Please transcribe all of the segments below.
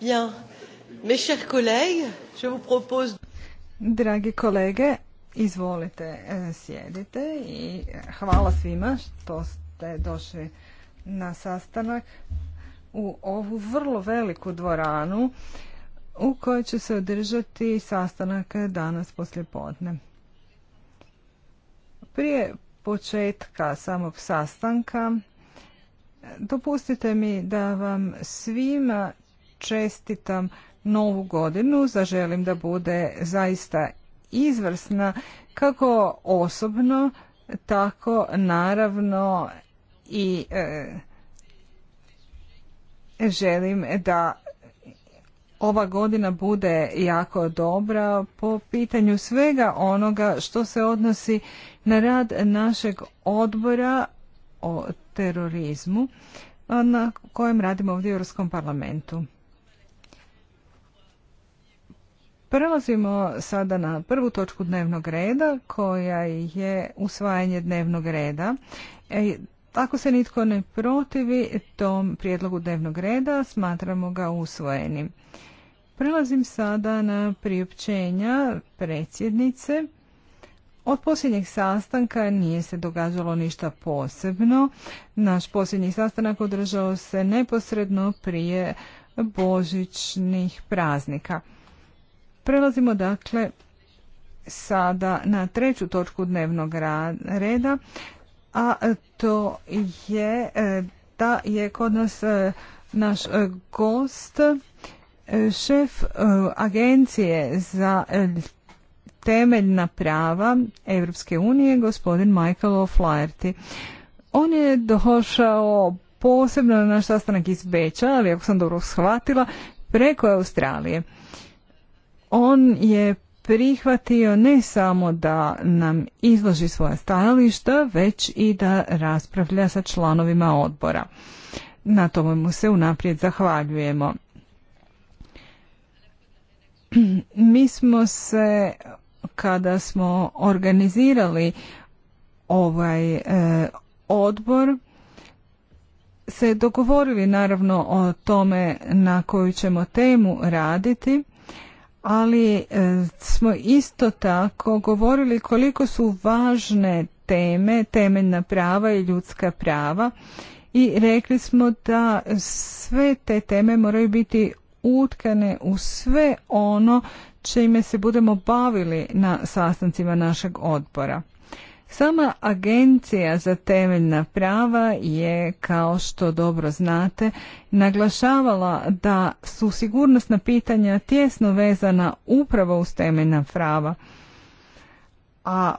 Drage Dragi kolege, izvolite, e, sjedite i e, hvala svima što ste došli na sastanak u ovu vrlo veliku dvoranu u kojoj će se održati sastanak danas poslijepodne. Prije početka samog sastanka dopustite mi da vam svima čestitam novu godinu, zaželim da bude zaista izvrsna kako osobno, tako naravno i e, želim da ova godina bude jako dobra po pitanju svega onoga što se odnosi na rad našeg odbora o terorizmu na kojem radimo ovdje u Europskom parlamentu. Prelazimo sada na prvu točku dnevnog reda koja je usvajanje dnevnog reda. E, ako se nitko ne protivi tom prijedlogu dnevnog reda, smatramo ga usvojenim. Prelazim sada na priopćenja predsjednice. Od posljednjeg sastanka nije se događalo ništa posebno. Naš posljednji sastanak održao se neposredno prije božićnih praznika. Prelazimo dakle sada na treću točku dnevnog reda, a to je e, da je kod nas e, naš e, gost, šef Agencije za temeljna prava Europske unije, gospodin Michael O'Flaherty. On je došao posebno na naš sastanak iz Beča, ali ako sam dobro shvatila, preko Australije on je prihvatio ne samo da nam izloži svoja stajališta, već i da raspravlja sa članovima odbora. Na tome mu se unaprijed zahvaljujemo. Mi smo se, kada smo organizirali ovaj e, odbor, se dogovorili naravno o tome na koju ćemo temu raditi ali e, smo isto tako govorili koliko su važne teme, temeljna prava i ljudska prava i rekli smo da sve te teme moraju biti utkane u sve ono čime se budemo bavili na sastancima našeg odbora. Sama Agencija za temeljna prava je, kao što dobro znate, naglašavala da su sigurnosna pitanja tjesno vezana upravo uz temeljna prava. A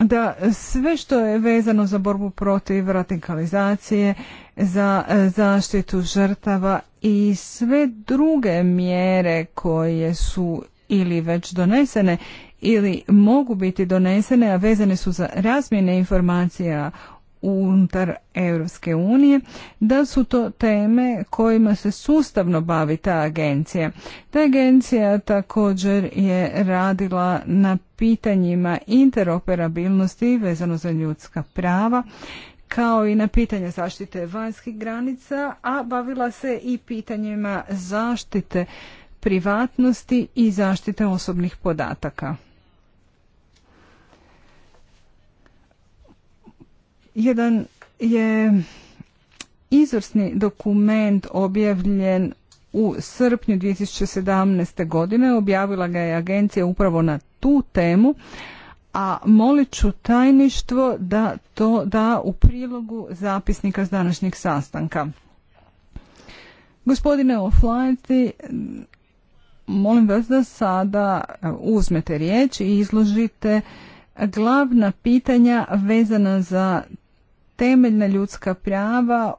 da sve što je vezano za borbu protiv radikalizacije, za e, zaštitu žrtava i sve druge mjere koje su ili već donesene ili mogu biti donesene, a vezane su za razmjene informacija unutar Europske unije, da su to teme kojima se sustavno bavi ta agencija. Ta agencija također je radila na pitanjima interoperabilnosti vezano za ljudska prava, kao i na pitanje zaštite vanjskih granica, a bavila se i pitanjima zaštite privatnosti i zaštite osobnih podataka. Jedan je izvrsni dokument objavljen u srpnju 2017. godine. Objavila ga je agencija upravo na tu temu, a molit ću tajništvo da to da u prilogu zapisnika s današnjeg sastanka. Gospodine Oflajti, molim vas da sada uzmete riječ i izložite glavna pitanja vezana za temeljna ljudska prava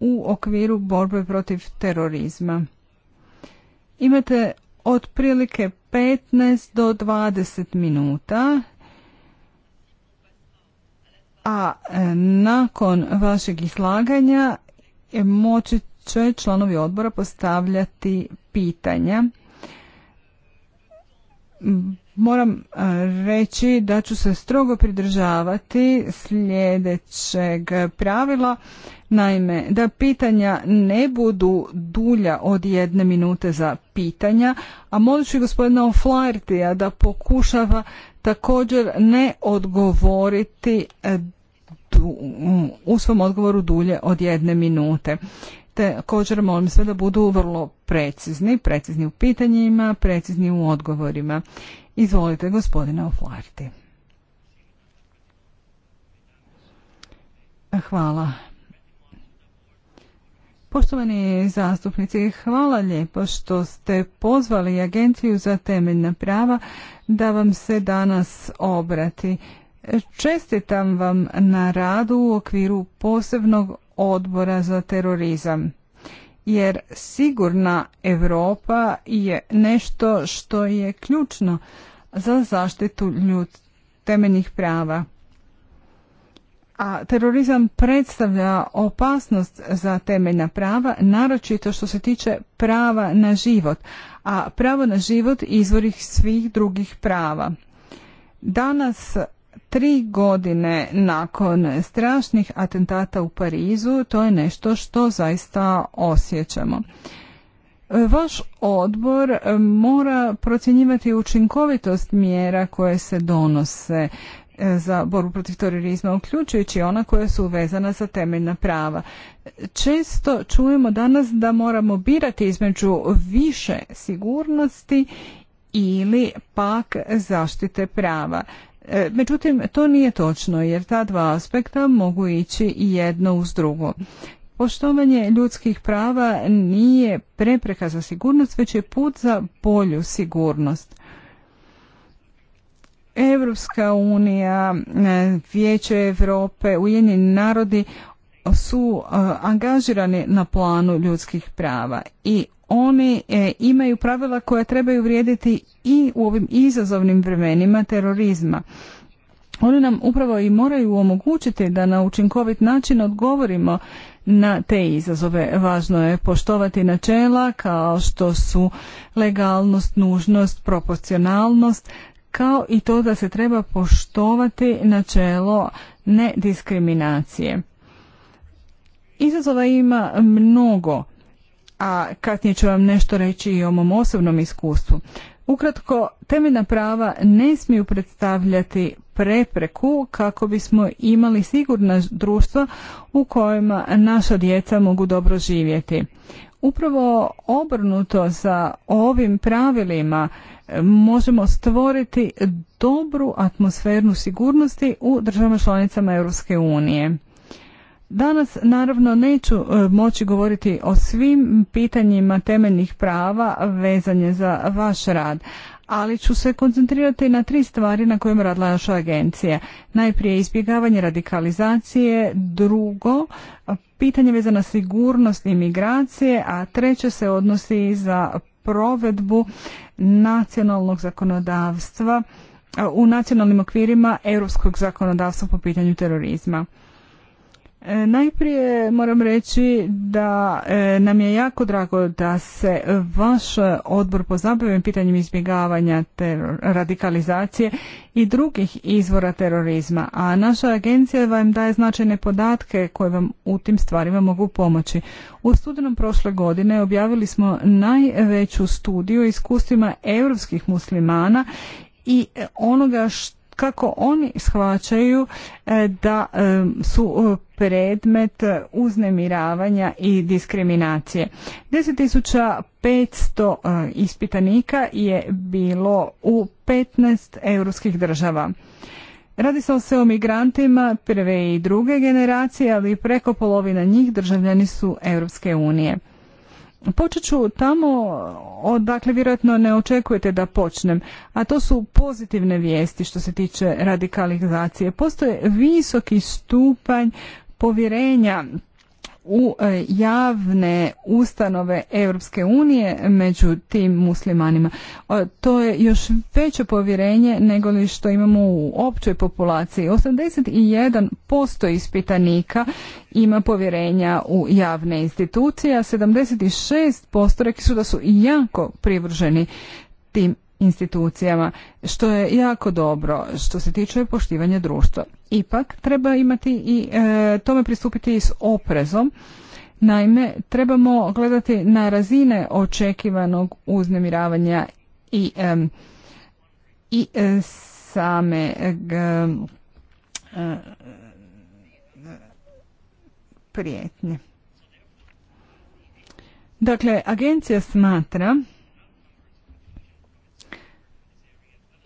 u okviru borbe protiv terorizma. Imate otprilike 15 do 20 minuta, a e, nakon vašeg izlaganja e, moći će članovi odbora postavljati pitanja Moram e, reći da ću se strogo pridržavati sljedećeg pravila, naime da pitanja ne budu dulja od jedne minute za pitanja, a i gospodina Oflartija da pokušava također ne odgovoriti e, u svom odgovoru dulje od jedne minute. Također molim sve da budu vrlo precizni, precizni u pitanjima, precizni u odgovorima. Izvolite gospodina Oflarti. Hvala. Poštovani zastupnici, hvala lijepo što ste pozvali Agenciju za temeljna prava da vam se danas obrati. Čestitam vam na radu u okviru posebnog odbora za terorizam. Jer sigurna Europa je nešto što je ključno za zaštitu ljud temeljnih prava. A terorizam predstavlja opasnost za temeljna prava, naročito što se tiče prava na život, a pravo na život izvorih svih drugih prava. Danas tri godine nakon strašnih atentata u Parizu, to je nešto što zaista osjećamo. Vaš odbor mora procjenjivati učinkovitost mjera koje se donose za borbu protiv terorizma, uključujući ona koja su vezana za temeljna prava. Često čujemo danas da moramo birati između više sigurnosti ili pak zaštite prava. E, međutim, to nije točno jer ta dva aspekta mogu ići jedno uz drugo. Poštovanje ljudskih prava nije prepreka za sigurnost, već je put za bolju sigurnost. Europska unija, e, Vijeće Europe, Ujedinjeni narodi su e, angažirani na planu ljudskih prava i oni e, imaju pravila koja trebaju vrijediti i u ovim izazovnim vremenima terorizma. Oni nam upravo i moraju omogućiti da na učinkovit način odgovorimo na te izazove. Važno je poštovati načela kao što su legalnost, nužnost, proporcionalnost, kao i to da se treba poštovati načelo nediskriminacije. Izazova ima mnogo a kasnije ću vam nešto reći i o mom osobnom iskustvu. Ukratko, temeljna prava ne smiju predstavljati prepreku kako bismo imali sigurna društva u kojima naša djeca mogu dobro živjeti. Upravo obrnuto sa ovim pravilima e, možemo stvoriti dobru atmosfernu sigurnosti u državama članicama Europske unije. Danas naravno neću e, moći govoriti o svim pitanjima temeljnih prava vezanje za vaš rad, ali ću se koncentrirati na tri stvari na kojima radila naša agencija. Najprije izbjegavanje radikalizacije, drugo pitanje vezano sigurnost migracije, a treće se odnosi za provedbu nacionalnog zakonodavstva e, u nacionalnim okvirima europskog zakonodavstva po pitanju terorizma. E, najprije moram reći da e, nam je jako drago da se vaš odbor zabavim pitanjem izbjegavanja radikalizacije i drugih izvora terorizma, a naša agencija vam daje značajne podatke koje vam u tim stvarima mogu pomoći. U studenom prošle godine objavili smo najveću studiju iskustvima europskih muslimana i e, onoga što kako oni shvaćaju e, da e, su e, predmet uznemiravanja i diskriminacije. 10.500 ispitanika je bilo u 15 europskih država. Radi se o se o migrantima prve i druge generacije, ali preko polovina njih državljani su Europske unije. Počet ću tamo, odakle vjerojatno ne očekujete da počnem, a to su pozitivne vijesti što se tiče radikalizacije. Postoje visoki stupanj povjerenja u e, javne ustanove Europske unije među tim muslimanima. To je još veće povjerenje nego li što imamo u općoj populaciji. 81% ispitanika ima povjerenja u javne institucije, a 76% rekli su da su jako privrženi tim institucijama, što je jako dobro što se tiče poštivanja društva. Ipak treba imati i e, tome pristupiti s oprezom. Naime, trebamo gledati na razine očekivanog uznemiravanja i, e, i e, same e, prijetnje. Dakle, agencija smatra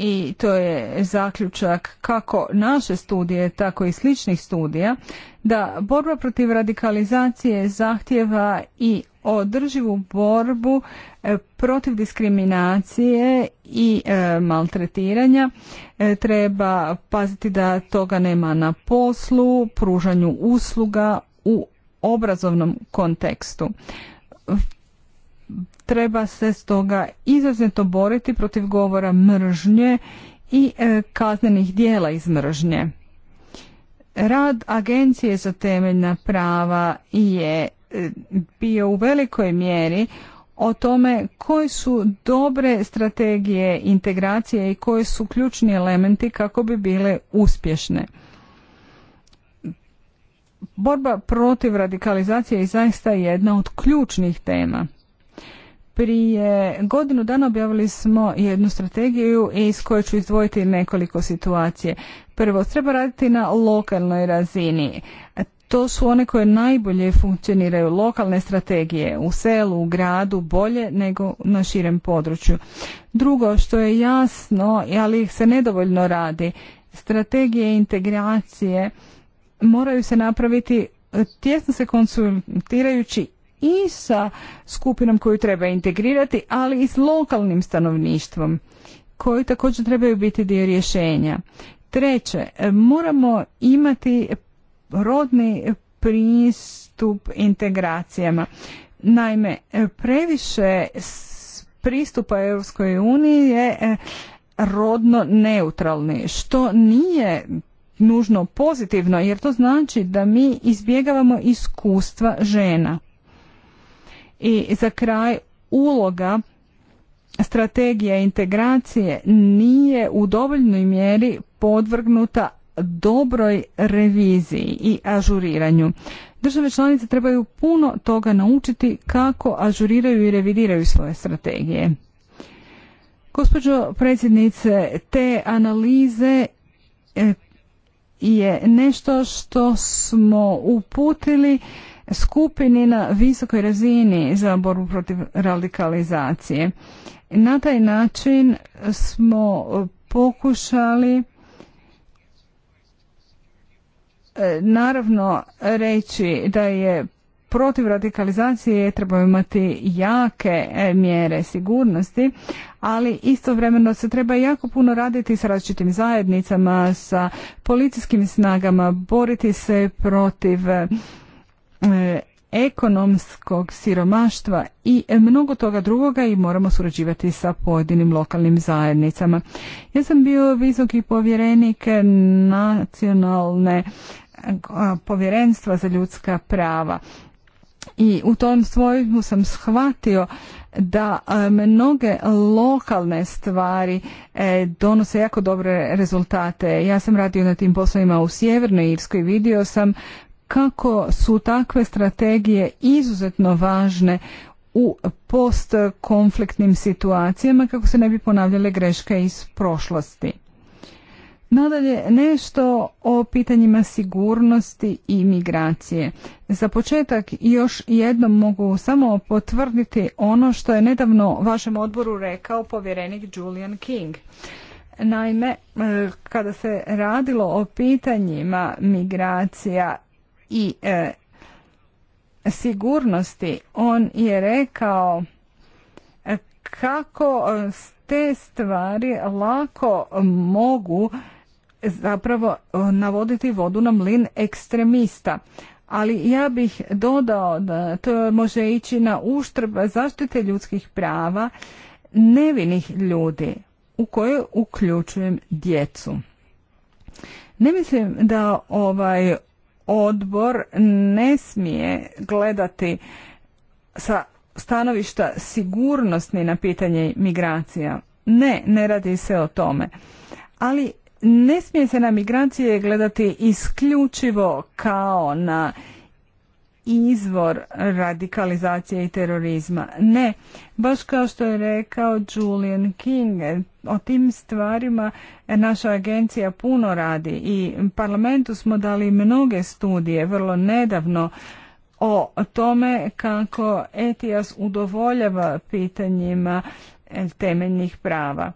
i to je zaključak kako naše studije, tako i sličnih studija, da borba protiv radikalizacije zahtjeva i održivu borbu e, protiv diskriminacije i e, maltretiranja. E, treba paziti da toga nema na poslu, pružanju usluga u obrazovnom kontekstu treba se stoga izuzetno boriti protiv govora mržnje i e, kaznenih dijela iz mržnje. Rad Agencije za temeljna prava je e, bio u velikoj mjeri o tome koje su dobre strategije integracije i koji su ključni elementi kako bi bile uspješne. Borba protiv radikalizacije je zaista jedna od ključnih tema prije godinu dana objavili smo jednu strategiju iz koje ću izdvojiti nekoliko situacije. Prvo, treba raditi na lokalnoj razini. To su one koje najbolje funkcioniraju, lokalne strategije u selu, u gradu, bolje nego na širem području. Drugo, što je jasno, ali ih se nedovoljno radi, strategije integracije moraju se napraviti e, tjesno se konsultirajući i sa skupinom koju treba integrirati, ali i s lokalnim stanovništvom koji također trebaju biti dio rješenja. Treće, e, moramo imati rodni pristup integracijama. Naime, e, previše pristupa Europskoj uniji je e, rodno neutralni, što nije nužno pozitivno, jer to znači da mi izbjegavamo iskustva žena. I za kraj uloga strategija integracije nije u dovoljnoj mjeri podvrgnuta dobroj reviziji i ažuriranju. Države članice trebaju puno toga naučiti kako ažuriraju i revidiraju svoje strategije. Gospođo predsjednice, te analize eh, je nešto što smo uputili skupini na visokoj razini za borbu protiv radikalizacije. Na taj način smo pokušali e, naravno reći da je protiv radikalizacije trebamo imati jake e, mjere sigurnosti, ali istovremeno se treba jako puno raditi s različitim zajednicama, sa policijskim snagama, boriti se protiv E, ekonomskog siromaštva i mnogo toga drugoga i moramo surađivati sa pojedinim lokalnim zajednicama. Ja sam bio visoki povjerenik nacionalne e, povjerenstva za ljudska prava i u tom svojmu sam shvatio da e, mnoge lokalne stvari donose jako dobre rezultate. Ja sam radio na tim poslovima u Sjevernoj Irskoj, vidio sam kako su takve strategije izuzetno važne u postkonfliktnim situacijama kako se ne bi ponavljale greške iz prošlosti. Nadalje, nešto o pitanjima sigurnosti i migracije. Za početak još jednom mogu samo potvrditi ono što je nedavno vašem odboru rekao povjerenik Julian King. Naime, e, kada se radilo o pitanjima migracija i e, sigurnosti. On je rekao e, kako e, te stvari lako mogu zapravo navoditi vodu na mlin ekstremista. Ali ja bih dodao da to može ići na uštrb zaštite ljudskih prava nevinih ljudi u koje uključujem djecu. Ne mislim da ovaj odbor ne smije gledati sa stanovišta sigurnosni na pitanje migracija. Ne, ne radi se o tome. Ali ne smije se na migracije gledati isključivo kao na izvor radikalizacije i terorizma. Ne, baš kao što je rekao Julian King, o tim stvarima naša agencija puno radi i parlamentu smo dali mnoge studije vrlo nedavno o tome kako ETIAS udovoljava pitanjima temeljnih prava.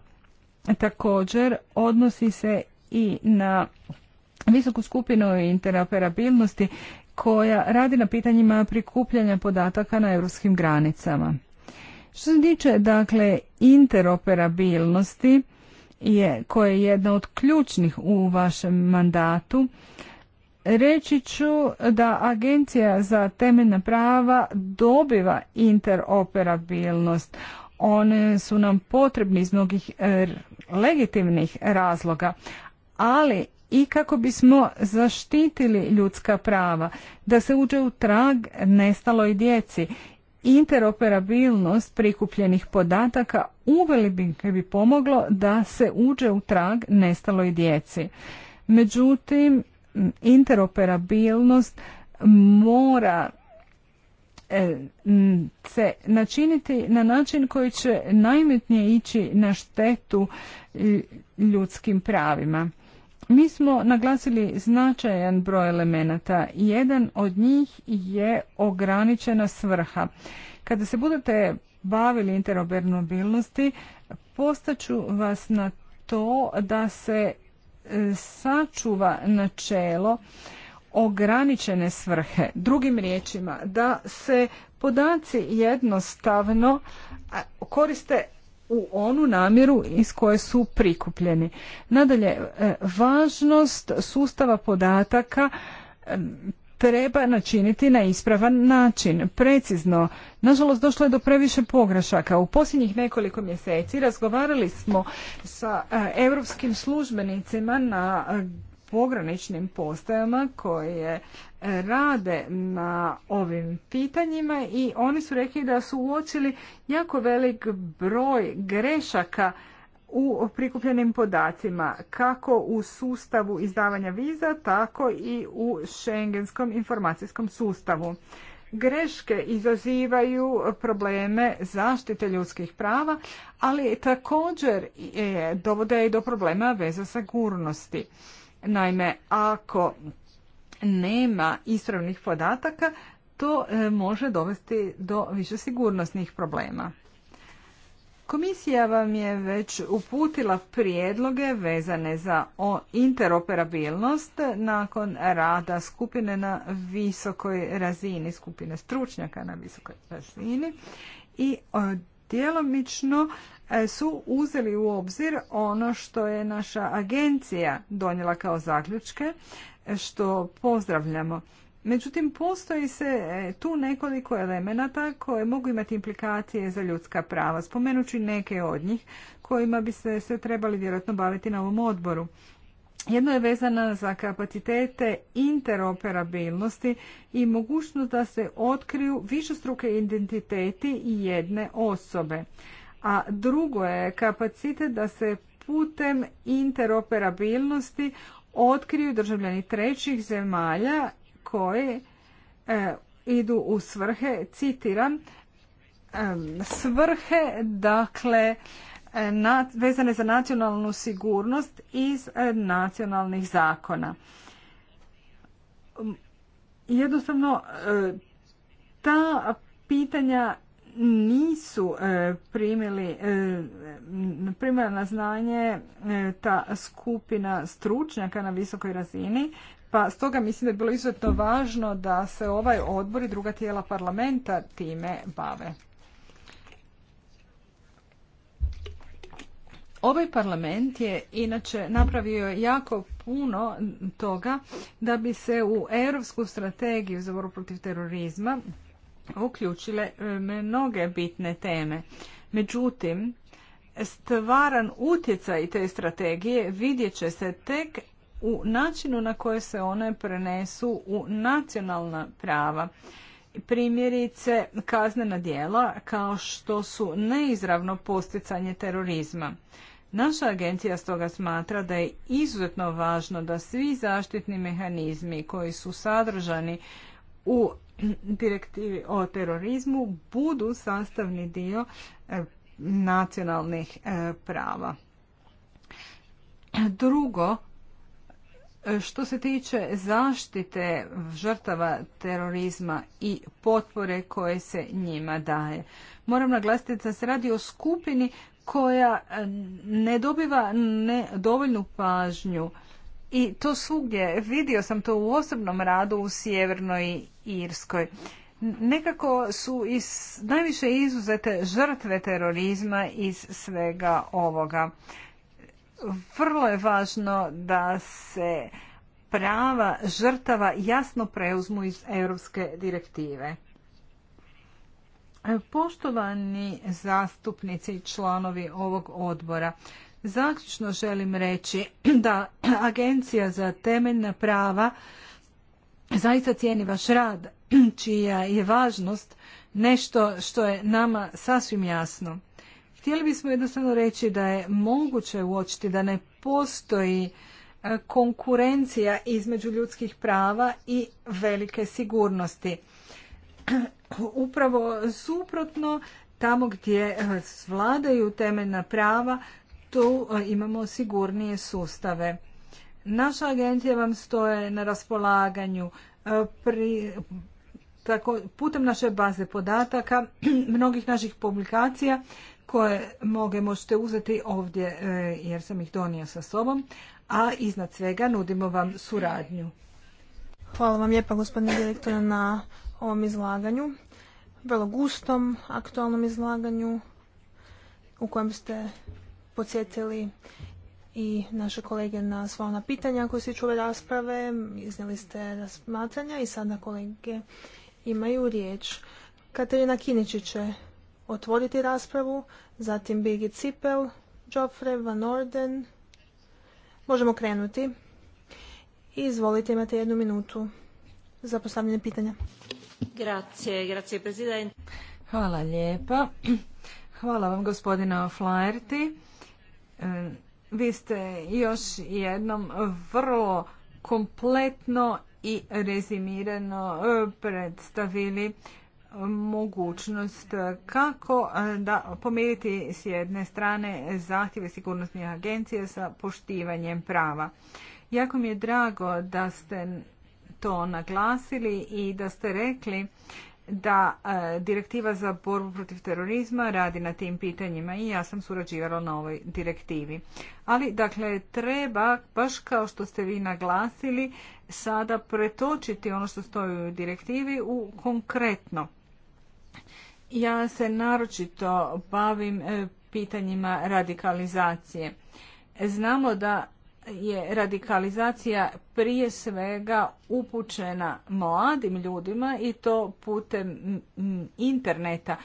Također odnosi se i na visoku skupinu interoperabilnosti koja radi na pitanjima prikupljanja podataka na europskim granicama. Što se tiče dakle interoperabilnosti je koja je jedna od ključnih u vašem mandatu, reći ću da Agencija za temeljna prava dobiva interoperabilnost. One su nam potrebni iz mnogih eh, legitimnih razloga, ali i kako bismo zaštitili ljudska prava, da se uđe u trag nestaloj djeci. Interoperabilnost prikupljenih podataka uveli bi, bi pomoglo da se uđe u trag nestaloj djeci. Međutim, interoperabilnost mora e, se načiniti na način koji će najmetnije ići na štetu e, ljudskim pravima. Mi smo naglasili značajan broj elemenata. Jedan od njih je ograničena svrha. Kada se budete bavili interoperabilnosti, postaću vas na to da se e, sačuva načelo ograničene svrhe. Drugim riječima, da se podaci jednostavno koriste u onu namjeru iz koje su prikupljeni. Nadalje, e, važnost sustava podataka e, treba načiniti na ispravan način, precizno. Nažalost, došlo je do previše pogrešaka. U posljednjih nekoliko mjeseci razgovarali smo sa e, europskim službenicima na pograničnim postajama koje rade na ovim pitanjima i oni su rekli da su uočili jako velik broj grešaka u prikupljenim podacima kako u sustavu izdavanja viza tako i u schengenskom informacijskom sustavu. Greške izazivaju probleme zaštite ljudskih prava, ali također dovode i do problema veza sigurnosti. Naime, ako nema ispravnih podataka, to e, može dovesti do više sigurnosnih problema. Komisija vam je već uputila prijedloge vezane za interoperabilnost nakon rada skupine na visokoj razini, skupine stručnjaka na visokoj razini i e, djelomično e, su uzeli u obzir ono što je naša agencija donijela kao zaključke što pozdravljamo. Međutim, postoji se e, tu nekoliko elemenata koje mogu imati implikacije za ljudska prava. Spomenući neke od njih kojima bi se, se trebali vjerojatno baviti na ovom odboru. Jedno je vezana za kapacitete interoperabilnosti i mogućnost da se otkriju višestruke identiteti jedne osobe. A drugo je kapacitet da se putem interoperabilnosti otkriju državljani trećih zemalja koji e, idu u svrhe, citiram, e, svrhe, dakle, e, vezane za nacionalnu sigurnost iz nacionalnih zakona. Jednostavno, ta pitanja nisu e, primili e, primila na znanje e, ta skupina stručnjaka na visokoj razini pa stoga mislim da je bilo izuzetno važno da se ovaj odbor i druga tijela parlamenta time bave. Ovaj parlament je inače napravio jako puno toga da bi se u europsku strategiju za borbu protiv terorizma uključile e, mnoge bitne teme. Međutim, stvaran utjecaj te strategije vidjet će se tek u načinu na koje se one prenesu u nacionalna prava. Primjerice kaznena dijela kao što su neizravno posticanje terorizma. Naša agencija stoga smatra da je izuzetno važno da svi zaštitni mehanizmi koji su sadržani u direktivi o terorizmu budu sastavni dio e, nacionalnih e, prava. Drugo, e, što se tiče zaštite žrtava terorizma i potpore koje se njima daje. Moram naglasiti da se radi o skupini koja ne dobiva ne dovoljnu pažnju i to svugdje. Vidio sam to u osobnom radu u Sjevernoj Irskoj. Nekako su iz, najviše izuzete žrtve terorizma iz svega ovoga. Vrlo je važno da se prava žrtava jasno preuzmu iz europske direktive. Poštovani zastupnici i članovi ovog odbora, zaključno želim reći da Agencija za temeljna prava zaista cijeni vaš rad, čija je važnost nešto što je nama sasvim jasno. Htjeli bismo jednostavno reći da je moguće uočiti da ne postoji e, konkurencija između ljudskih prava i velike sigurnosti. Upravo suprotno, tamo gdje e, vladaju temeljna prava, tu e, imamo sigurnije sustave. Naša agencija vam stoje na raspolaganju e, pri, tako, putem naše baze podataka, mnogih naših publikacija koje moge možete uzeti ovdje e, jer sam ih donio sa sobom, a iznad svega nudimo vam suradnju. Hvala vam lijepa gospodine direktore na ovom izlaganju, vrlo gustom aktualnom izlaganju u kojem ste podsjetili i naše kolege na sva ona pitanja koje se čuve rasprave. Iznijeli ste razmatranja i sada kolege imaju riječ. Katarina Kinići će otvoriti raspravu, zatim Birgit Cipel, Joffre Van Orden. Možemo krenuti. Izvolite, imate jednu minutu za postavljanje pitanja. Grazie, grazie Hvala lijepa. Hvala vam gospodina Flaherty e, vi ste još jednom vrlo kompletno i rezimirano e, predstavili mogućnost kako e, da pomiriti s jedne strane zahtjeve sigurnosnih agencija sa poštivanjem prava. Jako mi je drago da ste to naglasili i da ste rekli da e, direktiva za borbu protiv terorizma radi na tim pitanjima i ja sam surađivala na ovoj direktivi. Ali, dakle, treba, baš kao što ste vi naglasili, sada pretočiti ono što stoji u direktivi u konkretno. Ja se naročito bavim e, pitanjima radikalizacije. Znamo da je radikalizacija prije svega upućena mladim ljudima i to putem interneta.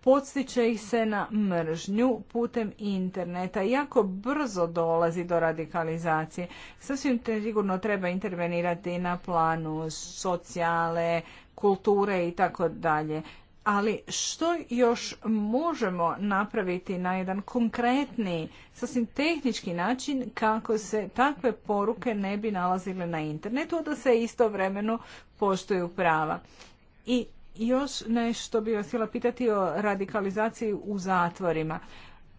Podstiče ih se na mržnju putem interneta. Jako brzo dolazi do radikalizacije. Sasvim te sigurno treba intervenirati na planu socijale, kulture i tako dalje ali što još možemo napraviti na jedan konkretni, sasvim tehnički način kako se takve poruke ne bi nalazile na internetu, da se istovremeno poštuju prava. I još nešto bih vas htjela pitati o radikalizaciji u zatvorima.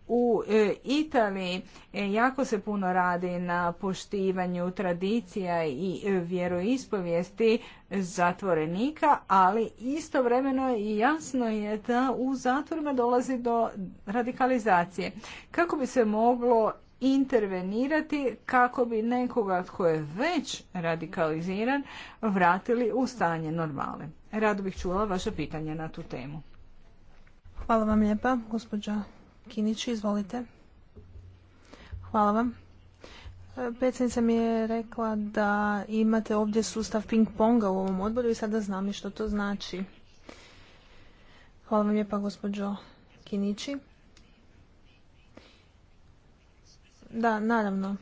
U e, Italiji e, jako se puno radi na poštivanju tradicija i e, vjeroispovijesti zatvorenika, ali istovremeno i jasno je da u zatvorima dolazi do radikalizacije. Kako bi se moglo intervenirati kako bi nekoga tko je već radikaliziran vratili u stanje normale. Rado bih čula vaše pitanje na tu temu. Hvala vam lijepa, gospođa Kinići, izvolite. Hvala vam. E, predsjednica mi je rekla da imate ovdje sustav ping-ponga u ovom odboru i sada znam i što to znači. Hvala vam lijepa gospođo Kinići. Da, naravno.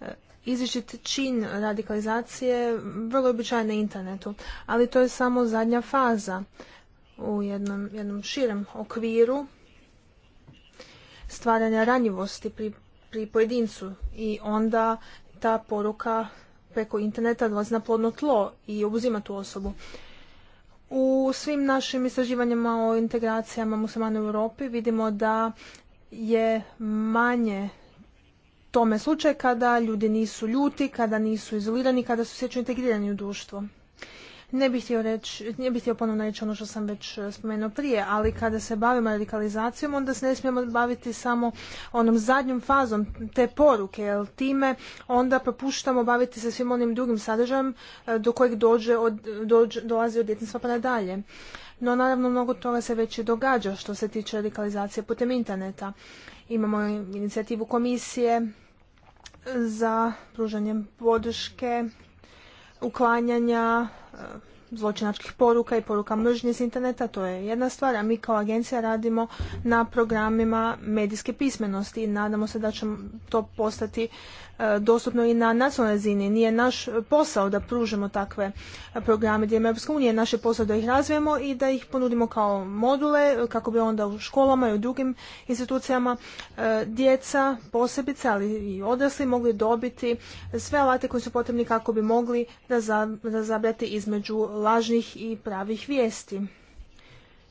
E, izričit čin radikalizacije vrlo običajen na internetu, ali to je samo zadnja faza u jednom, jednom širem okviru stvaranja ranjivosti pri, pri pojedincu i onda ta poruka preko interneta dolazi na plodno tlo i obuzima tu osobu. U svim našim istraživanjima o integracijama muslimana u Europi vidimo da je manje tome slučaj kada ljudi nisu ljuti, kada nisu izolirani, kada su sjeću integrirani u društvo. Ne bih htio, reći, ne bih htio ponovno reći ono što sam već e, spomenuo prije, ali kada se bavimo radikalizacijom, onda se ne smijemo baviti samo onom zadnjom fazom te poruke, jer time onda propuštamo baviti se svim onim drugim sadržajem e, do kojeg dođe od, dolazi od djetinstva pa nadalje. No naravno mnogo toga se već i događa što se tiče radikalizacije putem interneta. Imamo inicijativu komisije za pružanjem podrške uklanjanja e, zločinačkih poruka i poruka mržnje iz interneta, to je jedna stvar, a mi kao agencija radimo na programima medijske pismenosti i nadamo se da će to postati E, dostupno i na nacionalnoj razini. Nije naš posao da pružimo takve programe gdje Europske unije, naš je posao da ih razvijemo i da ih ponudimo kao module kako bi onda u školama i u drugim institucijama e, djeca posebice, ali i odrasli mogli dobiti sve alate koji su potrebni kako bi mogli razabrati između lažnih i pravih vijesti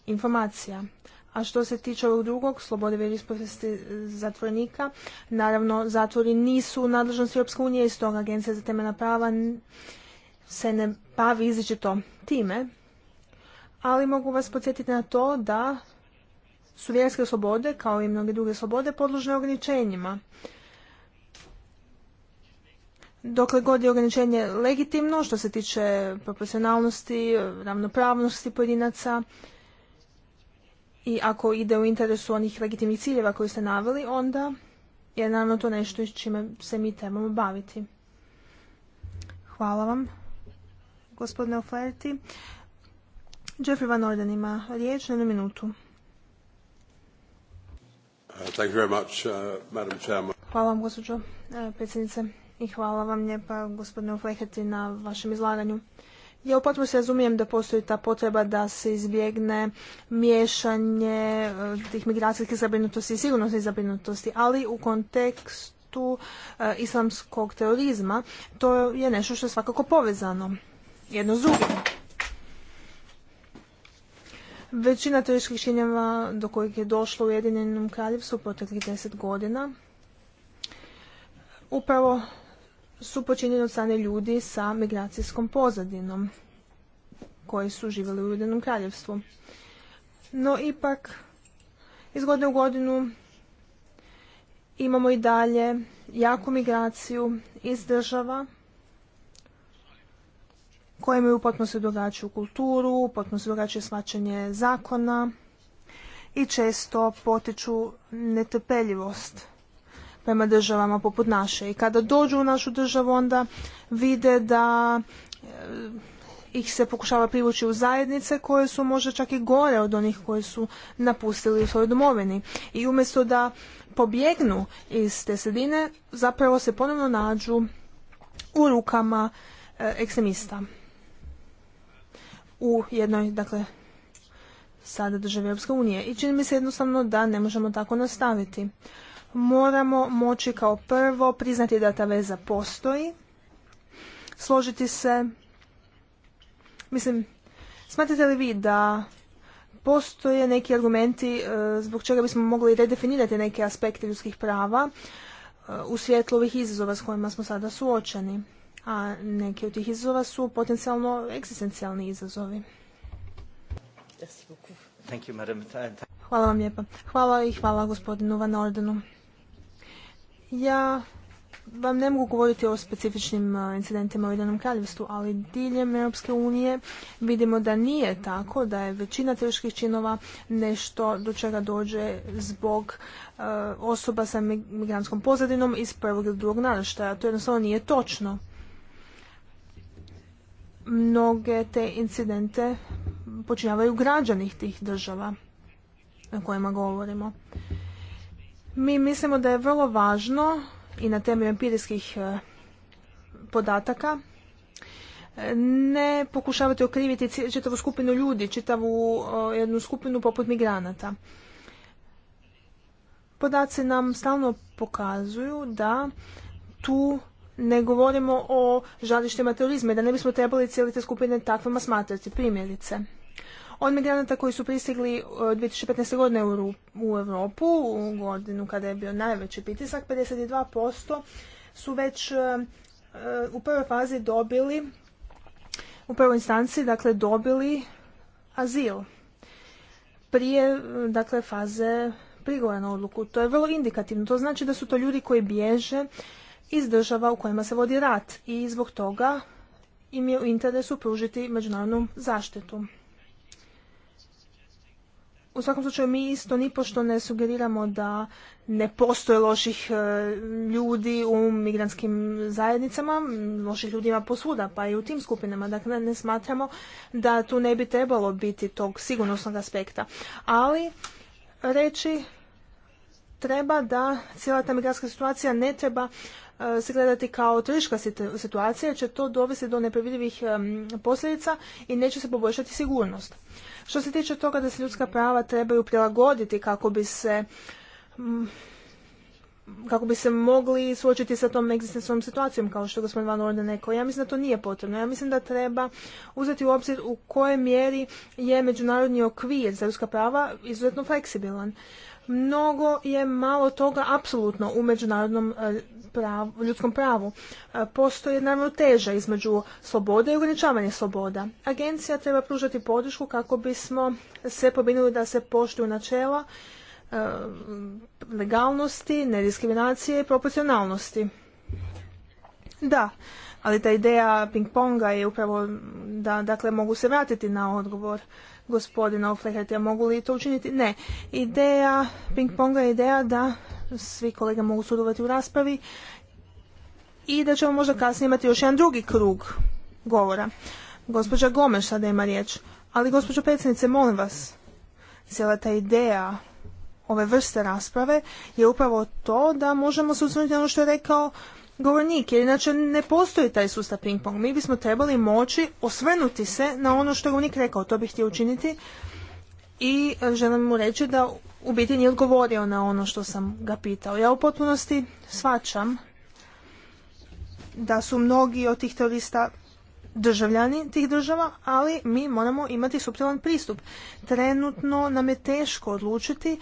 informacija. A što se tiče ovog drugog, slobode vjeroispovijesti zatvornika, naravno zatvori nisu u nadležnosti Europske unije i stoga Agencija za temeljna prava se ne bavi izričito time. Ali mogu vas podsjetiti na to da su vjerske slobode, kao i mnoge druge slobode, podložne ograničenjima. Dokle god je ograničenje legitimno, što se tiče proporcionalnosti, ravnopravnosti pojedinaca, i ako ide u interesu onih legitimnih ciljeva koji ste naveli, onda je naravno to nešto s čime se mi trebamo baviti. Hvala vam, gospodine Oflerti. Jeffrey Van Orden ima riječ na jednu minutu. Uh, uh, hvala vam, gospođo uh, predsjednice, i hvala vam lijepa, gospodine Oflerti, na vašem izlaganju. Ja u potpunosti razumijem da postoji ta potreba da se izbjegne miješanje e, tih migracijskih zabrinutosti i sigurnosnih zabrinutosti, ali u kontekstu e, islamskog terorizma to je nešto što je svakako povezano jedno s drugim. Većina turističkih činjeva do kojih je došlo u Ujedinjenom kraljevstvu proteklih deset godina upravo su počinjeni od strane ljudi sa migracijskom pozadinom koji su živjeli u Ujedinom kraljevstvu. No ipak, iz godine u godinu imamo i dalje jaku migraciju iz država koje imaju potpuno se drugačiju kulturu, potpuno se drugačije shvaćanje zakona i često potiču netrpeljivost prema državama poput naše. I kada dođu u našu državu onda vide da eh, ih se pokušava privući u zajednice koje su možda čak i gore od onih koji su napustili u svojoj domovini. I umjesto da pobjegnu iz te sredine, zapravo se ponovno nađu u rukama eh, ekstremista. U jednoj, dakle, sada državi Europske unije. I čini mi se jednostavno da ne možemo tako nastaviti moramo moći kao prvo priznati da ta veza postoji, složiti se, mislim, smatrate li vi da postoje neki argumenti e, zbog čega bismo mogli redefinirati neke aspekte ljudskih prava e, u svjetlu ovih izazova s kojima smo sada suočeni, a neki od tih izazova su potencijalno egzistencijalni izazovi. Hvala vam lijepa. Hvala i hvala gospodinu Van Ordenu. Ja vam ne mogu govoriti o specifičnim incidentima u Ujedinom kraljevstvu, ali diljem Europske unije vidimo da nije tako, da je većina teških činova nešto do čega dođe zbog osoba sa migrantskom pozadinom iz prvog ili drugog naraštaja. To jednostavno nije točno. Mnoge te incidente počinjavaju građani tih država o kojima govorimo. Mi mislimo da je vrlo važno i na temelju empirijskih e, podataka e, ne pokušavati okriviti čitavu skupinu ljudi, čitavu e, jednu skupinu poput migranata. Podaci nam stalno pokazuju da tu ne govorimo o žalištima terorizma i da ne bismo trebali cijelite skupine takvima smatrati. Primjerice, od migranata koji su pristigli 2015. E, godine u, u Europu, u godinu kada je bio najveći pritisak, 52% su već e, e, u prvoj fazi dobili, u prvoj instanci, dakle, dobili azil prije, dakle, faze prigovora na odluku. To je vrlo indikativno. To znači da su to ljudi koji bježe iz država u kojima se vodi rat i zbog toga im je u interesu pružiti međunarodnu zaštitu u svakom slučaju mi isto nipošto ne sugeriramo da ne postoje loših e, ljudi u migrantskim zajednicama, loših ljudi ima posvuda, pa i u tim skupinama. Dakle, ne smatramo da tu ne bi trebalo biti tog sigurnosnog aspekta. Ali, reći treba da cijela ta migrantska situacija ne treba e, se gledati kao triška situacija, jer će to dovesti do nepredvidivih posljedica i neće se poboljšati sigurnost. Što se tiče toga da se ljudska prava trebaju prilagoditi kako bi se mm, kako bi se mogli suočiti sa tom egzistencijalnom situacijom, kao što je gospodin Van Orden rekao. Ja mislim da to nije potrebno. Ja mislim da treba uzeti u obzir u kojoj mjeri je međunarodni okvir za ljudska prava izuzetno fleksibilan mnogo je malo toga apsolutno u međunarodnom e, pravu, ljudskom pravu. E, postoji naravno teža između slobode i ograničavanja sloboda. Agencija treba pružati podršku kako bismo se pobinuli da se poštuju načela e, legalnosti, nediskriminacije i proporcionalnosti. Da, ali ta ideja ping-ponga je upravo da dakle, mogu se vratiti na odgovor gospodina Oflehetija. Mogu li to učiniti? Ne. Ideja ping-ponga je ideja da svi kolege mogu sudovati u raspravi i da ćemo možda kasnije imati još jedan drugi krug govora. Gospođa Gomeš sada ima riječ. Ali gospođo predsjednice, molim vas, cijela ta ideja ove vrste rasprave je upravo to da možemo se ono što je rekao govornik, jer inače ne postoji taj sustav ping-pong. Mi bismo trebali moći osvrnuti se na ono što je govornik rekao, to bih htio učiniti i e, želim mu reći da u biti nije odgovorio na ono što sam ga pitao. Ja u potpunosti svačam da su mnogi od tih terorista državljani tih država, ali mi moramo imati suptilan pristup. Trenutno nam je teško odlučiti e,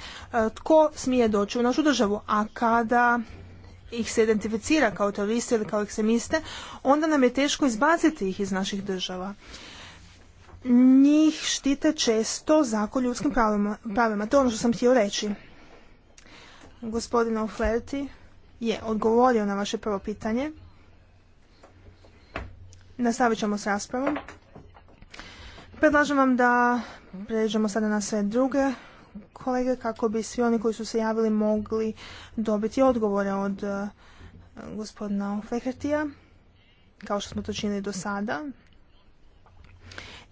tko smije doći u našu državu, a kada ih se identificira kao teroriste ili kao ekstremiste, onda nam je teško izbaciti ih iz naših država. Njih štite često zakon ljudskim pravima. To je ono što sam htio reći. Gospodin O'Flaherty je odgovorio na vaše prvo pitanje. Nastavit ćemo s raspravom. Predlažem vam da pređemo sada na sve druge kolege kako bi svi oni koji su se javili mogli dobiti odgovore od e, gospodina Flehertija, kao što smo to činili do sada.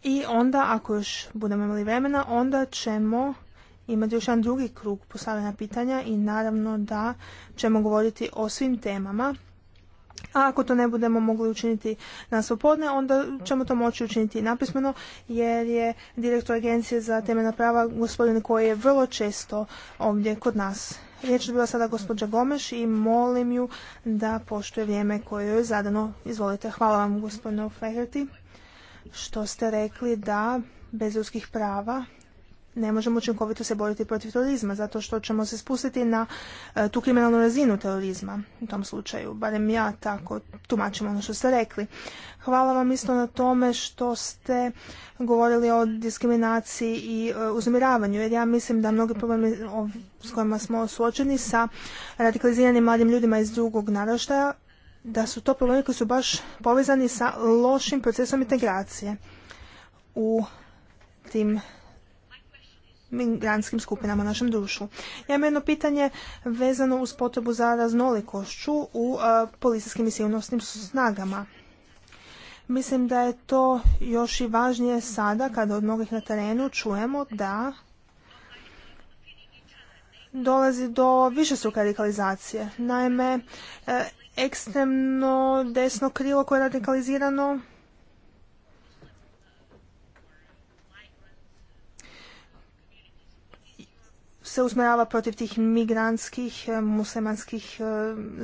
I onda, ako još budemo imali vremena, onda ćemo imati još jedan drugi krug postavljena pitanja i naravno da ćemo govoriti o svim temama a ako to ne budemo mogli učiniti na svopodne, onda ćemo to moći učiniti napismeno, jer je direktor Agencije za temeljna prava gospodin koji je vrlo često ovdje kod nas. Riječ je bila sada gospođa Gomeš i molim ju da poštuje vrijeme koje joj je zadano. Izvolite, hvala vam gospodine Flaherty što ste rekli da bez ljudskih prava ne možemo učinkovito se boriti protiv terorizma zato što ćemo se spustiti na e, tu kriminalnu razinu terorizma u tom slučaju. Barem ja tako tumačim ono što ste rekli. Hvala vam isto na tome što ste govorili o diskriminaciji i e, uzmiravanju jer ja mislim da mnogi problemi s kojima smo suočeni sa radikaliziranim mladim ljudima iz drugog naraštaja da su to problemi koji su baš povezani sa lošim procesom integracije u tim migrantskim skupinama u našem društvu. Ja imam jedno pitanje vezano uz potrebu za raznolikošću u e, policijskim i sigurnosnim snagama. Mislim da je to još i važnije sada kada od mnogih na terenu čujemo da dolazi do višestruke radikalizacije. Naime, e, ekstremno desno krilo koje je radikalizirano se usmjerava protiv tih migranskih e, muslimanskih e,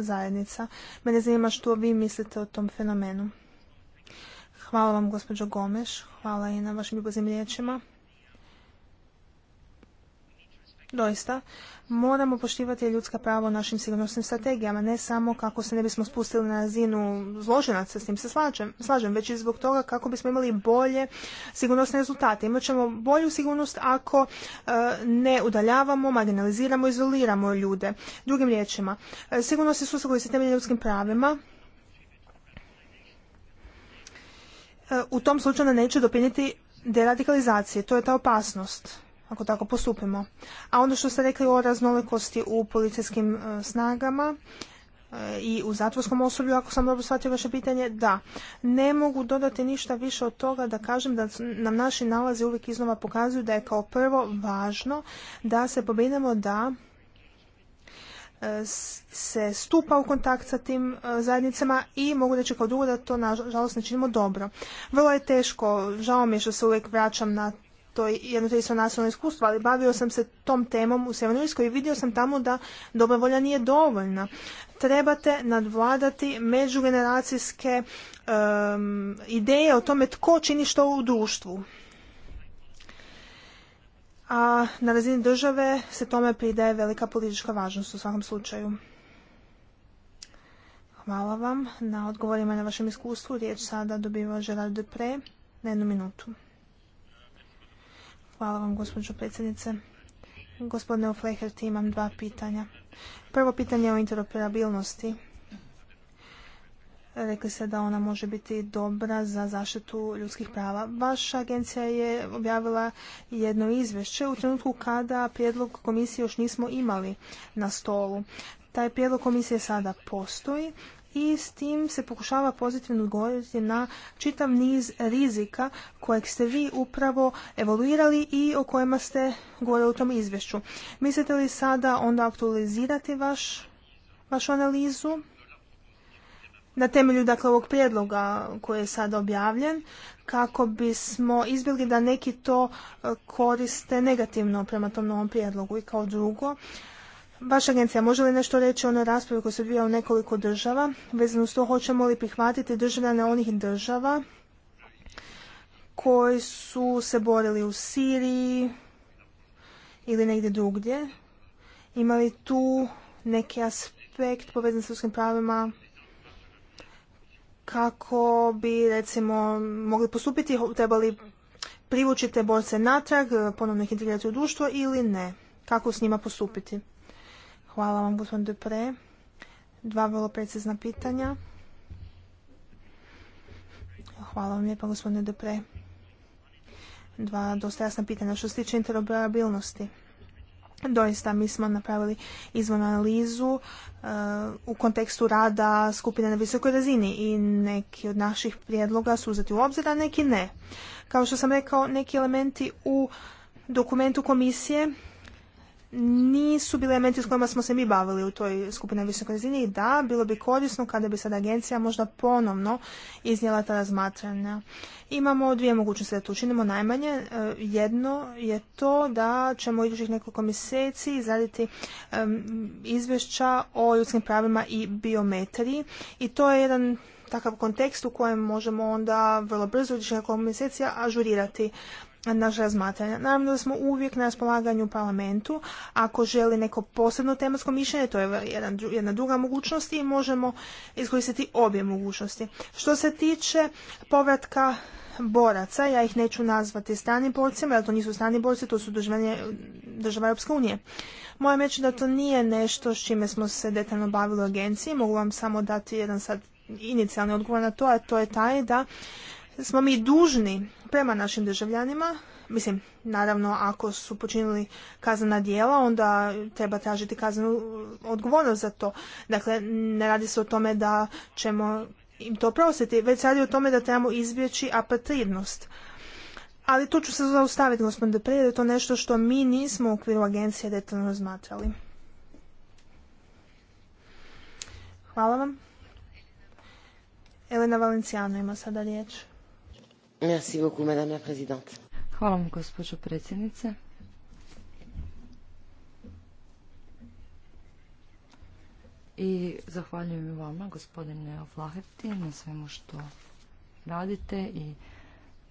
zajednica. Mene zanima što vi mislite o tom fenomenu. Hvala vam gospođo Gomeš, hvala i na vašim ljubozim riječima. Doista, moramo poštivati ljudska prava u našim sigurnosnim strategijama, ne samo kako se ne bismo spustili na razinu zloženaca, s tim se slažem, slažem, već i zbog toga kako bismo imali bolje sigurnosne rezultate. Imat ćemo bolju sigurnost ako e, ne udaljavamo, marginaliziramo, izoliramo ljude. Drugim riječima, e, sigurnosni sustav koji se temelji ljudskim pravima, e, u tom slučaju neće doprinijeti deradikalizacije. To je ta opasnost ako tako postupimo. A ono što ste rekli o raznolikosti u policijskim e, snagama, e, i u zatvorskom osoblju, ako sam dobro shvatio vaše pitanje, da. Ne mogu dodati ništa više od toga da kažem da nam naši nalazi uvijek iznova pokazuju da je kao prvo važno da se pobrinemo da e, se stupa u kontakt sa tim zajednicama i mogu reći kao drugo da to nažalost ne činimo dobro. Vrlo je teško, žao mi je što se uvijek vraćam na to je jedno te isto nasilno iskustvo, ali bavio sam se tom temom u Sjevernoj i vidio sam tamo da dobra volja nije dovoljna. Trebate nadvladati međugeneracijske ideje o tome tko čini što u društvu. A na razini države se tome pridaje velika politička važnost u svakom slučaju. Hvala vam na odgovorima na vašem iskustvu. Riječ sada dobiva Gerard Depre na jednu minutu. Hvala vam, gospođo predsjednice. Gospodine Oflehert, imam dva pitanja. Prvo pitanje je o interoperabilnosti. Rekli ste da ona može biti dobra za zaštitu ljudskih prava. Vaša agencija je objavila jedno izvješće u trenutku kada prijedlog komisije još nismo imali na stolu. Taj prijedlog komisije sada postoji i s tim se pokušava pozitivno odgovoriti na čitav niz rizika kojeg ste vi upravo evoluirali i o kojima ste govorili u tom izvješću. Mislite li sada onda aktualizirati vaš, vašu analizu? na temelju dakle ovog prijedloga koji je sada objavljen kako bismo izbjegli da neki to e, koriste negativno prema tom novom prijedlogu i kao drugo Vaša agencija može li nešto reći o onoj raspravi koja se odvija u nekoliko država, vezano s to hoćemo li prihvatiti državljane onih država koji su se borili u Siriji ili negdje drugdje? Ima li tu neki aspekt povezan s ljudskim pravima kako bi recimo mogli postupiti, trebali privući te borce natrag, ponovno ih integrirati u društvo ili ne? Kako s njima postupiti? Hvala vam, gospodine Dupre. Dva vrlo precizna pitanja. Hvala vam lijepa, gospodine Dupre. Dva dosta jasna pitanja. Što se tiče interoperabilnosti, doista mi smo napravili izvan analizu e, u kontekstu rada skupine na visokoj razini i neki od naših prijedloga su uzeti u obzir, a neki ne. Kao što sam rekao, neki elementi u dokumentu komisije nisu bili elementi s kojima smo se mi bavili u toj skupini na visokoj razini i da, bilo bi korisno kada bi sad agencija možda ponovno iznijela ta razmatranja. Imamo dvije mogućnosti da to učinimo najmanje. E, jedno je to da ćemo u idućih nekoliko mjeseci izraditi izvješća o ljudskim pravima i biometriji i to je jedan takav kontekst u kojem možemo onda vrlo brzo, idućih nekoliko mjeseci, ažurirati naš razmatranja. Naravno da smo uvijek na raspolaganju u parlamentu. Ako želi neko posebno tematsko mišljenje, to je jedna druga mogućnost i možemo iskoristiti obje mogućnosti. Što se tiče povratka boraca, ja ih neću nazvati stranim borcima, jer to nisu strani borci, to su država Europske unije. Moje reći da to nije nešto s čime smo se detaljno bavili u agenciji, mogu vam samo dati jedan sad inicijalni odgovor na to, a to je taj da smo mi dužni prema našim državljanima, mislim, naravno ako su počinili kaznena djela, onda treba tražiti kaznenu odgovornost za to. Dakle, ne radi se o tome da ćemo im to prositi, već radi o tome da trebamo izbjeći apatridnost. Ali tu ću se zaustaviti, gospodine Deprije, jer je to nešto što mi nismo u okviru agencije detaljno razmatrali. Hvala vam. Elena Valencijano ima sada riječ. Hvala vam, gospođo predsjednice. I zahvaljujem vama, gospodine Flaherty, na svemu što radite i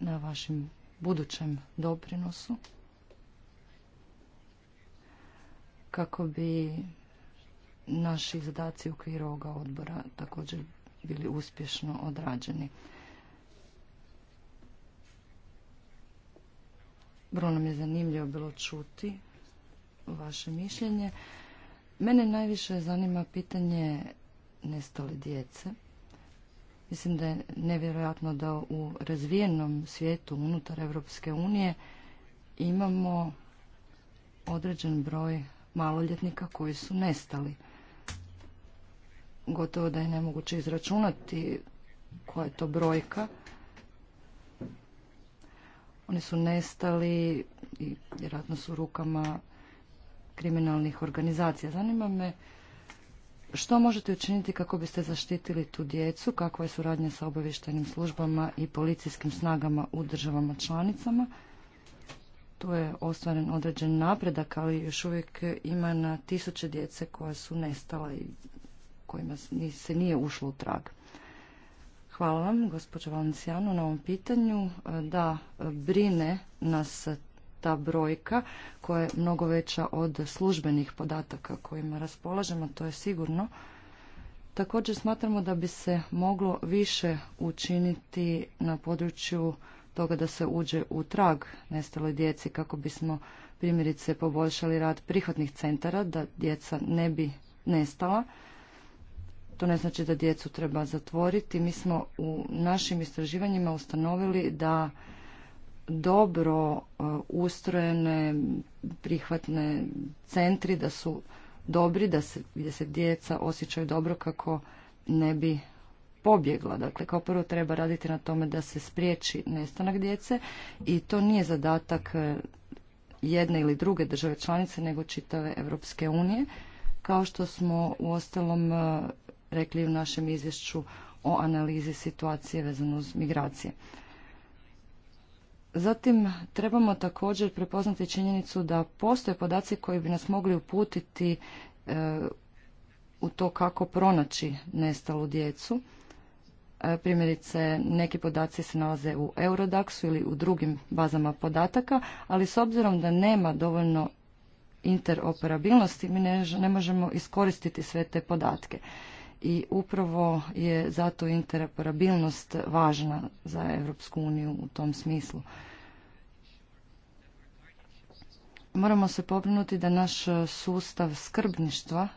na vašem budućem doprinosu kako bi naši zadaci u okviru ovoga odbora također bili uspješno odrađeni. vrlo nam je zanimljivo bilo čuti vaše mišljenje. Mene najviše zanima pitanje nestale djece. Mislim da je nevjerojatno da u razvijenom svijetu unutar Europske unije imamo određen broj maloljetnika koji su nestali. Gotovo da je nemoguće izračunati koja je to brojka oni su nestali i vjerojatno su u rukama kriminalnih organizacija. Zanima me što možete učiniti kako biste zaštitili tu djecu, kakva je suradnja sa obavještajnim službama i policijskim snagama u državama članicama. Tu je ostvaren određen napredak, ali još uvijek ima na tisuće djece koja su nestala i kojima se nije ušlo u trag. Hvala vam, gospođo Valencijanu, na ovom pitanju. E, da, e, brine nas ta brojka koja je mnogo veća od službenih podataka kojima raspolažemo, to je sigurno. Također smatramo da bi se moglo više učiniti na području toga da se uđe u trag nestaloj djeci kako bismo primjerice poboljšali rad prihvatnih centara da djeca ne bi nestala ne znači da djecu treba zatvoriti. Mi smo u našim istraživanjima ustanovili da dobro e, ustrojene prihvatne centri, da su dobri, da se, da se djeca osjećaju dobro kako ne bi pobjegla. Dakle, kao prvo treba raditi na tome da se spriječi nestanak djece i to nije zadatak e, jedne ili druge države članice, nego čitave Europske unije. Kao što smo u ostalom e, rekli u našem izvješću o analizi situacije vezano uz migracije. Zatim trebamo također prepoznati činjenicu da postoje podaci koji bi nas mogli uputiti e, u to kako pronaći nestalu djecu. E, primjerice, neki podaci se nalaze u Eurodaxu ili u drugim bazama podataka, ali s obzirom da nema dovoljno interoperabilnosti, mi ne, ne možemo iskoristiti sve te podatke i upravo je zato interoperabilnost važna za Europsku uniju u tom smislu. Moramo se pobrinuti da naš sustav skrbništva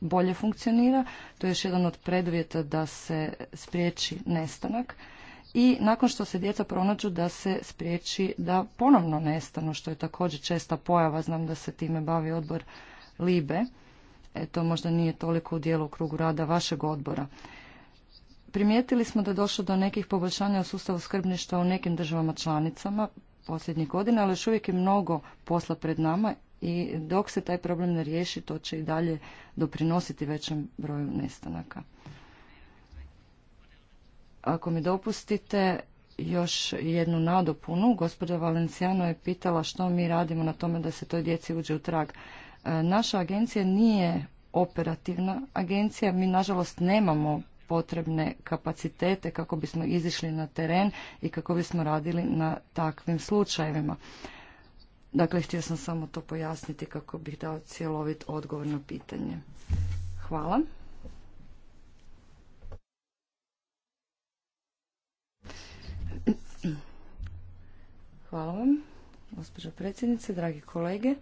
bolje funkcionira, to je još jedan od preduvjeta da se spriječi nestanak i nakon što se djeca pronađu da se spriječi da ponovno nestanu, što je također česta pojava, znam da se time bavi odbor Libe to možda nije toliko u dijelu krugu rada vašeg odbora. Primijetili smo da je došlo do nekih poboljšanja u sustavu skrbništva u nekim državama članicama posljednjih godina, ali još uvijek je mnogo posla pred nama i dok se taj problem ne riješi, to će i dalje doprinositi većem broju nestanaka. Ako mi dopustite još jednu nadopunu, gospođa Valencijano je pitala što mi radimo na tome da se toj djeci uđe u trag. E, naša agencija nije operativna agencija, mi nažalost nemamo potrebne kapacitete kako bismo izišli na teren i kako bismo radili na takvim slučajevima. Dakle, htio sam samo to pojasniti kako bih dao cjelovit odgovor na pitanje. Hvala. Hvala vam, gospođo predsjednice, dragi kolege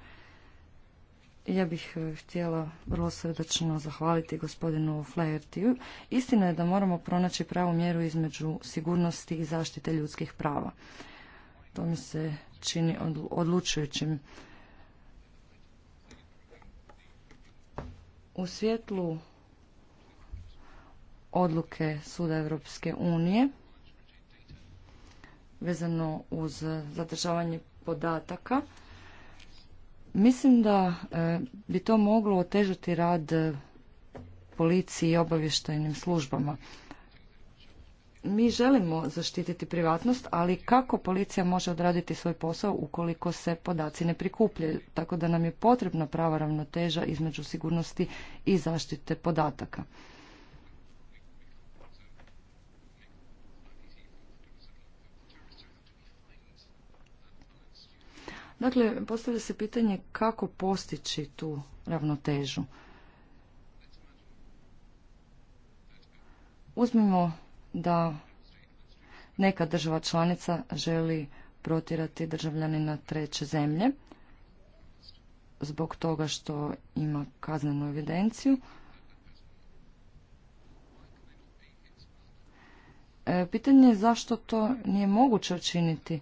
ja bih e, htjela vrlo srdečno zahvaliti gospodinu Flahertiju. Istina je da moramo pronaći pravu mjeru između sigurnosti i zaštite ljudskih prava. To mi se čini odlučujućim. U svjetlu odluke Suda Europske unije vezano uz zadržavanje podataka Mislim da e, bi to moglo otežati rad e, policiji i obavještajnim službama. Mi želimo zaštititi privatnost, ali kako policija može odraditi svoj posao ukoliko se podaci ne prikupljaju? Tako da nam je potrebna prava ravnoteža između sigurnosti i zaštite podataka. Dakle, postavlja se pitanje kako postići tu ravnotežu. Uzmimo da neka država članica želi protjerati državljanina treće zemlje zbog toga što ima kaznenu evidenciju. E, pitanje je zašto to nije moguće učiniti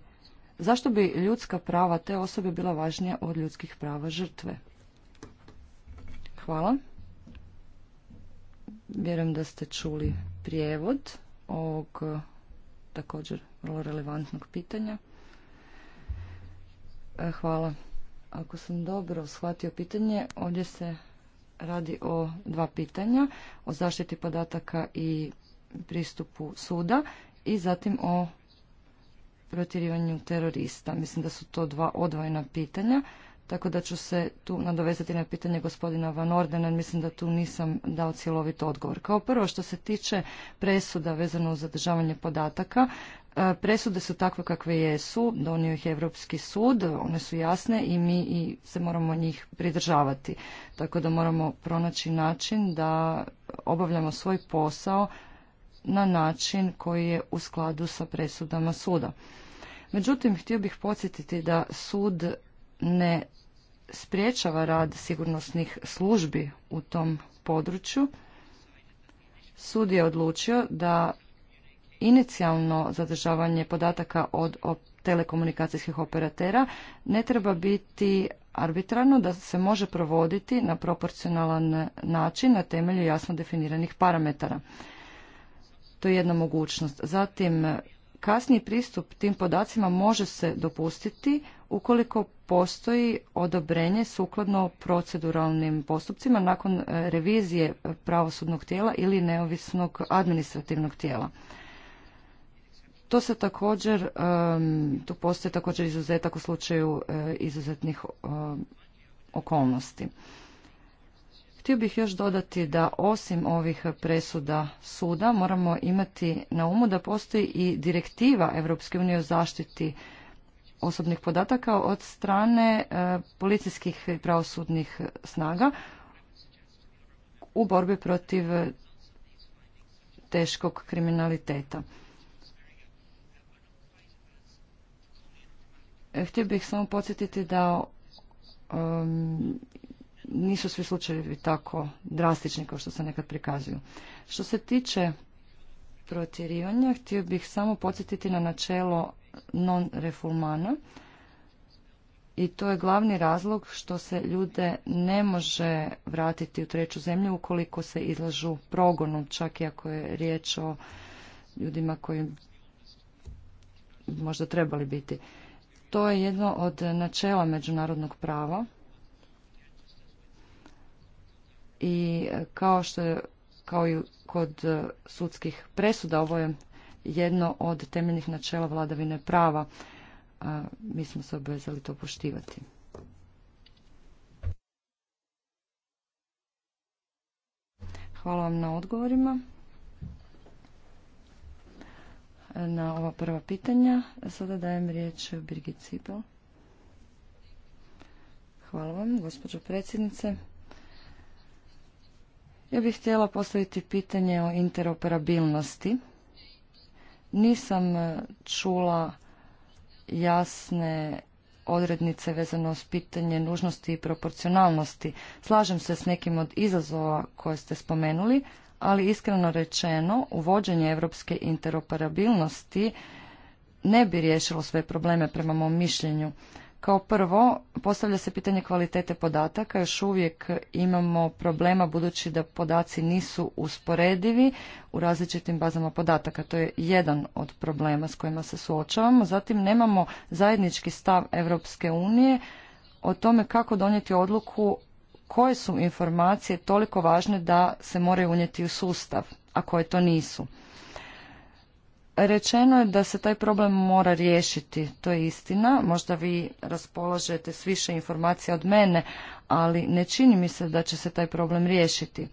Zašto bi ljudska prava te osobe bila važnija od ljudskih prava žrtve? Hvala. Vjerujem da ste čuli prijevod ovog eh, također vrlo relevantnog pitanja. Eh, hvala. Ako sam dobro shvatio pitanje, ovdje se radi o dva pitanja, o zaštiti podataka i pristupu suda i zatim o protjerivanju terorista. Mislim da su to dva odvojena pitanja, tako da ću se tu nadovezati na pitanje gospodina Van Ordena, mislim da tu nisam dao cjelovit odgovor. Kao prvo što se tiče presuda vezano uz zadržavanje podataka, e, presude su takve kakve jesu, donio ih je Europski sud, one su jasne i mi i se moramo njih pridržavati. Tako da moramo pronaći način da obavljamo svoj posao na način koji je u skladu sa presudama suda. Međutim, htio bih podsjetiti da sud ne spriječava rad sigurnosnih službi u tom području. Sud je odlučio da inicijalno zadržavanje podataka od telekomunikacijskih operatera ne treba biti arbitrarno da se može provoditi na proporcionalan način na temelju jasno definiranih parametara. To je jedna mogućnost. Zatim, kasniji pristup tim podacima može se dopustiti ukoliko postoji odobrenje sukladno proceduralnim postupcima nakon e, revizije pravosudnog tijela ili neovisnog administrativnog tijela. To se također, tu postoji također izuzetak u slučaju e, izuzetnih okolnosti. Htio bih još dodati da osim ovih presuda suda moramo imati na umu da postoji i direktiva Europske unije o zaštiti osobnih podataka od strane e, policijskih i pravosudnih snaga u borbi protiv teškog kriminaliteta. Htio bih samo podsjetiti da nisu svi slučajevi tako drastični kao što se nekad prikazuju. Što se tiče protjerivanja, htio bih samo podsjetiti na načelo non refulmana i to je glavni razlog što se ljude ne može vratiti u treću zemlju ukoliko se izlažu progonu, čak i ako je riječ o ljudima koji možda trebali biti. To je jedno od načela međunarodnog prava i e, kao što je, kao i kod e, sudskih presuda, ovo je jedno od temeljnih načela vladavine prava. E, mi smo se obvezali to poštivati. Hvala vam na odgovorima. Na ova prva pitanja. Sada dajem riječ Birgit Cibel. Hvala vam, gospođo predsjednice. Ja bih htjela postaviti pitanje o interoperabilnosti. Nisam e, čula jasne odrednice vezano s pitanje nužnosti i proporcionalnosti. Slažem se s nekim od izazova koje ste spomenuli, ali iskreno rečeno, uvođenje evropske interoperabilnosti ne bi riješilo sve probleme prema mom mišljenju. Kao prvo, postavlja se pitanje kvalitete podataka. Još uvijek imamo problema budući da podaci nisu usporedivi u različitim bazama podataka. To je jedan od problema s kojima se suočavamo. Zatim nemamo zajednički stav Europske unije o tome kako donijeti odluku koje su informacije toliko važne da se moraju unijeti u sustav, a koje to nisu. Rečeno je da se taj problem mora riješiti, to je istina. Možda vi raspolažete s više informacija od mene, ali ne čini mi se da će se taj problem riješiti.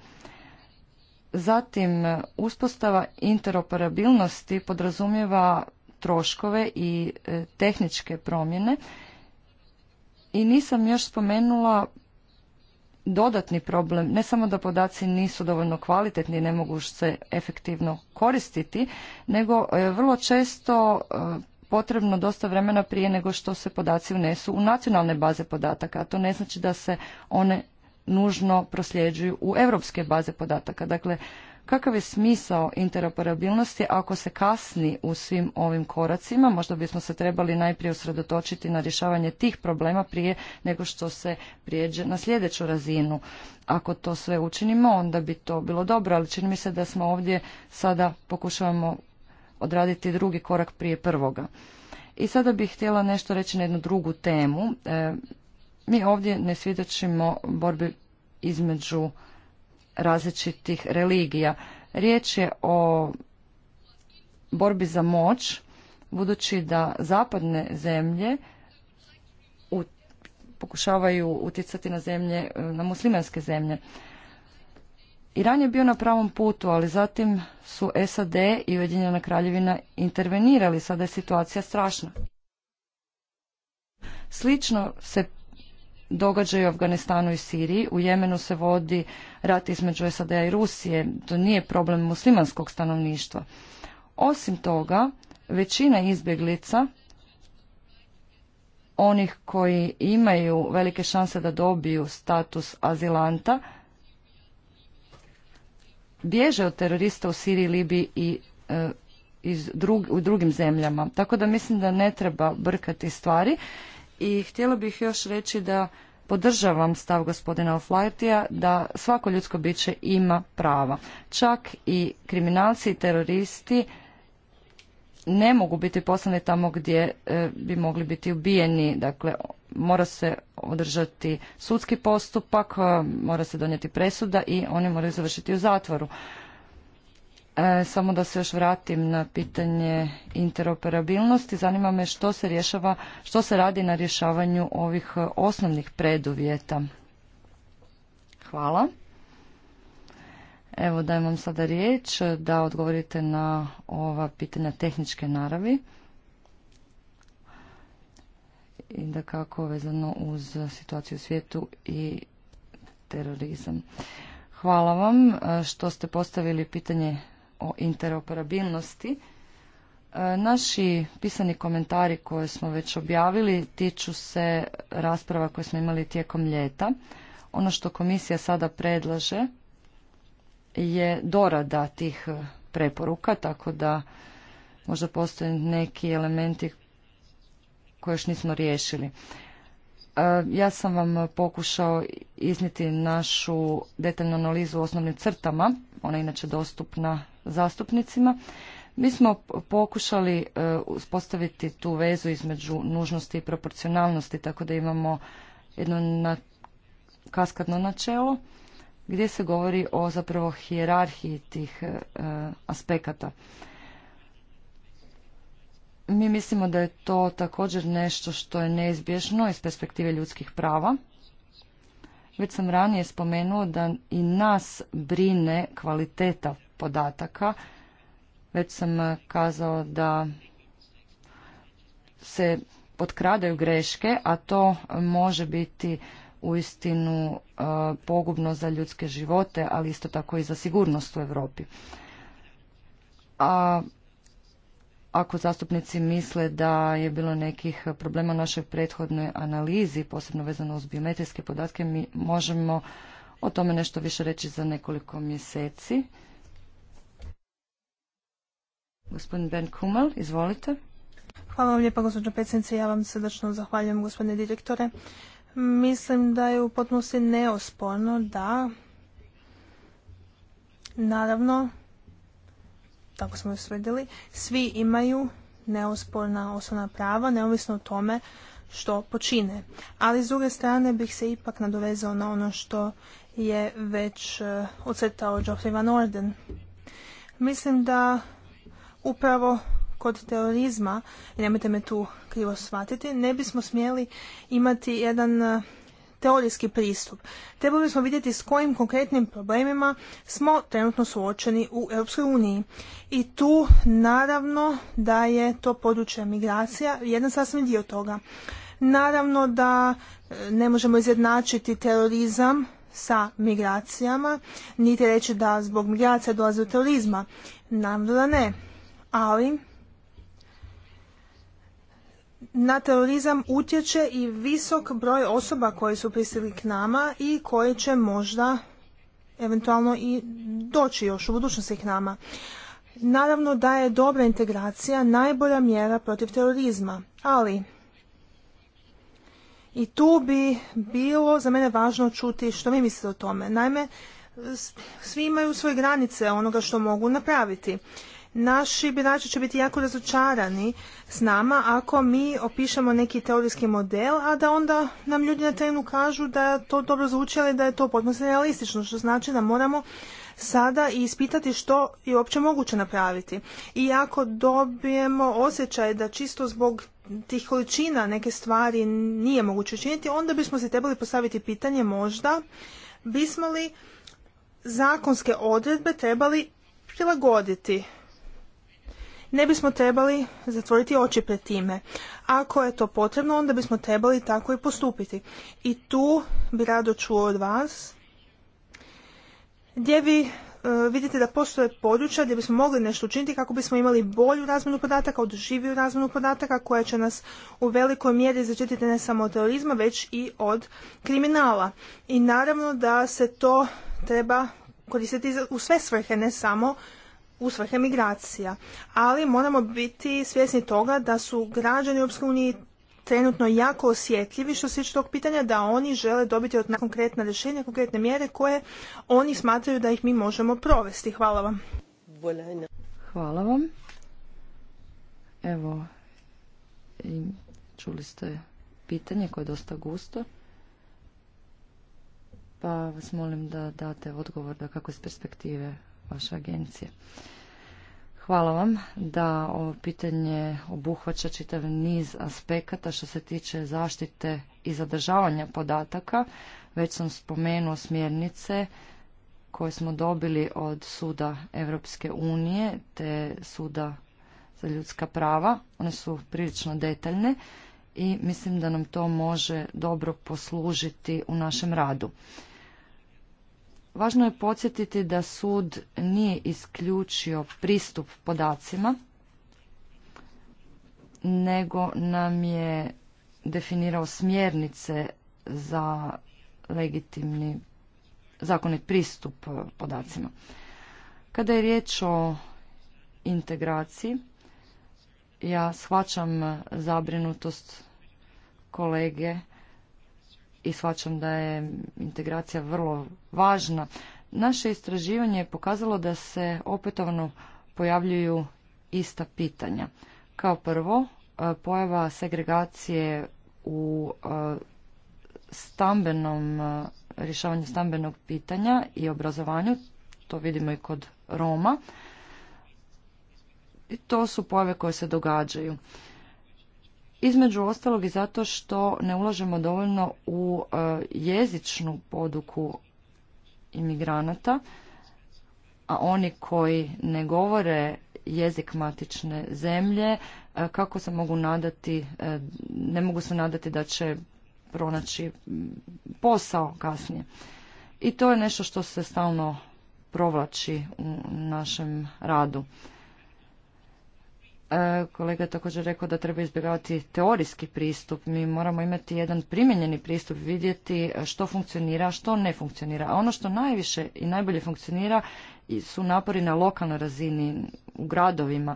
Zatim, uspostava interoperabilnosti podrazumijeva troškove i e, tehničke promjene i nisam još spomenula dodatni problem, ne samo da podaci nisu dovoljno kvalitetni i ne mogu se efektivno koristiti, nego e, vrlo često e, potrebno dosta vremena prije nego što se podaci unesu u nacionalne baze podataka, a to ne znači da se one nužno prosljeđuju u europske baze podataka. Dakle, Kakav je smisao interoperabilnosti ako se kasni u svim ovim koracima? Možda bismo se trebali najprije usredotočiti na rješavanje tih problema prije nego što se prijeđe na sljedeću razinu. Ako to sve učinimo, onda bi to bilo dobro, ali čini mi se da smo ovdje sada pokušavamo odraditi drugi korak prije prvoga. I sada bih htjela nešto reći na jednu drugu temu. E, mi ovdje ne svjedočimo borbi između različitih religija. Riječ je o borbi za moć, budući da zapadne zemlje pokušavaju utjecati na zemlje, na muslimanske zemlje. Iran je bio na pravom putu, ali zatim su SAD i Ujedinjena kraljevina intervenirali, sada je situacija strašna. Slično se događaju u Afganistanu i Siriji. U Jemenu se vodi rat između SAD-a i Rusije. To nije problem muslimanskog stanovništva. Osim toga, većina izbjeglica, onih koji imaju velike šanse da dobiju status azilanta, bježe od terorista u Siriji, Libiji i e, iz u drugim zemljama. Tako da mislim da ne treba brkati stvari i htjela bih još reći da podržavam stav gospodina Oflajtija da svako ljudsko biće ima prava. Čak i kriminalci i teroristi ne mogu biti poslani tamo gdje e, bi mogli biti ubijeni. Dakle, mora se održati sudski postupak, mora se donijeti presuda i oni moraju završiti u zatvoru. E, samo da se još vratim na pitanje interoperabilnosti. Zanima me što se rješava, što se radi na rješavanju ovih e, osnovnih preduvjeta. Hvala. Evo da imam sada riječ e, da odgovorite na ova pitanja tehničke naravi i da kako vezano uz situaciju u svijetu i terorizam. Hvala vam e, što ste postavili pitanje o interoperabilnosti. E, naši pisani komentari koje smo već objavili tiču se rasprava koje smo imali tijekom ljeta. Ono što komisija sada predlaže je dorada tih preporuka, tako da možda postoje neki elementi koje još nismo riješili. E, ja sam vam pokušao izniti našu detaljnu analizu u osnovnim crtama, ona je inače dostupna zastupnicima. Mi smo pokušali e, uspostaviti tu vezu između nužnosti i proporcionalnosti, tako da imamo jedno na, kaskadno načelo gdje se govori o zapravo hijerarhiji tih e, aspekata. Mi mislimo da je to također nešto što je neizbježno iz perspektive ljudskih prava. Već sam ranije spomenuo da i nas brine kvaliteta podataka. Već sam kazao da se potkradaju greške, a to može biti uistinu e, pogubno za ljudske živote, ali isto tako i za sigurnost u Europi. A ako zastupnici misle da je bilo nekih problema u našoj prethodnoj analizi, posebno vezano uz biometrijske podatke, mi možemo o tome nešto više reći za nekoliko mjeseci. Gospodin Ben Kumal, izvolite. Hvala vam lijepa, gospođo predsjednice. Ja vam srdačno zahvaljujem, gospodine direktore. Mislim da je u potpunosti neosporno da naravno tako smo sredili, svi imaju neosporna osnovna prava, neovisno o tome što počine. Ali s druge strane bih se ipak nadovezao na ono što je već ocetao eh, ocrtao Geoffrey Van Orden. Mislim da upravo kod terorizma, i nemojte me tu krivo shvatiti, ne bismo smjeli imati jedan e, teorijski pristup. Trebali bismo vidjeti s kojim konkretnim problemima smo trenutno suočeni u Europskoj uniji. I tu naravno da je to područje migracija jedan sasvim dio toga. Naravno da e, ne možemo izjednačiti terorizam sa migracijama, niti reći da zbog migracija dolazi do terorizma. Naravno da ne ali na terorizam utječe i visok broj osoba koje su pristigli k nama i koje će možda eventualno i doći još u budućnosti k nama. Naravno da je dobra integracija najbolja mjera protiv terorizma, ali i tu bi bilo za mene važno čuti što vi mislite o tome. Naime, svi imaju svoje granice onoga što mogu napraviti naši birači će biti jako razočarani s nama ako mi opišemo neki teorijski model, a da onda nam ljudi na terenu kažu da to dobro zvuči, ali da je to potpuno realistično, što znači da moramo sada i ispitati što je uopće moguće napraviti. I ako dobijemo osjećaj da čisto zbog tih količina neke stvari nije moguće učiniti, onda bismo se trebali postaviti pitanje možda bismo li zakonske odredbe trebali prilagoditi ne bismo trebali zatvoriti oči pred time. Ako je to potrebno, onda bismo trebali tako i postupiti. I tu bi rado čuo od vas gdje vi e, vidite da postoje područja gdje bismo mogli nešto učiniti kako bismo imali bolju razmjenu podataka, održiviju razmjenu podataka koja će nas u velikoj mjeri zaštititi ne samo od terorizma već i od kriminala. I naravno da se to treba koristiti u sve svrhe, ne samo u svrhe migracija. Ali moramo biti svjesni toga da su građani Europske trenutno jako osjetljivi što se tiče tog pitanja da oni žele dobiti od konkretna rješenja, konkretne mjere koje oni smatraju da ih mi možemo provesti. Hvala vam. Hvala vam. Evo, čuli ste pitanje koje je dosta gusto. Pa vas molim da date odgovor da kako iz perspektive vaše agencije. Hvala vam da ovo pitanje obuhvaća čitav niz aspekata što se tiče zaštite i zadržavanja podataka. Već sam spomenuo smjernice koje smo dobili od Suda Europske unije te Suda za ljudska prava. One su prilično detaljne i mislim da nam to može dobro poslužiti u našem radu. Važno je podsjetiti da sud nije isključio pristup podacima, nego nam je definirao smjernice za legitimni zakonit pristup podacima. Kada je riječ o integraciji, ja shvaćam zabrinutost kolege i shvaćam da je integracija vrlo važna. Naše istraživanje je pokazalo da se opetovno pojavljuju ista pitanja. Kao prvo, e, pojava segregacije u e, stambenom e, rješavanju stambenog pitanja i obrazovanju, to vidimo i kod Roma. I to su pojave koje se događaju između ostalog i zato što ne ulažemo dovoljno u e, jezičnu poduku imigranata, a oni koji ne govore jezik matične zemlje, e, kako se mogu nadati, e, ne mogu se nadati da će pronaći posao kasnije. I to je nešto što se stalno provlači u našem radu. E, kolega je također rekao da treba izbjegavati teorijski pristup. Mi moramo imati jedan primjenjeni pristup, vidjeti što funkcionira, što ne funkcionira. A ono što najviše i najbolje funkcionira su napori na lokalnoj razini, u gradovima.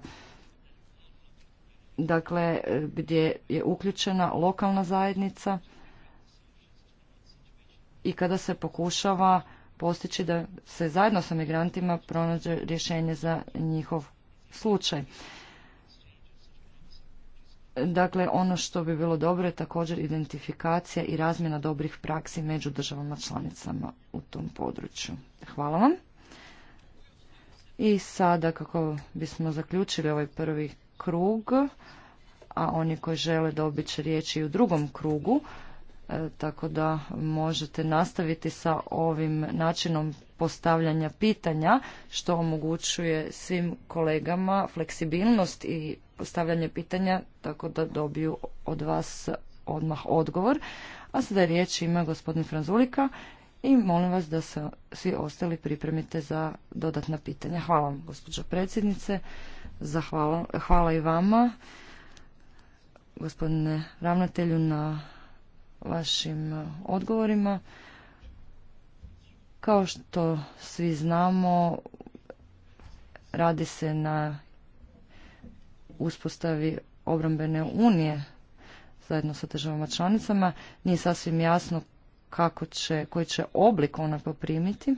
Dakle, e, gdje je uključena lokalna zajednica i kada se pokušava postići da se zajedno sa migrantima pronađe rješenje za njihov slučaj. Dakle, ono što bi bilo dobro je također identifikacija i razmjena dobrih praksi među državama članicama u tom području. Hvala vam. I sada, kako bismo zaključili ovaj prvi krug, a oni koji žele dobit će riječ i u drugom krugu, e, tako da možete nastaviti sa ovim načinom postavljanja pitanja, što omogućuje svim kolegama fleksibilnost i postavljanje pitanja, tako da dobiju od vas odmah odgovor. A sada riječ ima gospodin Franzulika i molim vas da se svi ostali pripremite za dodatna pitanja. Hvala vam, gospođo predsjednice. hvala i vama, gospodine ravnatelju, na vašim odgovorima. Kao što svi znamo, radi se na uspostavi obrambene unije zajedno sa državama članicama. Nije sasvim jasno kako će, koji će oblik ona poprimiti.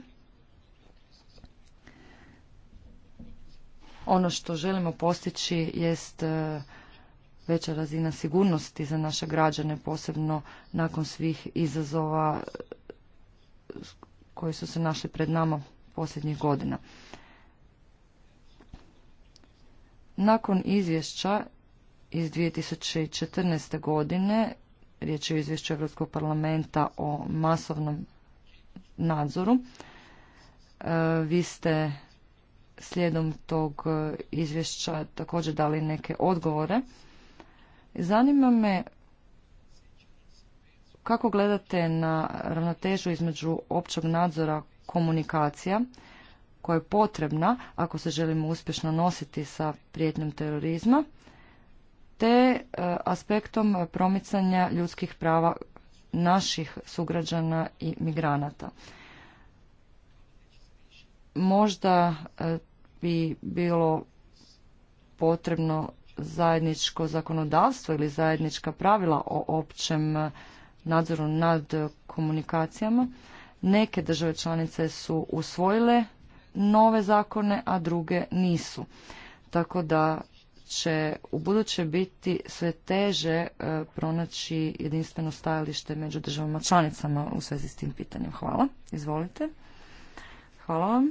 Ono što želimo postići jest e, veća razina sigurnosti za naše građane, posebno nakon svih izazova koji su se našli pred nama posljednjih godina. Nakon izvješća iz 2014. godine, riječ je o izvješću Europskog parlamenta o masovnom nadzoru, e, vi ste slijedom tog izvješća također dali neke odgovore. Zanima me kako gledate na ravnotežu između općeg nadzora komunikacija koja je potrebna ako se želimo uspješno nositi sa prijetnjom terorizma, te e, aspektom promicanja ljudskih prava naših sugrađana i migranata. Možda e, bi bilo potrebno zajedničko zakonodavstvo ili zajednička pravila o općem e, nadzoru nad komunikacijama. Neke države članice su usvojile nove zakone, a druge nisu. Tako da će u buduće biti sve teže e, pronaći jedinstveno stajalište među državama članicama u svezi s tim pitanjem. Hvala. Izvolite. Hvala vam.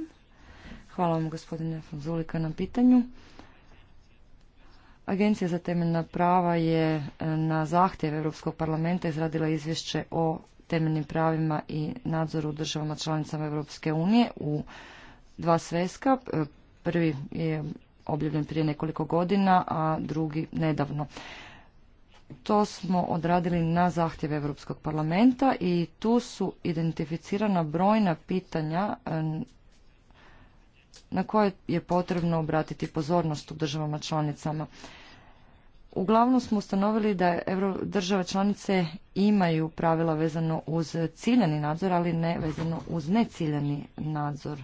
Hvala vam gospodine Fanzulika na pitanju. Agencija za temeljna prava je e, na zahtjev Europskog parlamenta izradila izvješće o temeljnim pravima i nadzoru državama članicama Europske unije u dva sveska. E, prvi je objavljen prije nekoliko godina, a drugi nedavno. To smo odradili na zahtjev Europskog parlamenta i tu su identificirana brojna pitanja e, na koje je potrebno obratiti pozornost u državama članicama. Uglavnom smo ustanovili da države članice imaju pravila vezano uz ciljani nadzor, ali ne vezano uz neciljani nadzor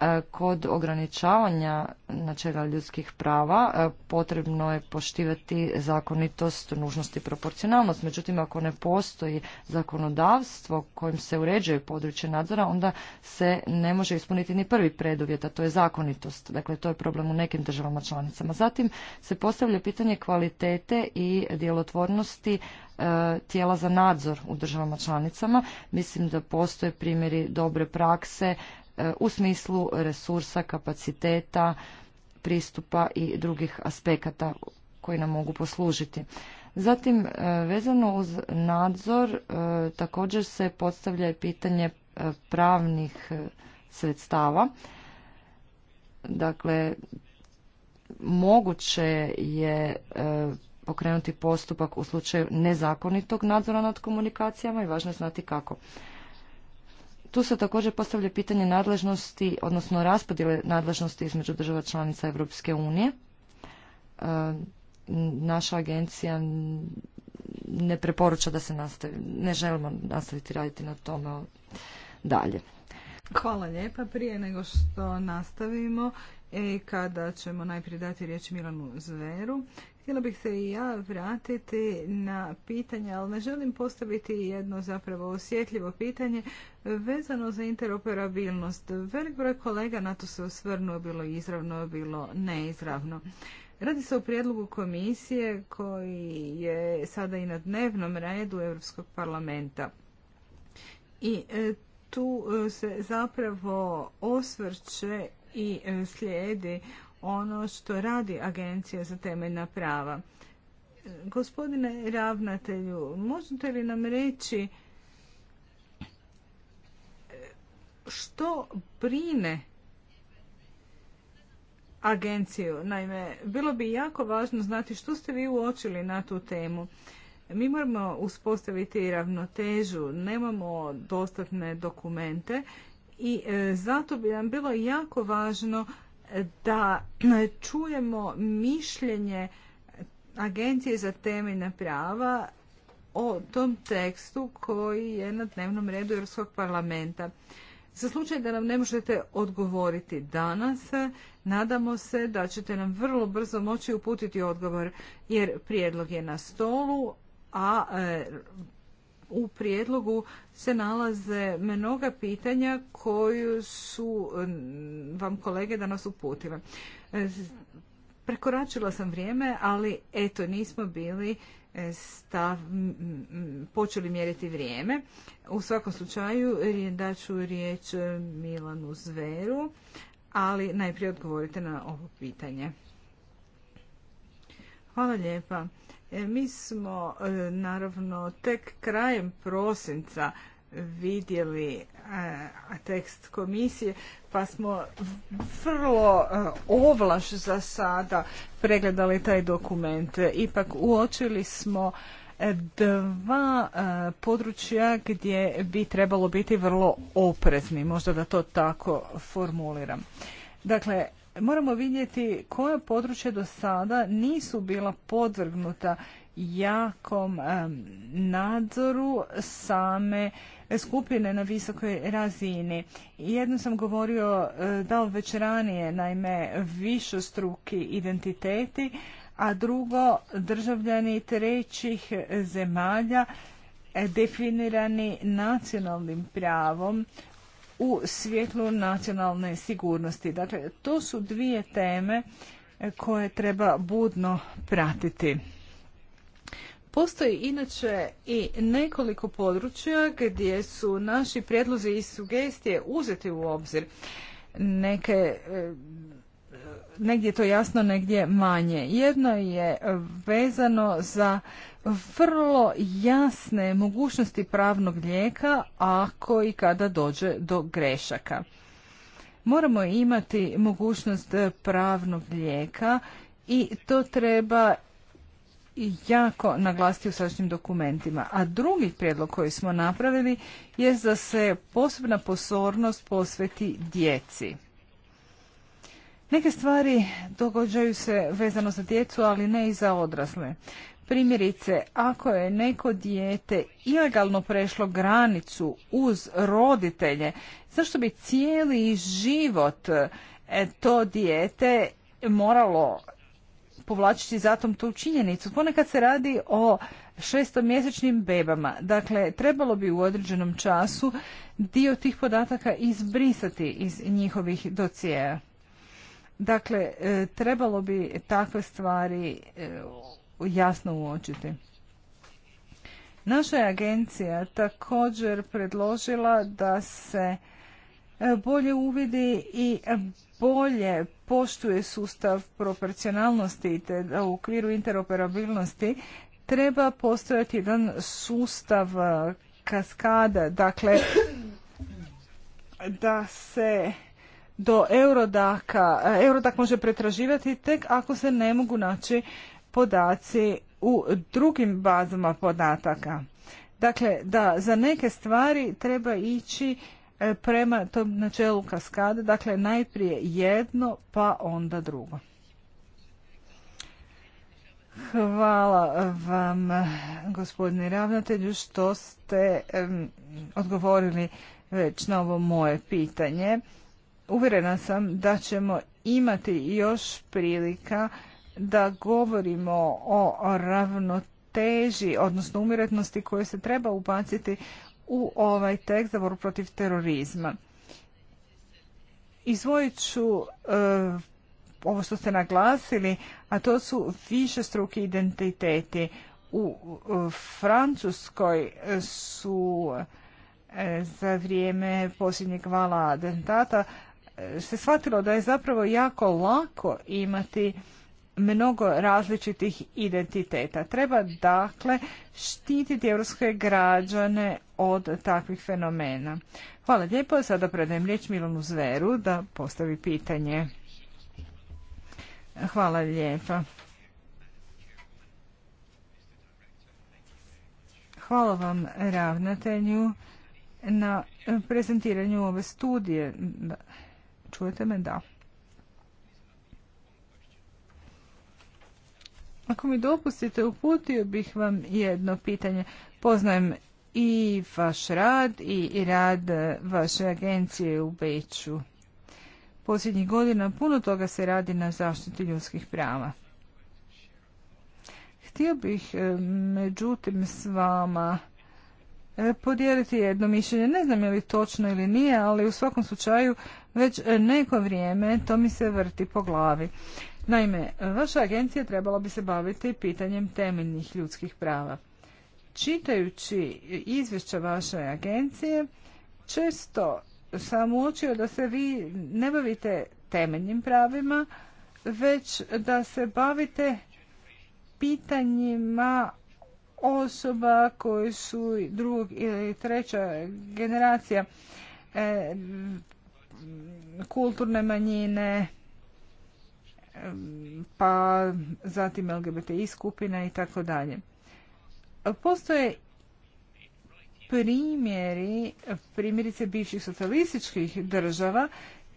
E, kod ograničavanja načela ljudskih prava e, potrebno je poštivati zakonitost, nužnost i proporcionalnost. Međutim, ako ne postoji zakonodavstvo kojim se uređuje područje nadzora, onda se ne može ispuniti ni prvi preduvjet, a to je zakonitost. Dakle, to je problem u nekim državama članicama. Zatim se postavlja pitanje kvalitete i djelotvornosti e, tijela za nadzor u državama članicama. Mislim da postoje primjeri dobre prakse E, u smislu resursa, kapaciteta, pristupa i drugih aspekata koji nam mogu poslužiti. Zatim, e, vezano uz nadzor, e, također se postavlja i pitanje pravnih sredstava. Dakle, moguće je pokrenuti postupak u slučaju nezakonitog nadzora nad komunikacijama i važno je znati kako tu se također postavlja pitanje nadležnosti, odnosno raspodjele nadležnosti između država članica Europske unije. E, naša agencija ne preporuča da se nastavi, ne želimo nastaviti raditi na tome dalje. Hvala lijepa. Prije nego što nastavimo, i kada ćemo najprije dati riječ Milanu Zveru, Htjela bih se i ja vratiti na pitanje, ali ne želim postaviti jedno zapravo osjetljivo pitanje vezano za interoperabilnost. Velik broj kolega na to se osvrnuo, bilo izravno, bilo neizravno. Radi se o prijedlogu komisije koji je sada i na dnevnom redu Europskog parlamenta. I e, tu e, se zapravo osvrće i slijedi ono što radi Agencija za temeljna prava. Gospodine ravnatelju, možete li nam reći e, što brine agenciju? Naime, bilo bi jako važno znati što ste vi uočili na tu temu. Mi moramo uspostaviti ravnotežu, nemamo dostatne dokumente i e, zato bi nam bilo jako važno da čujemo mišljenje Agencije za temeljna prava o tom tekstu koji je na dnevnom redu Europskog parlamenta. Za slučaj da nam ne možete odgovoriti danas, nadamo se da ćete nam vrlo brzo moći uputiti odgovor jer prijedlog je na stolu, a e, u prijedlogu se nalaze mnoga pitanja koju su vam kolege danas uputile. E, prekoračila sam vrijeme, ali eto nismo bili e, stav, počeli mjeriti vrijeme. U svakom slučaju daću riječ e, Milanu Zveru, ali najprije odgovorite na ovo pitanje. Hvala lijepa. E, mi smo e, naravno tek krajem prosinca vidjeli e, tekst komisije pa smo vrlo ovlaš za sada pregledali taj dokument. Ipak uočili smo dva područja gdje bi trebalo biti vrlo oprezni, možda da to tako formuliram. Dakle, moramo vidjeti koje područje do sada nisu bila podvrgnuta jakom nadzoru same skupine na visokoj razini. Jedno sam govorio e, da već ranije, naime, višostruki identiteti, a drugo državljani trećih zemalja e, definirani nacionalnim pravom u svjetlu nacionalne sigurnosti. Dakle, to su dvije teme koje treba budno pratiti. Postoji inače i nekoliko područja gdje su naši prijedlozi i sugestije uzeti u obzir. Neke, eh, negdje to jasno, negdje manje. Jedno je vezano za vrlo jasne mogućnosti pravnog lijeka ako i kada dođe do grešaka. Moramo imati mogućnost pravnog lijeka i to treba jako naglasiti u sadašnjim dokumentima. A drugi prijedlog koji smo napravili je da se posebna pozornost posveti djeci. Neke stvari događaju se vezano za djecu, ali ne i za odrasle. Primjerice, ako je neko dijete ilegalno prešlo granicu uz roditelje, zašto bi cijeli život e, to dijete moralo povlačiti zatom tu činjenicu. Ponekad se radi o šestomjesečnim bebama. Dakle, trebalo bi u određenom času dio tih podataka izbrisati iz njihovih docijeja. Dakle, e, trebalo bi takve stvari e, jasno uočiti. Naša je agencija također predložila da se e, bolje uvidi i bolje poštuje sustav proporcionalnosti te u okviru interoperabilnosti treba postojati jedan sustav e, kaskada, dakle da se do Eurodaka, Eurodak može pretraživati tek ako se ne mogu naći podaci u drugim bazama podataka. Dakle, da za neke stvari treba ići e, prema tom načelu kaskade, dakle najprije jedno pa onda drugo. Hvala vam gospodine ravnatelju što ste odgovorili već na ovo moje pitanje. Uvjerena sam da ćemo imati još prilika da govorimo o ravnoteži, odnosno umjeretnosti koje se treba ubaciti u ovaj tekst za protiv terorizma. Izvojit ću e, ovo što ste naglasili, a to su višestruki identiteti. U, Francuskoj su e, za vrijeme posljednjeg vala atentata e, se shvatilo da je zapravo jako lako imati mnogo različitih identiteta. Treba dakle štititi europske građane od takvih fenomena. Hvala lijepo. Sada predajem riječ Milanu Zveru da postavi pitanje. Hvala lijepa. Hvala vam ravnatelju na prezentiranju ove studije. Čujete me? Da. Ako mi dopustite, uputio bih vam jedno pitanje. Poznajem i vaš rad i rad e, vaše agencije u Beću. Posljednjih godina puno toga se radi na zaštiti ljudskih prava. Htio bih e, međutim s vama e, podijeliti jedno mišljenje. Ne znam je li točno ili nije, ali u svakom slučaju već neko vrijeme to mi se vrti po glavi. Naime, vaša agencija trebala bi se baviti pitanjem temeljnih ljudskih prava. Čitajući izvješća vaše agencije, često sam uočio da se vi ne bavite temeljnim pravima, već da se bavite pitanjima osoba koji su drug ili treća generacija e, kulturne manjine, pa zatim LGBTI skupina i tako dalje. Postoje primjeri, primjerice bivših socijalističkih država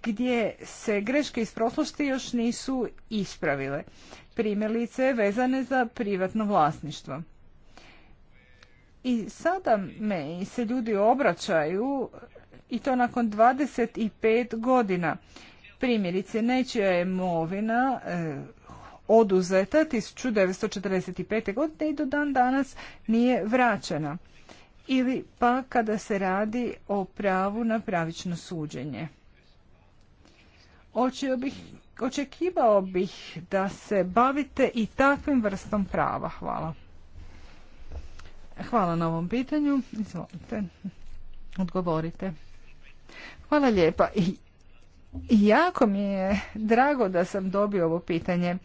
gdje se greške iz prošlosti još nisu ispravile. Primjerice vezane za privatno vlasništvo. I sada me se ljudi obraćaju i to nakon 25 godina Primjerice, nečija je movina e, oduzeta 1945. godine i do dan danas nije vraćena. Ili pa kada se radi o pravu na pravično suđenje. bih, očekivao bih da se bavite i takvim vrstom prava. Hvala. Hvala na ovom pitanju. Izvolite. Odgovorite. Hvala lijepa. I Jako mi je drago da sam dobio ovo pitanje.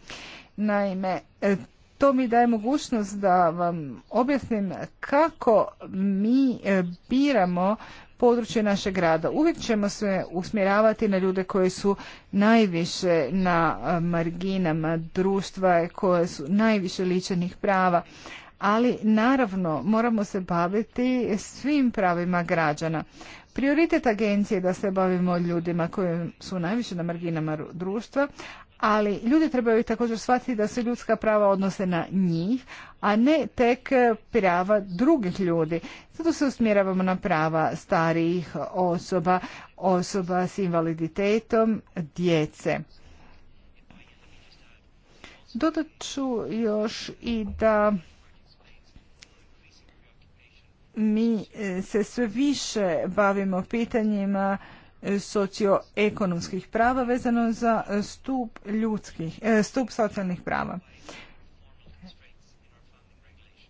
Naime, e, to mi daje mogućnost da vam objasnim kako mi e, biramo područje našeg grada. Uvijek ćemo se usmjeravati na ljude koji su najviše na e, marginama društva, koje su najviše ličenih prava. Ali naravno moramo se baviti svim pravima građana. Prioritet agencije je da se bavimo ljudima koji su najviše na marginama društva, ali ljudi trebaju također shvatiti da se ljudska prava odnose na njih, a ne tek prava drugih ljudi. Zato se usmjeravamo na prava starijih osoba, osoba s invaliditetom, djece. Dodat ću još i da mi e, se sve više bavimo pitanjima e, socioekonomskih prava vezano za e, stup ljudskih, stup socijalnih prava.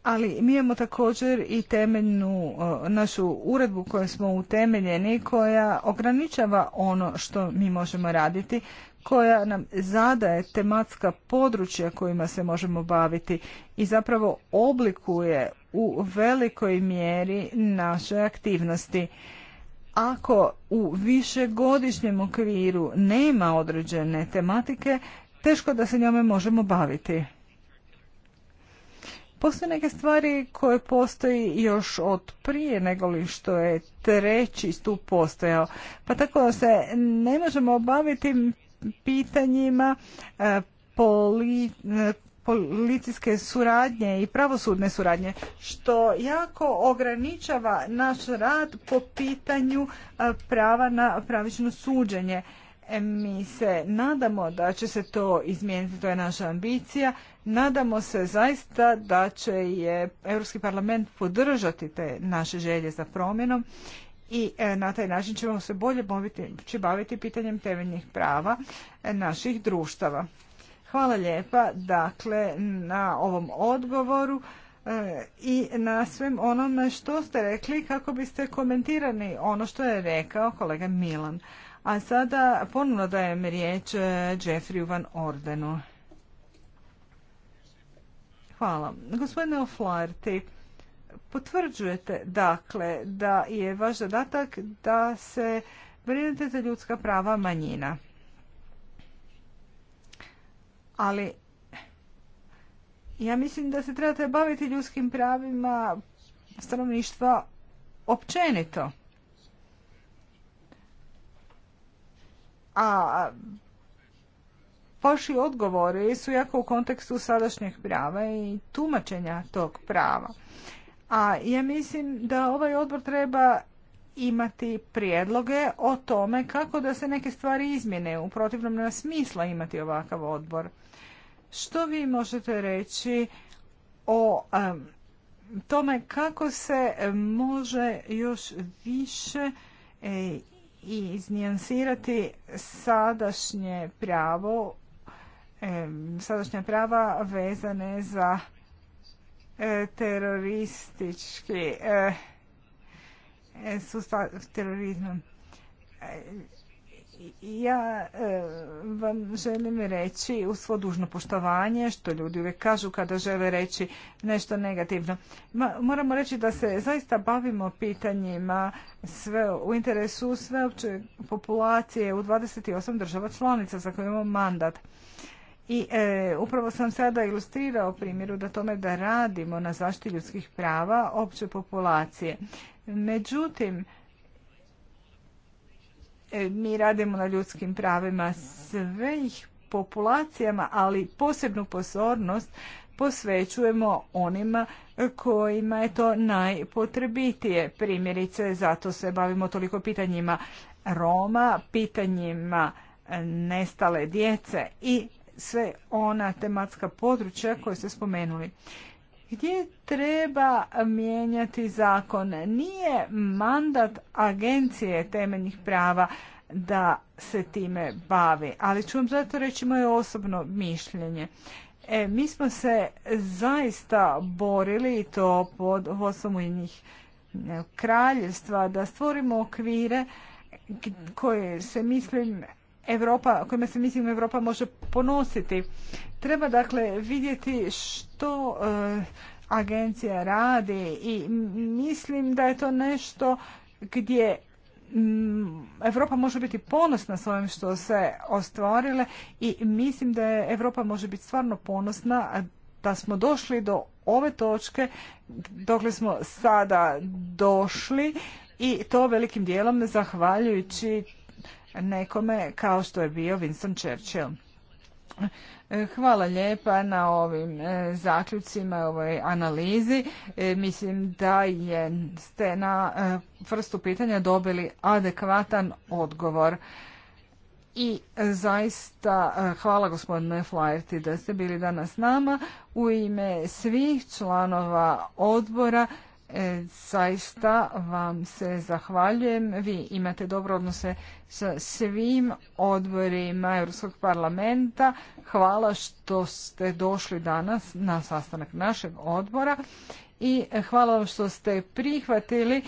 Ali mi imamo također i temeljnu našu uredbu koju smo utemeljeni koja ograničava ono što mi možemo raditi, koja nam zadaje tematska područja kojima se možemo baviti i zapravo oblikuje u velikoj mjeri naše aktivnosti. Ako u višegodišnjem okviru nema određene tematike, teško da se njome možemo baviti. Postoje neke stvari koje postoji još od prije nego što je treći stup postojao. Pa tako se ne možemo baviti pitanjima e, poli, policijske suradnje i pravosudne suradnje, što jako ograničava naš rad po pitanju e, prava na pravično suđenje. E, mi se nadamo da će se to izmijeniti, to je naša ambicija. Nadamo se zaista da će je Europski parlament podržati te naše želje za promjenom i e, na taj način ćemo se bolje baviti, baviti pitanjem temeljnih prava naših društava. Hvala lijepa dakle na ovom odgovoru e, i na svem onome što ste rekli kako biste komentirani ono što je rekao kolega Milan. A sada ponovno dajem riječ e, Jeffrey Van Ordenu. Hvala. Gospodine Oflarti, potvrđujete dakle da je vaš zadatak da se brinete za ljudska prava manjina ali ja mislim da se trebate baviti ljudskim pravima stanovništva općenito. A vaši odgovori su jako u kontekstu sadašnjeg prava i tumačenja tog prava. A ja mislim da ovaj odbor treba imati prijedloge o tome kako da se neke stvari izmjene. U protivnom nema smisla imati ovakav odbor. Što vi možete reći o tome kako se može još više i e, iznijansirati sadašnje pravo sadašnja prava vezane za e, teroristički e, E, sustav e, Ja e, vam želim reći u svo dužno poštovanje, što ljudi uvijek kažu kada žele reći nešto negativno. Moramo reći da se zaista bavimo pitanjima sve, u interesu sveopće populacije u 28 država članica za koje imamo mandat. I upravo sam sada ilustrirao primjeru da tome da radimo na zaštiti ljudskih prava opće populacije. Međutim, e, mi radimo na ljudskim pravima ih populacijama, ali posebnu pozornost posvećujemo onima kojima je to najpotrebitije. Primjerice, zato se bavimo toliko pitanjima Roma, pitanjima nestale djece i sve ona tematska područja koje ste spomenuli gdje treba mijenjati zakon? Nije mandat agencije temeljnih prava da se time bavi, ali ću vam zato reći moje osobno mišljenje. E, mi smo se zaista borili i to pod vodstvom njih kraljevstva da stvorimo okvire koje se mislim Europa, kojima se mislim Europa može ponositi. Treba dakle vidjeti što e, agencija radi i mislim da je to nešto gdje Europa može biti ponosna s ovim što se ostvarile i mislim da je Europa može biti stvarno ponosna da smo došli do ove točke dokle smo sada došli i to velikim dijelom zahvaljujući nekome kao što je bio Winston Churchill. E, hvala lijepa na ovim e, zaključcima, ovoj analizi. E, mislim da je ste na vrstu pitanja dobili adekvatan odgovor. I zaista hvala gospodine Flaherty da ste bili danas s nama. U ime svih članova odbora E, zaista vam se zahvaljujem. Vi imate dobro odnose sa svim odborima Europskog parlamenta. Hvala što ste došli danas na sastanak našeg odbora i hvala vam što ste prihvatili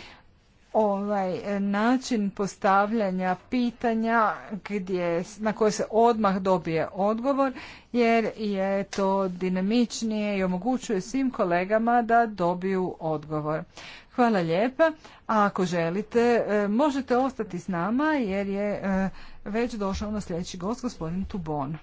ovaj e, način postavljanja pitanja gdje, na koje se odmah dobije odgovor jer je to dinamičnije i omogućuje svim kolegama da dobiju odgovor. Hvala lijepa. A ako želite, e, možete ostati s nama jer je e, već došao na ono sljedeći gost, gospodin Tubon.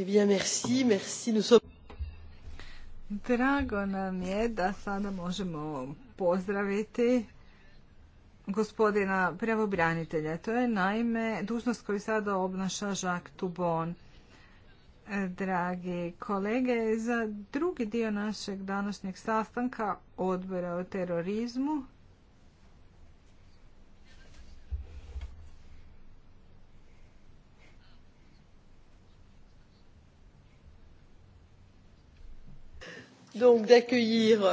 Eh Drago nam je da sada možemo pozdraviti gospodina pravobranitelja. To je naime dužnost koju sada obnaša Jacques Tubon. Eh, dragi kolege, za drugi dio našeg današnjeg sastanka odbora o terorizmu donc d'accueillir euh,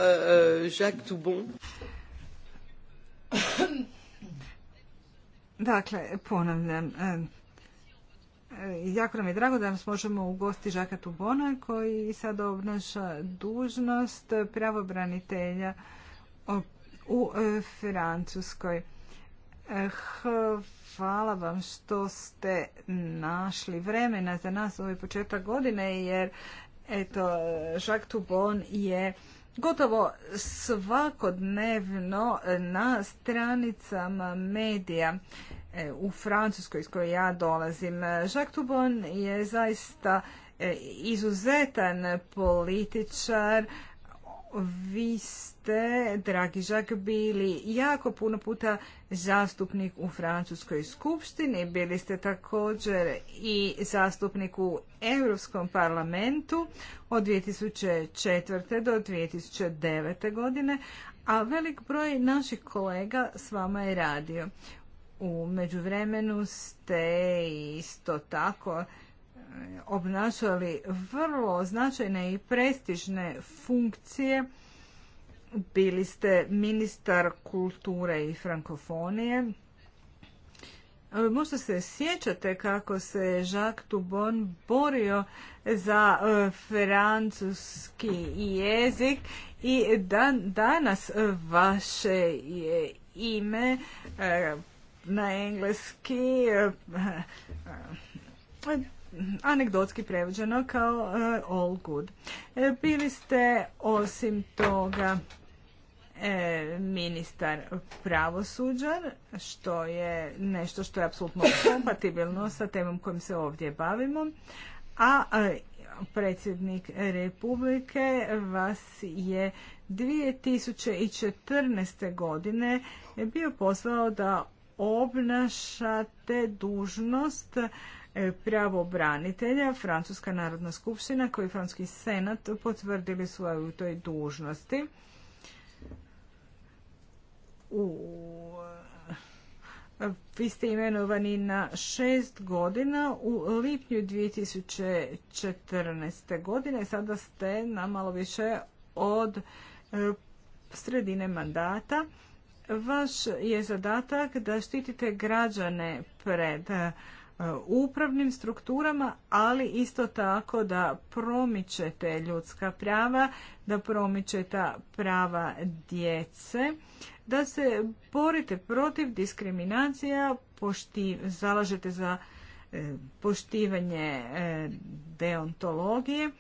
euh, Jacques Toubon. Dakle, ponavljam, e, e, jako nam je drago da nas možemo ugosti Žaka Tubona koji sad obnaša dužnost pravobranitelja u e, Francuskoj. Hvala vam što ste našli vremena za nas ovaj početak godine jer Eto, Jacques Toubon je gotovo svakodnevno na stranicama medija e, u Francuskoj iz koje ja dolazim. Jacques Toubon je zaista e, izuzetan političar, vi ste, dragi bili jako puno puta zastupnik u Francuskoj skupštini, bili ste također i zastupnik u Europskom parlamentu od 2004. do 2009. godine, a velik broj naših kolega s vama je radio. U međuvremenu ste isto tako e, obnašali vrlo značajne i prestižne funkcije bili ste ministar kulture i frankofonije. E, možda se sjećate kako se Jacques Dubon borio za e, francuski jezik i danas vaše je ime e, na engleski anegdotski prevođeno kao eh, all good. Eh, bili ste osim toga eh, ministar pravosuđa, što je nešto što je apsolutno kompatibilno sa temom kojim se ovdje bavimo, a predsjednik Republike vas je 2014. godine bio poslao da obnašate dužnost E, pravobranitelja, Francuska narodna skupština koji je Francuski senat potvrdili svoju toj dužnosti. U, e, vi ste imenovani na šest godina u lipnju 2014. godine. Sada ste na malo više od e, sredine mandata. Vaš je zadatak da štitite građane pred E, upravnim strukturama, ali isto tako da promičete ljudska prava, da promičete prava djece, da se borite protiv diskriminacija, zalažete za e, poštivanje e, deontologije,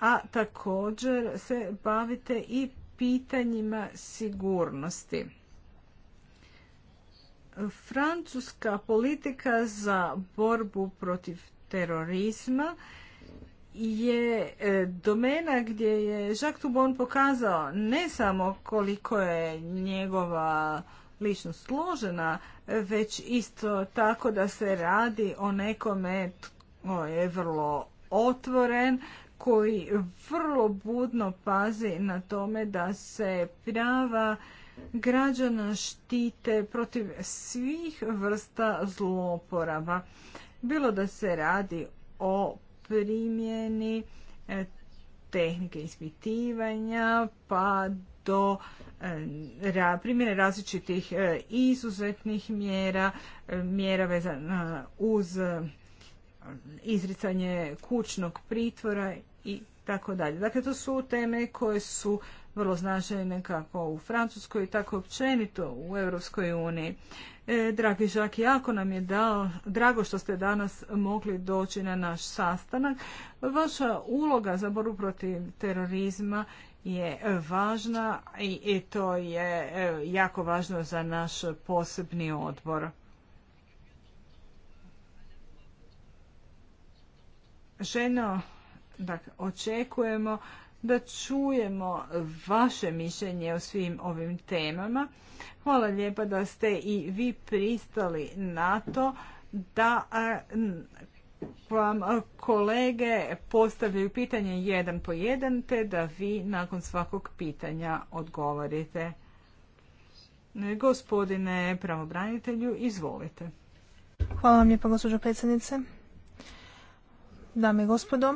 a također se bavite i pitanjima sigurnosti. Francuska politika za borbu protiv terorizma je e, domena gdje je Jacques Toubon pokazao ne samo koliko je njegova ličnost složena, već isto tako da se radi o nekome tko je vrlo otvoren, koji vrlo budno pazi na tome da se prava građana štite protiv svih vrsta zloporaba. Bilo da se radi o primjeni e, tehnike ispitivanja pa do e, primjene različitih e, izuzetnih mjera, mjera vezana uz izricanje kućnog pritvora i tako dalje. Dakle, to su teme koje su vrlo značajne kako u Francuskoj, tako općenito u Europskoj uniji. E, dragi Žak, jako nam je dao, drago što ste danas mogli doći na naš sastanak. Vaša uloga za borbu protiv terorizma je važna i to je e, jako važno za naš posebni odbor. Ženo, dakle, očekujemo da čujemo vaše mišljenje o svim ovim temama. Hvala lijepa da ste i vi pristali na to da vam kolege postavljaju pitanje jedan po jedan, te da vi nakon svakog pitanja odgovorite. Gospodine pravobranitelju, izvolite. Hvala vam lijepa, gospođo predsjednice. Dame i gospodo,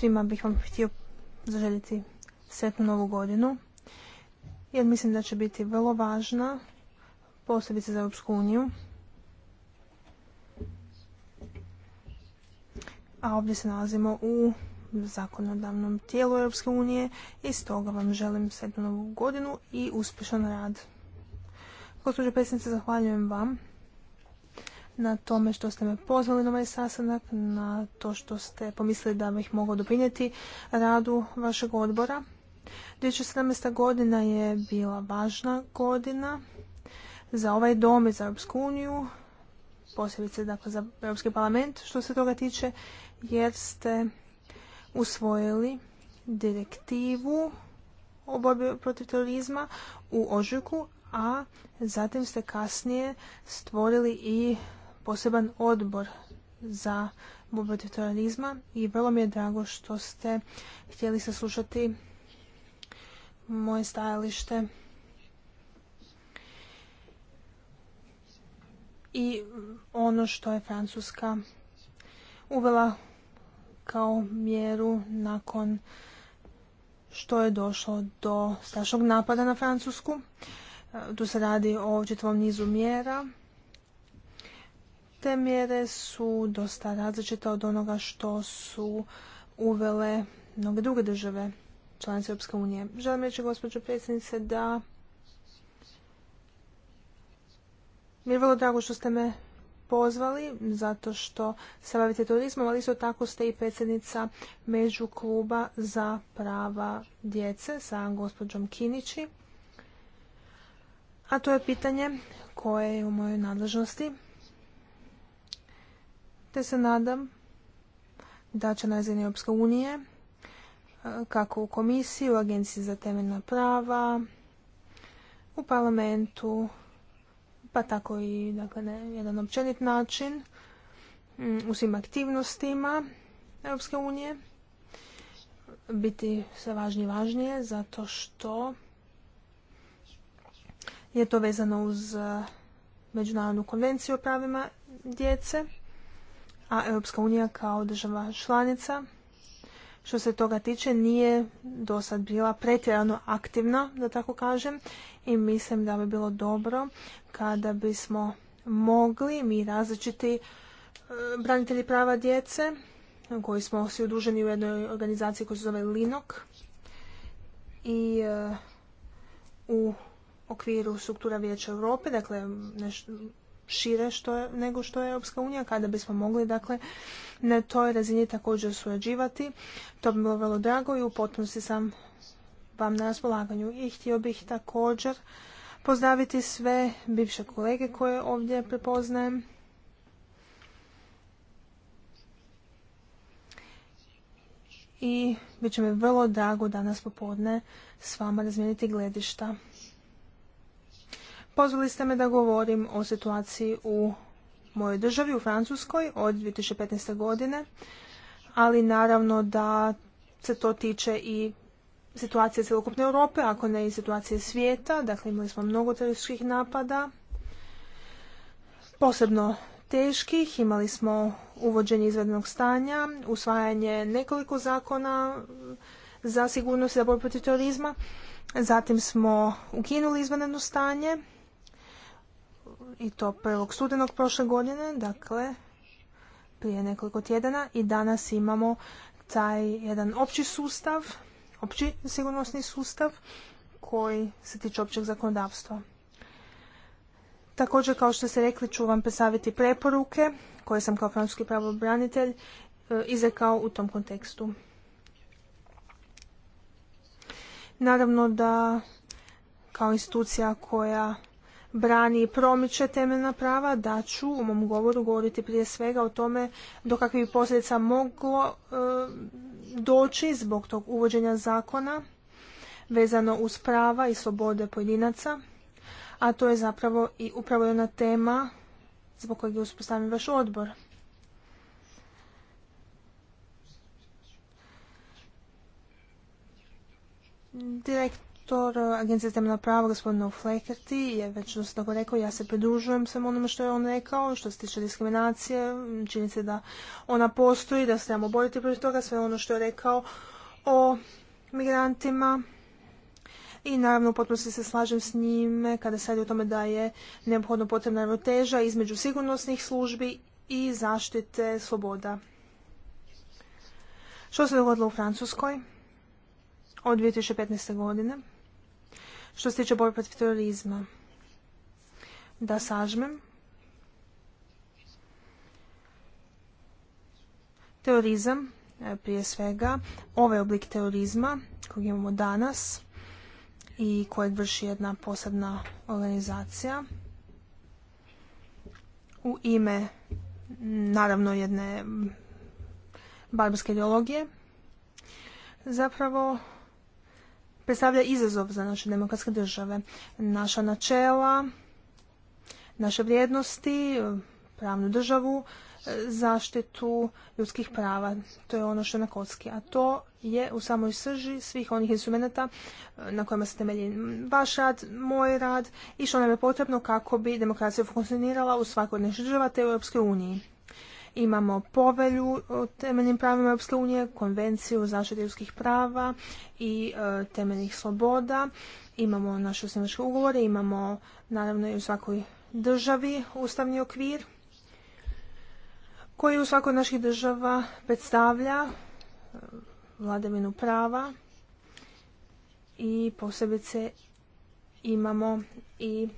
Svima bih vam htio zaželjeti sretnu novu godinu, jer mislim da će biti vrlo važna, posebice za Europsku uniju. A ovdje se nalazimo u zakonodavnom tijelu Europske unije i stoga vam želim sretnu novu godinu i uspješan rad. Gospođo predsjednice, zahvaljujem vam na tome što ste me pozvali na ovaj sastanak, na to što ste pomislili da bih mogao doprinijeti radu vašeg odbora. 2017. godina je bila važna godina za ovaj dom i za Europsku uniju, posebice dakle, za Europski parlament što se toga tiče, jer ste usvojili direktivu o borbi protiv terorizma u ožujku, a zatim ste kasnije stvorili i poseban odbor za borbu terorizma i vrlo mi je drago što ste htjeli saslušati moje stajalište i ono što je Francuska uvela kao mjeru nakon što je došlo do strašnog napada na Francusku. E, tu se radi o četvom nizu mjera te mjere su dosta različite od onoga što su uvele mnoge druge države članice Europske unije. Želim reći, gospođo predsjednice, da mi je vrlo drago što ste me pozvali, zato što se bavite turizmom, ali isto tako ste i predsjednica Među kluba za prava djece sa gospođom Kinići. A to je pitanje koje je u mojoj nadležnosti se nadam da će na razini Europske unije, e, kako u komisiji, u Agenciji za temeljna prava, u parlamentu, pa tako i dakle, na jedan općenit način mm, u svim aktivnostima Europske unije biti sve važnije i važnije zato što je to vezano uz e, Međunarodnu konvenciju o pravima djece a Europska unija kao država članica što se toga tiče nije do sad bila pretjerano aktivna, da tako kažem, i mislim da bi bilo dobro kada bismo mogli mi različiti e, branitelji prava djece, koji smo svi udruženi u jednoj organizaciji koja se zove LINOK i e, u okviru struktura Vijeća Europe, dakle nešto šire što je, nego što je Europska unija, kada bismo mogli dakle na toj razini također surađivati. To bi bilo vrlo drago i u potpunosti sam vam na raspolaganju. I htio bih također pozdraviti sve bivše kolege koje ovdje prepoznajem. I bit će mi vrlo drago danas popodne s vama razmijeniti gledišta Pozvali ste me da govorim o situaciji u mojoj državi, u Francuskoj, od 2015. godine, ali naravno da se to tiče i situacije celokupne Europe, ako ne i situacije svijeta. Dakle, imali smo mnogo terorističkih napada, posebno teških. Imali smo uvođenje izvednog stanja, usvajanje nekoliko zakona za sigurnost i za protiv terorizma. Zatim smo ukinuli izvanredno stanje i to prvog studenog prošle godine, dakle prije nekoliko tjedana i danas imamo taj jedan opći sustav, opći sigurnosni sustav koji se tiče općeg zakonodavstva. Također, kao što ste rekli, ću vam predstaviti preporuke koje sam kao francuski pravobranitelj e, izrekao u tom kontekstu. Naravno da kao institucija koja brani i promiče temeljna prava, da ću u mom govoru govoriti prije svega o tome do kakvih posljedica moglo e, doći zbog tog uvođenja zakona vezano uz prava i slobode pojedinaca, a to je zapravo i upravo jedna tema zbog kojeg je uspostavljen vaš odbor. Direkt doktor eh, Agencije za prava gospodin Flekerti je već dosta rekao, ja se pridružujem svem onome što je on rekao, što se tiče diskriminacije, čini se da ona postoji, da se trebamo boriti protiv toga, sve ono što je rekao o migrantima. I naravno potpuno se slažem s njime kada se radi o tome da je neophodno potrebna ravnoteža između sigurnosnih službi i zaštite sloboda. Što se dogodilo u Francuskoj od 2015. godine? Što se tiče borbe protiv terorizma, da sažmem, terorizam, e, prije svega, ovaj oblik terorizma kojeg imamo danas i kojeg vrši jedna posebna organizacija u ime naravno jedne barbarske ideologije, zapravo predstavlja izazov za naše demokratske države. Naša načela, naše vrijednosti, pravnu državu, zaštitu ljudskih prava. To je ono što je na kocki. A to je u samoj srži svih onih instrumenta eh, na kojima se temelji vaš rad, moj rad i što nam je potrebno kako bi demokracija funkcionirala u svakoj od država te u Europskoj uniji. Imamo povelju o temeljnim pravima Europske unije, konvenciju o zaštiti ljudskih prava i e, temeljnih sloboda. Imamo naše osnivačke ugovore, imamo naravno i u svakoj državi ustavni okvir koji u svakoj od naših država predstavlja e, vladavinu prava i posebice imamo i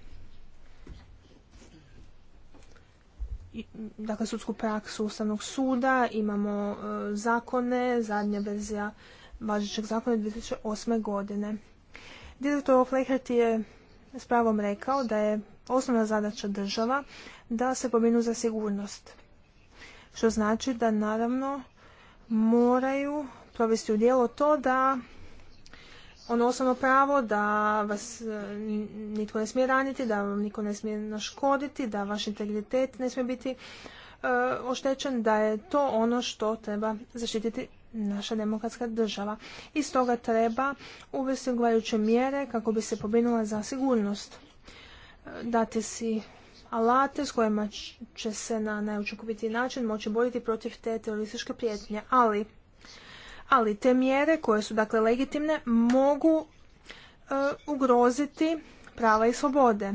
dakle, sudsku praksu Ustavnog suda, imamo e, zakone, zadnja verzija važećeg zakona 2008. godine. Direktor Fleihert je s pravom rekao da je osnovna zadaća država da se pominu za sigurnost. Što znači da naravno moraju provesti u dijelo to da ono osnovno pravo da vas e, nitko ne smije raniti, da vam niko ne smije naškoditi, da vaš integritet ne smije biti e, oštećen, da je to ono što treba zaštititi naša demokratska država. I stoga treba uvesti odgovarajuće mjere kako bi se pobrinula za sigurnost. E, dati si alate s kojima će se na najučinkovitiji način moći boriti protiv te terorističke prijetnje. Ali ali te mjere koje su dakle legitimne mogu e, ugroziti prava i slobode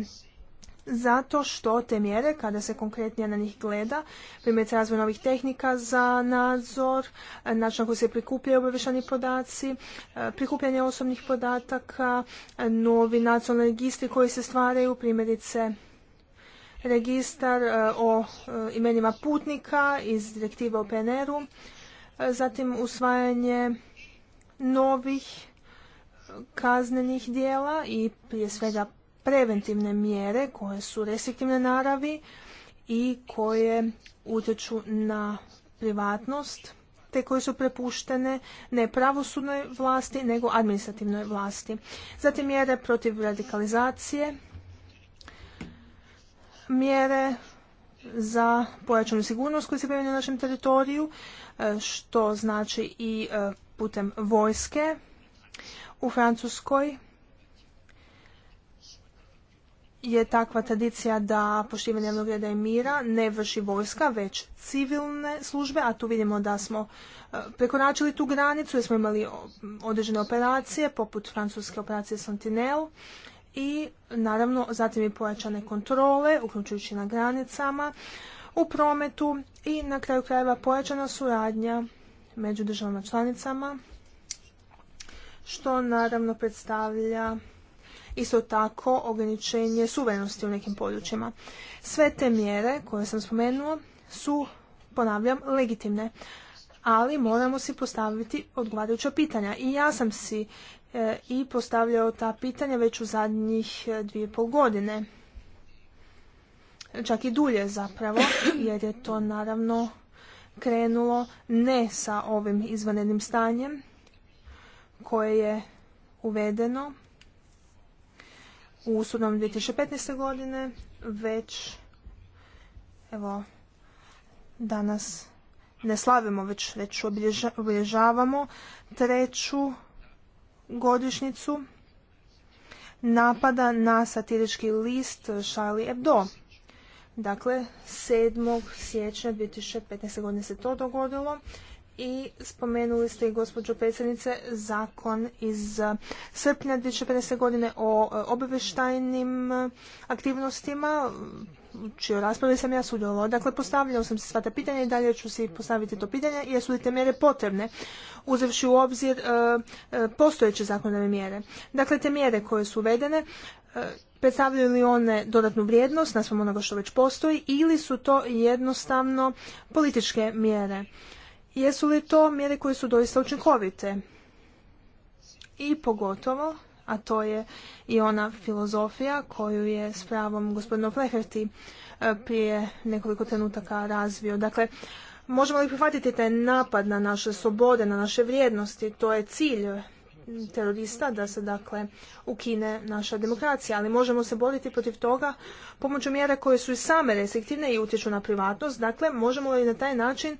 zato što te mjere, kada se konkretnije na njih gleda, primjerice razvoj novih tehnika za nadzor, način na koji se prikupljaju obavešani podaci, e, prikupljanje osobnih podataka, novi nacionalni registri koji se stvaraju, primjerice registar e, o imenima putnika iz direktive o PNR-u, E, zatim usvajanje novih kaznenih dijela i prije svega preventivne mjere koje su restriktivne naravi i koje utječu na privatnost te koje su prepuštene ne pravosudnoj vlasti nego administrativnoj vlasti. Zatim mjere protiv radikalizacije, mjere za pojačanu sigurnost koji se primjenju na našem teritoriju, e, što znači i e, putem vojske u Francuskoj je takva tradicija da poštivanje javnog reda i mira ne vrši vojska, već civilne službe, a tu vidimo da smo e, prekoračili tu granicu jer smo imali određene operacije, poput francuske operacije Sentinel, i naravno zatim i pojačane kontrole, uključujući na granicama, u prometu i na kraju krajeva pojačana suradnja među državama članicama, što naravno predstavlja isto tako ograničenje suverenosti u nekim područjima. Sve te mjere koje sam spomenuo su, ponavljam, legitimne, ali moramo si postaviti odgovarajuća pitanja. I ja sam si E, i postavljao ta pitanja već u zadnjih e, dvije pol godine. Čak i dulje zapravo, jer je to naravno krenulo ne sa ovim izvanrednim stanjem koje je uvedeno u sudnom 2015. godine, već evo danas ne slavimo, već, već obilježavamo treću godišnicu napada na satirički list Charlie Hebdo. Dakle, 7. siječnja 2015. godine se to dogodilo i spomenuli ste i gospođo predsjednice zakon iz srpnja 2015. godine o e, obavještajnim aktivnostima čijoj raspravi sam ja sudjelovao. Dakle, postavljao sam se sva ta pitanja i dalje ću si postaviti to pitanje, jesu li te mjere potrebne, uzevši u obzir e, e, postojeće zakonove mjere. Dakle, te mjere koje su uvedene, e, predstavljaju li one dodatnu vrijednost na svom onoga što već postoji ili su to jednostavno političke mjere? Jesu li to mjere koje su doista učinkovite? I pogotovo, a to je i ona filozofija koju je s pravom gospodino Fleherty e, prije nekoliko trenutaka razvio. Dakle, možemo li prihvatiti taj napad na naše slobode, na naše vrijednosti? To je cilj terorista da se dakle ukine naša demokracija, ali možemo se boriti protiv toga pomoću mjera koje su i same restriktivne i utječu na privatnost. Dakle, možemo li na taj način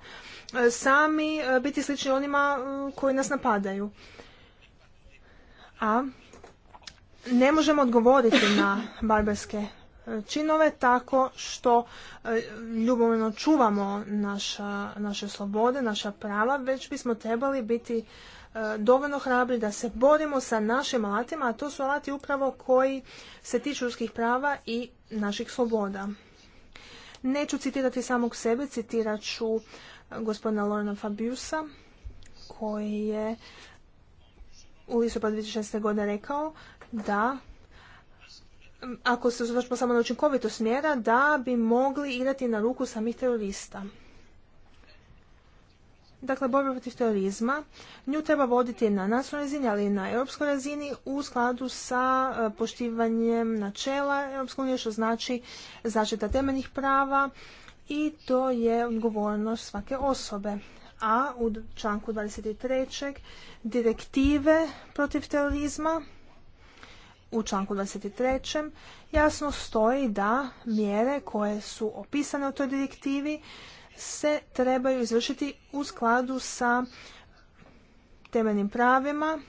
e, sami e, biti slični onima koji nas napadaju. A ne možemo odgovoriti na barbarske e, činove tako što e, ljubavno čuvamo naša, naše slobode, naša prava, već bismo trebali biti e, dovoljno hrabri da se borimo sa našim alatima, a to su alati upravo koji se tiču ljudskih prava i naših sloboda. Neću citirati samog sebe, citirat ću gospodina Lorena Fabiusa, koji je u listopadu 2016. godine rekao da ako se uzvršimo samo na učinkovito mjera, da bi mogli igrati na ruku samih terorista. Dakle, borba protiv terorizma, nju treba voditi na nacionalnoj razini, ali i na europskoj razini u skladu sa e, poštivanjem načela Europske unije, što znači zaštita temeljnih prava i to je odgovornost svake osobe. A u članku 23. direktive protiv terorizma u članku 23. jasno stoji da mjere koje su opisane u toj direktivi se trebaju izvršiti u skladu sa temeljnim pravima,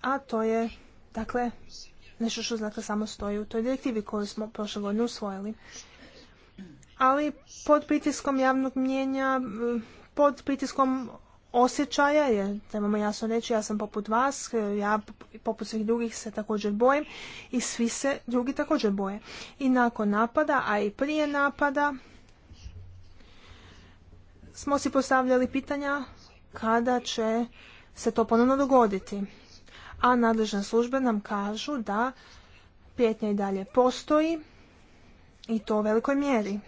a to je dakle nešto što samo stoji u toj direktivi koju smo prošle godine usvojili. Ali pod pritiskom javnog mnjenja, pod pritiskom osjećaja, jer trebamo jasno reći, ja sam poput vas, ja poput svih drugih se također bojim i svi se drugi također boje. I nakon napada, a i prije napada, smo si postavljali pitanja kada će se to ponovno dogoditi. A nadležne službe nam kažu da prijetnja i dalje postoji i to u velikoj mjeri.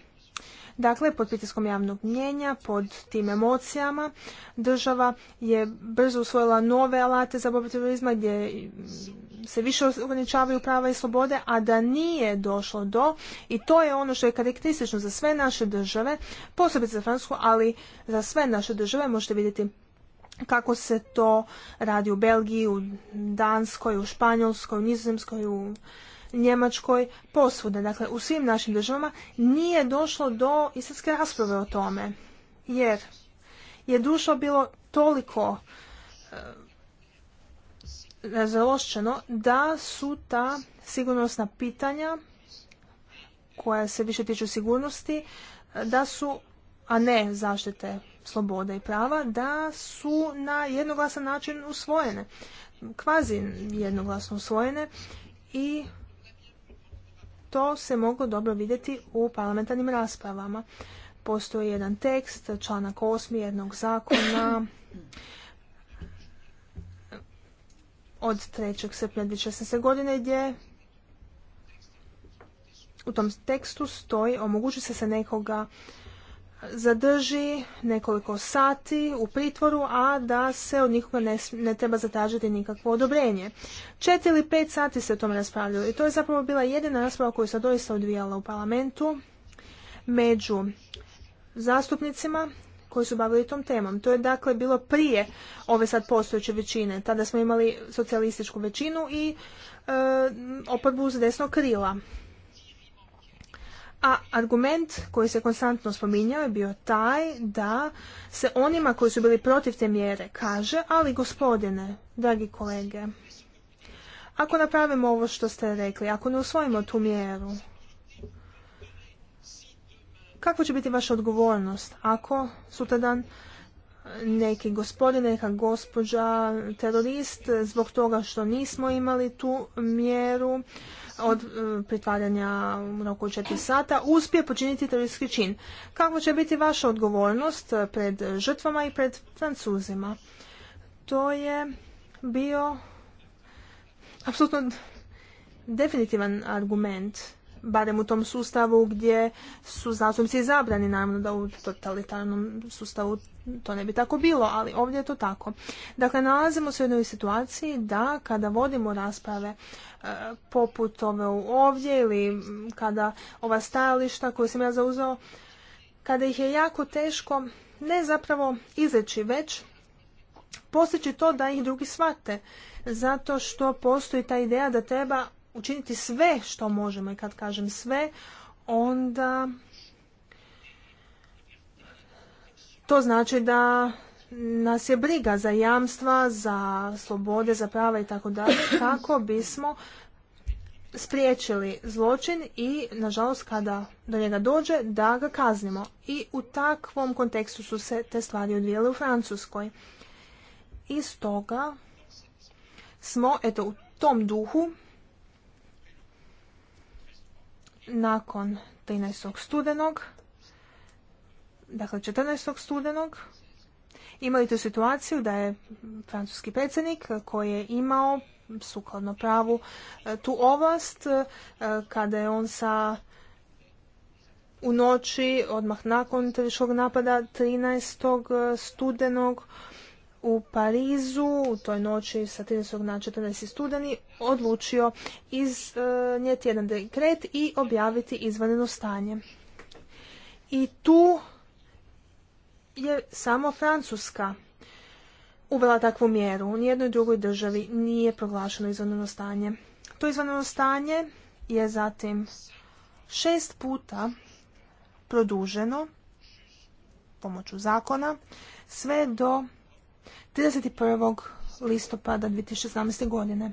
Dakle, pod pritiskom javnog mnjenja, pod tim emocijama, država je brzo usvojila nove alate za borbu terorizma gdje se više ograničavaju prava i slobode, a da nije došlo do, i to je ono što je karakteristično za sve naše države, posebno za Francusku, ali za sve naše države možete vidjeti kako se to radi u Belgiji, u Danskoj, u Španjolskoj, u Nizozemskoj, u Njemačkoj posvude. Dakle, u svim našim državama nije došlo do istinske rasprave o tome. Jer je dušo bilo toliko e, da su ta sigurnosna pitanja koja se više tiču sigurnosti, eh, da su, a ne zaštite slobode i prava, da su na jednoglasan način usvojene, kvazi jednoglasno usvojene i to se moglo dobro vidjeti u parlamentarnim raspravama. Postoji jedan tekst, članak 8. jednog zakona od 3. srpnja 2016. godine gdje u tom tekstu stoji omogućit se se nekoga zadrži nekoliko sati u pritvoru, a da se od nikoga ne, treba zatražiti nikakvo odobrenje. Četiri ili pet sati se o tome raspravljalo i to je zapravo bila jedina rasprava koju se doista odvijala u parlamentu među zastupnicima koji su bavili tom temom. To je dakle bilo prije ove sad postojeće većine. Tada smo imali socijalističku većinu i e, oporbu za krila a argument koji se konstantno spominjao je bio taj da se onima koji su bili protiv te mjere kaže, ali gospodine, dragi kolege, ako napravimo ovo što ste rekli, ako ne usvojimo tu mjeru, kakva će biti vaša odgovornost ako sutradan neki gospodin, neka gospođa terorist zbog toga što nismo imali tu mjeru od e, pritvaranja u roku četiri sata uspije počiniti teroristički čin. Kako će biti vaša odgovornost e, pred žrtvama i pred Francuzima? To je bio apsolutno definitivan argument barem u tom sustavu gdje su zastupnici zabrani naravno da u totalitarnom sustavu to ne bi tako bilo, ali ovdje je to tako. Dakle, nalazimo se u jednoj situaciji da kada vodimo rasprave e, poput ove ovdje ili kada ova stajališta koju sam ja zauzao, kada ih je jako teško ne zapravo izreći, već postići to da ih drugi shvate. Zato što postoji ta ideja da treba učiniti sve što možemo i kad kažem sve, onda To znači da nas je briga za jamstva, za slobode, za prava i tako dalje, kako bismo spriječili zločin i, nažalost, kada do njega dođe, da ga kaznimo. I u takvom kontekstu su se te stvari odvijele u Francuskoj. I stoga smo, eto, u tom duhu, nakon 13. studenog, dakle 14. studenog, imali tu situaciju da je francuski predsjednik koji je imao sukladno pravu e, tu ovlast e, kada je on sa u noći odmah nakon terorističkog napada 13. E, studenog u Parizu u toj noći sa 13. na 14. studeni odlučio iznijeti jedan dekret i objaviti izvanredno stanje. I tu je samo Francuska uvela takvu mjeru. U nijednoj drugoj državi nije proglašeno izvanredno stanje. To izvanredno stanje je zatim šest puta produženo pomoću zakona sve do 31. listopada 2017. godine.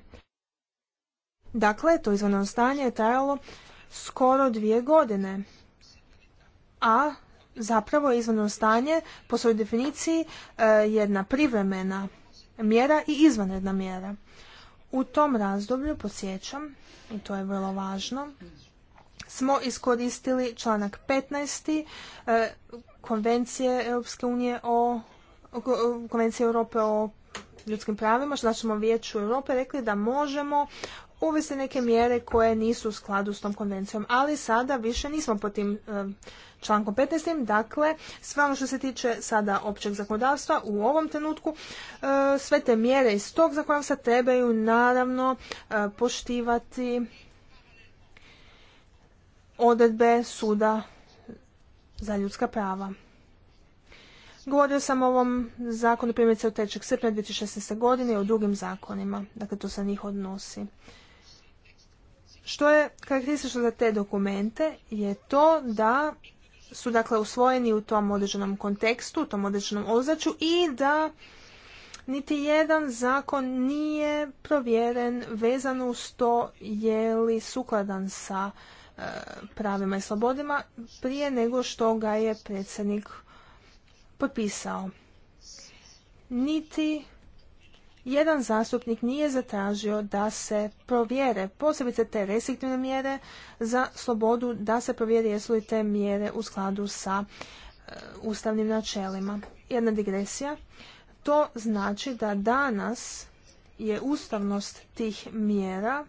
Dakle, to izvanredno stanje je trajalo skoro dvije godine, a zapravo izvanredno stanje po svojoj definiciji e, jedna privremena mjera i izvanredna mjera. U tom razdoblju, podsjećam, i to je vrlo važno, smo iskoristili članak 15. E, konvencije Europske unije o Konvencije Europe o ljudskim pravima, što znači vijeću Europe rekli da možemo uvesti neke mjere koje nisu u skladu s tom konvencijom, ali sada više nismo po tim e, člankom 15. Dakle, sve ono što se tiče sada općeg zakonodavstva u ovom trenutku, e, sve te mjere iz tog zakonodavstva trebaju naravno e, poštivati odredbe suda za ljudska prava. Govorio sam o ovom zakonu primjerice od 3. srpnja 2016. godine i o drugim zakonima. Dakle, to se njih odnosi. Što je karakteristično za te dokumente je to da su dakle usvojeni u tom određenom kontekstu, u tom određenom ozračju i da niti jedan zakon nije provjeren vezan uz to je li sukladan sa e, pravima i slobodima prije nego što ga je predsjednik potpisao. Niti jedan zastupnik nije zatražio da se provjere posebice te restriktivne mjere za slobodu, da se provjeri jesu li te mjere u skladu sa e, ustavnim načelima. Jedna digresija. To znači da danas je ustavnost tih mjera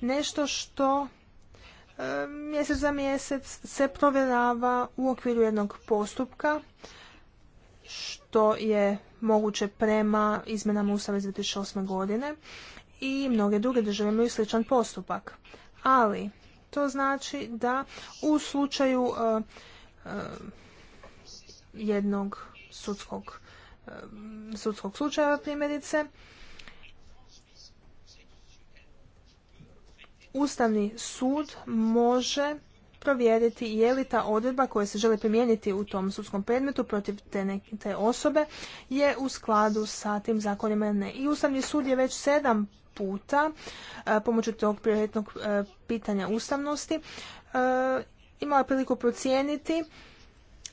nešto što e, mjesec za mjesec se provjerava u okviru jednog postupka što je moguće prema izmenama Ustava iz 2008. godine i mnoge druge države imaju sličan postupak. Ali to znači da u slučaju e, e, jednog e, sudskog slučaja primjerice Ustavni sud može provjeriti je li ta odredba koja se želi primijeniti u tom sudskom predmetu protiv te, te osobe je u skladu sa tim zakonima ili ne. I Ustavni sud je već sedam puta e, pomoću tog prioritetnog e, pitanja ustavnosti e, imala priliku procijeniti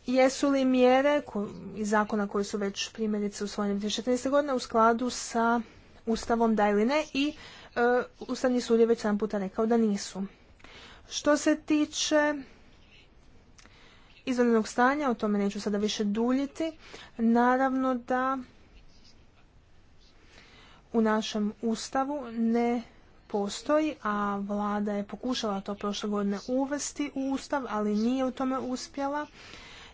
jesu li mjere iz zakona koji su već primjerice usvojene 2014. godine u skladu sa Ustavom da ili ne i Ustavni sud je već sedam puta rekao da nisu. Što se tiče izvanrednog stanja, o tome neću sada više duljiti, naravno da u našem ustavu ne postoji, a vlada je pokušala to prošle godine uvesti u ustav, ali nije u tome uspjela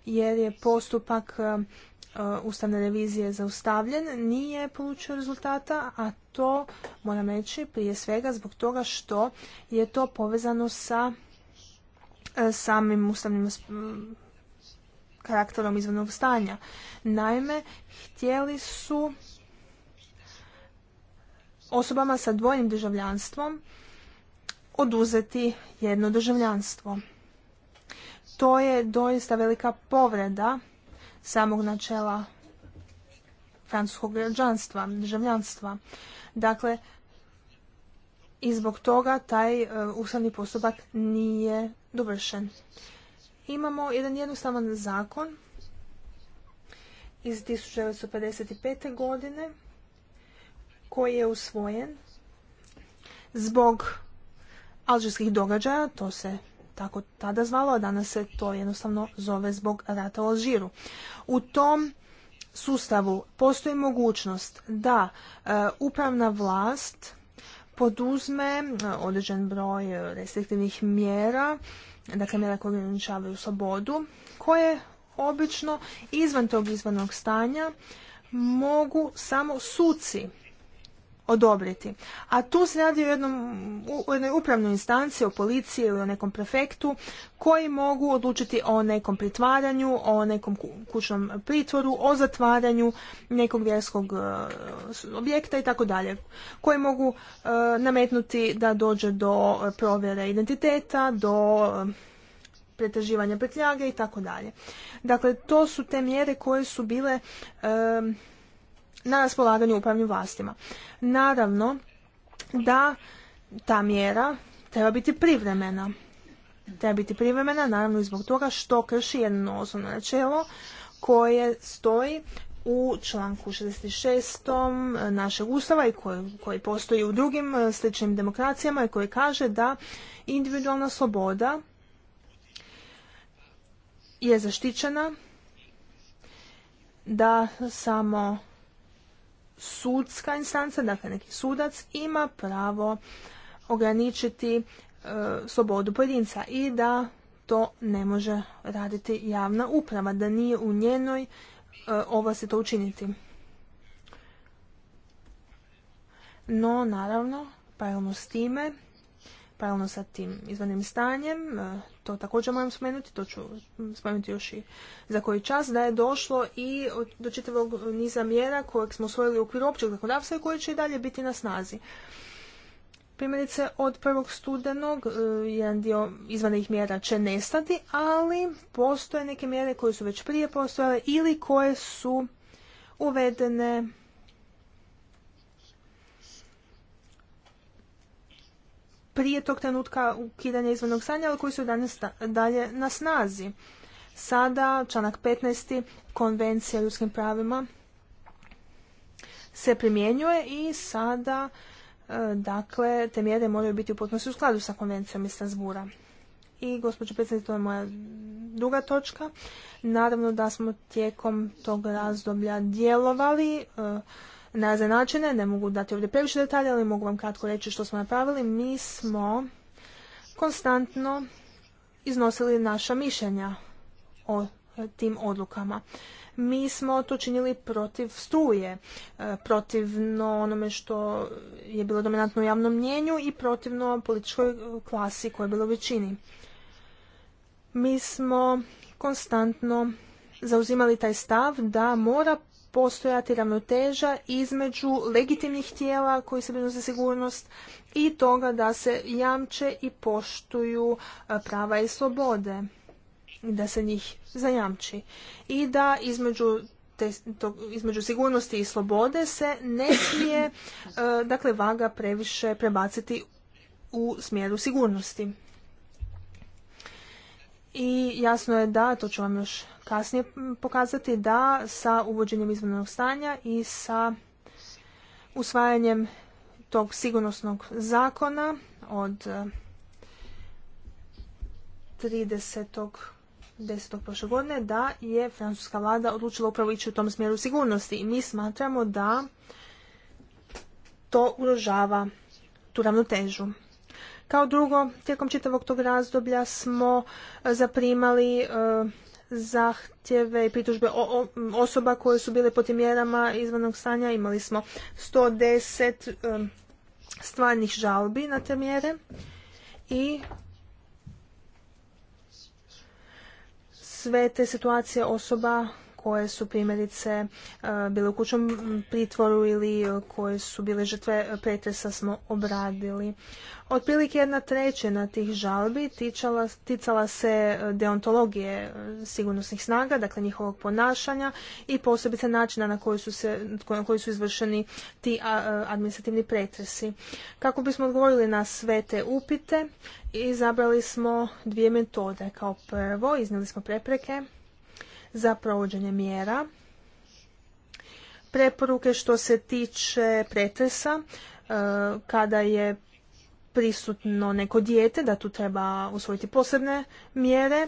jer je postupak E, ustavne revizije zaustavljen, nije polučio rezultata, a to moram reći prije svega zbog toga što je to povezano sa e, samim ustavnim karakterom izvanog stanja. Naime, htjeli su osobama sa dvojnim državljanstvom oduzeti jedno državljanstvo. To je doista velika povreda samog načela francuskog građanstva, državljanstva. Dakle, i zbog toga taj e, ustavni postupak nije dovršen. Imamo jedan jednostavan zakon iz 1955. godine koji je usvojen zbog alžirskih događaja, to se tako tada zvalo, a danas se to jednostavno zove zbog rata u Alžiru. U tom sustavu postoji mogućnost da e, upravna vlast poduzme e, određen broj restriktivnih mjera, dakle mjera koje ograničavaju slobodu, koje obično izvan tog izvanog stanja mogu samo suci odobriti. A tu se radi o, jednom, u jednoj upravnoj instanci, o policiji ili o nekom prefektu koji mogu odlučiti o nekom pritvaranju, o nekom kućnom pritvoru, o zatvaranju nekog vjerskog e, objekta i tako dalje. Koji mogu e, nametnuti da dođe do provjere identiteta, do e, pretraživanja prtljage i tako dalje. Dakle, to su te mjere koje su bile na raspolaganju upravnim vlastima. Naravno da ta mjera treba biti privremena. Treba biti privremena naravno i zbog toga što krši jedno osnovno načelo koje stoji u članku 66. našeg ustava i koji, koji postoji u drugim e, sličnim demokracijama i koji kaže da individualna sloboda je zaštićena da samo sudska instanca, dakle neki sudac, ima pravo ograničiti e, slobodu pojedinca i da to ne može raditi javna uprava, da nije u njenoj e, se to učiniti. No, naravno, paralelno s time, paralelno sa tim izvanim stanjem, e, to također moram spomenuti, to ću spomenuti još i za koji čas, da je došlo i do čitavog niza mjera kojeg smo usvojili u okviru općeg zakonodavstva i koji će i dalje biti na snazi. Primjerice, od prvog studenog e, jedan dio izvanih mjera će nestati, ali postoje neke mjere koje su već prije postojale ili koje su uvedene prije tog trenutka ukidanja izvornog stanja, ali koji su danas dalje na snazi. Sada, članak 15. konvencija o ljudskim pravima se primjenjuje i sada, e, dakle, te mjere moraju biti u potpunosti u skladu sa konvencijom iz Strasbura. I, gospođo predsjednice, to je moja druga točka. Naravno da smo tijekom tog razdoblja djelovali, e, na zanačene, ne mogu dati ovdje previše detalje, ali mogu vam kratko reći što smo napravili. Mi smo konstantno iznosili naša mišljenja o tim odlukama. Mi smo to činili protiv struje, e, protivno onome što je bilo dominantno u javnom mnjenju i protivno političkoj klasi koja je bila u većini. Mi smo konstantno zauzimali taj stav da mora postojati ravnoteža između legitimnih tijela koji se brinu za sigurnost i toga da se jamče i poštuju e, prava i slobode i da se njih zajamči i da između između sigurnosti i slobode se ne smije e, dakle vaga previše prebaciti u smjeru sigurnosti. I jasno je da, to ću vam još kasnije pokazati, da sa uvođenjem izvanrednog stanja i sa usvajanjem tog sigurnosnog zakona od 30. E, prošle godine da je francuska vlada odlučila upravo ići u tom smjeru sigurnosti i mi smatramo da to ugrožava tu ravnotežu. Kao drugo, tijekom čitavog tog razdoblja smo e, zaprimali e, zahtjeve i pritužbe osoba koje su bile po tim mjerama izvanog stanja. Imali smo 110 e, stvarnih žalbi na te mjere i sve te situacije osoba koje su primjerice e, bile u kućnom pritvoru ili e, koje su bile žrtve pretresa smo obradili. Otprilike jedna na tih žalbi ticala se e, deontologije sigurnosnih snaga, dakle njihovog ponašanja i posebice načina na koji su, na koji su izvršeni ti administrativni pretresi. Kako bismo odgovorili na sve te upite, izabrali smo dvije metode. Kao prvo, iznijeli smo prepreke za provođenje mjera. Preporuke što se tiče pretresa, e, kada je prisutno neko dijete, da tu treba usvojiti posebne mjere,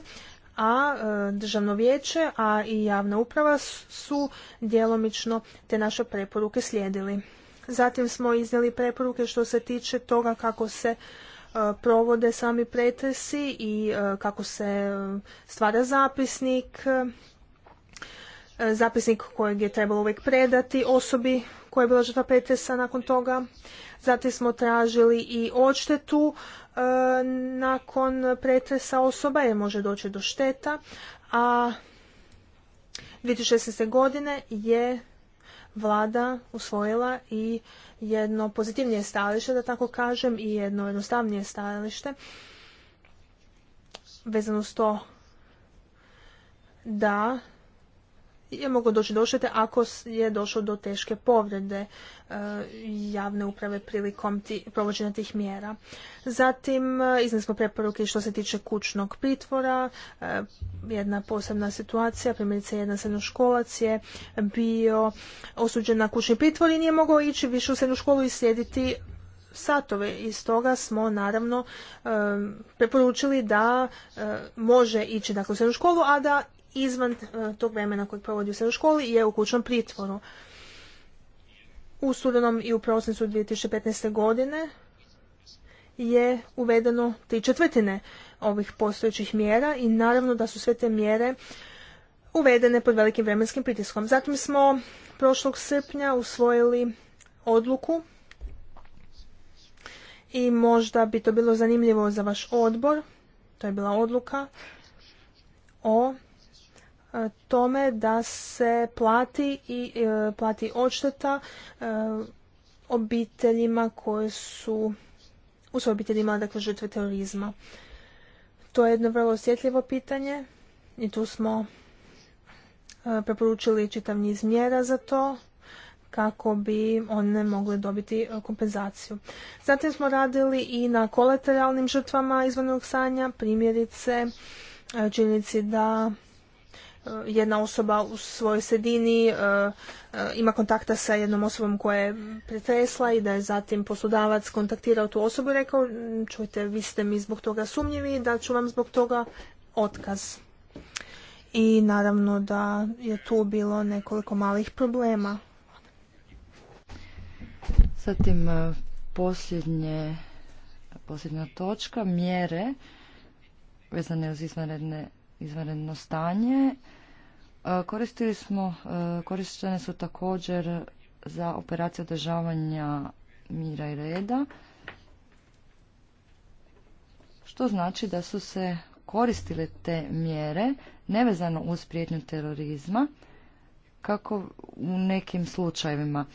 a e, državno vijeće, a i javna uprava su djelomično te naše preporuke slijedili. Zatim smo iznijeli preporuke što se tiče toga kako se e, provode sami pretresi i kako se stvara zapisnik E, zapisnik kojeg je trebalo uvijek predati osobi koja je bila žrtva pretresa nakon toga. Zatim smo tražili i odštetu e, nakon pretresa osoba jer može doći do šteta. A 2016. godine je vlada usvojila i jedno pozitivnije stajalište, da tako kažem, i jedno jednostavnije stajalište vezano s to da je mogu doći do štete ako je došlo do teške povrede e, javne uprave prilikom provođenja tih mjera. Zatim e, iznali smo preporuke što se tiče kućnog pritvora, e, jedna posebna situacija, primjerice jedan srednoškolac je bio osuđen na kućni pritvor i nije mogao ići više u srednju školu i slijediti satove i stoga smo naravno preporučili da može ići dakle u srednju školu a da izvan e, tog vremena kojeg provodi u školi je u kućnom pritvoru. U studenom i u prosincu 2015. godine je uvedeno tri četvrtine ovih postojećih mjera i naravno da su sve te mjere uvedene pod velikim vremenskim pritiskom. Zatim smo prošlog srpnja usvojili odluku i možda bi to bilo zanimljivo za vaš odbor. To je bila odluka o E, tome da se plati i e, plati odšteta e, obiteljima koje su u svoj obiteljima dakle žrtve terorizma. To je jedno vrlo osjetljivo pitanje i tu smo preporučili čitav niz mjera za to kako bi one mogle dobiti kompenzaciju. Zatim smo radili i na kolateralnim žrtvama izvanog sanja, primjerice činjenici da Eh, jedna osoba u svojoj sredini eh, eh, ima kontakta sa jednom osobom koja je pretresla i da je zatim poslodavac kontaktirao tu osobu i rekao mm, čujte vi ste mi zbog toga sumnjivi da ću vam zbog toga otkaz. I naravno da je tu bilo nekoliko malih problema. Zatim posljednje, posljednja točka, mjere vezane uz izvanredne izvanredno stanje. E, koristili smo, e, korištene su također za operaciju održavanja mira i reda, što znači da su se koristile te mjere nevezano uz prijetnju terorizma, kako u nekim slučajevima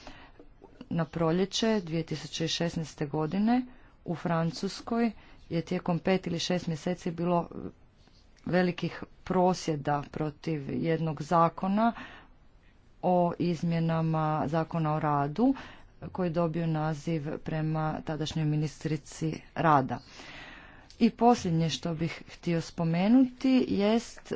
na proljeće 2016. godine u Francuskoj je tijekom pet ili šest mjeseci bilo velikih prosjeda protiv jednog zakona o izmjenama zakona o radu koji je dobio naziv prema tadašnjoj ministrici rada. I posljednje što bih htio spomenuti jest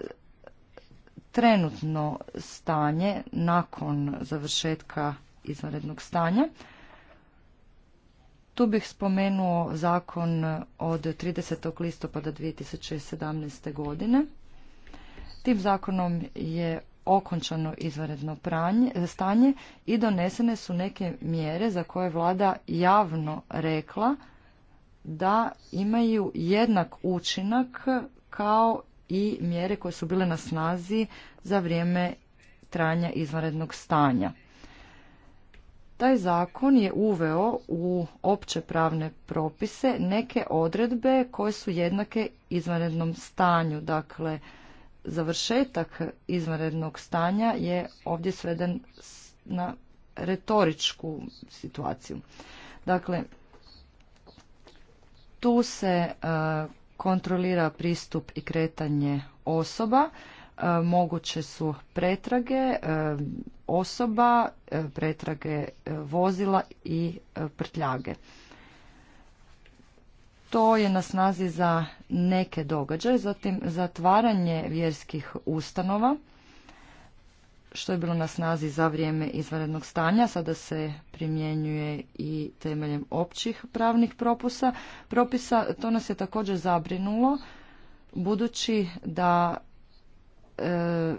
trenutno stanje nakon završetka izvanrednog stanja. Tu bih spomenuo zakon od 30. listopada 2017. godine. Tim zakonom je okončano izvanredno stanje i donesene su neke mjere za koje vlada javno rekla da imaju jednak učinak kao i mjere koje su bile na snazi za vrijeme trajanja izvanrednog stanja. Taj zakon je uveo u opće pravne propise neke odredbe koje su jednake izvanrednom stanju. Dakle, završetak izvanrednog stanja je ovdje sveden na retoričku situaciju. Dakle, tu se e, kontrolira pristup i kretanje osoba E, moguće su pretrage e, osoba, e, pretrage vozila i prtljage. To je na snazi za neke događaje, zatim zatvaranje vjerskih ustanova, što je bilo na snazi za vrijeme izvanrednog stanja, sada se primjenjuje i temeljem općih pravnih propusa, propisa. To nas je također zabrinulo, budući da E,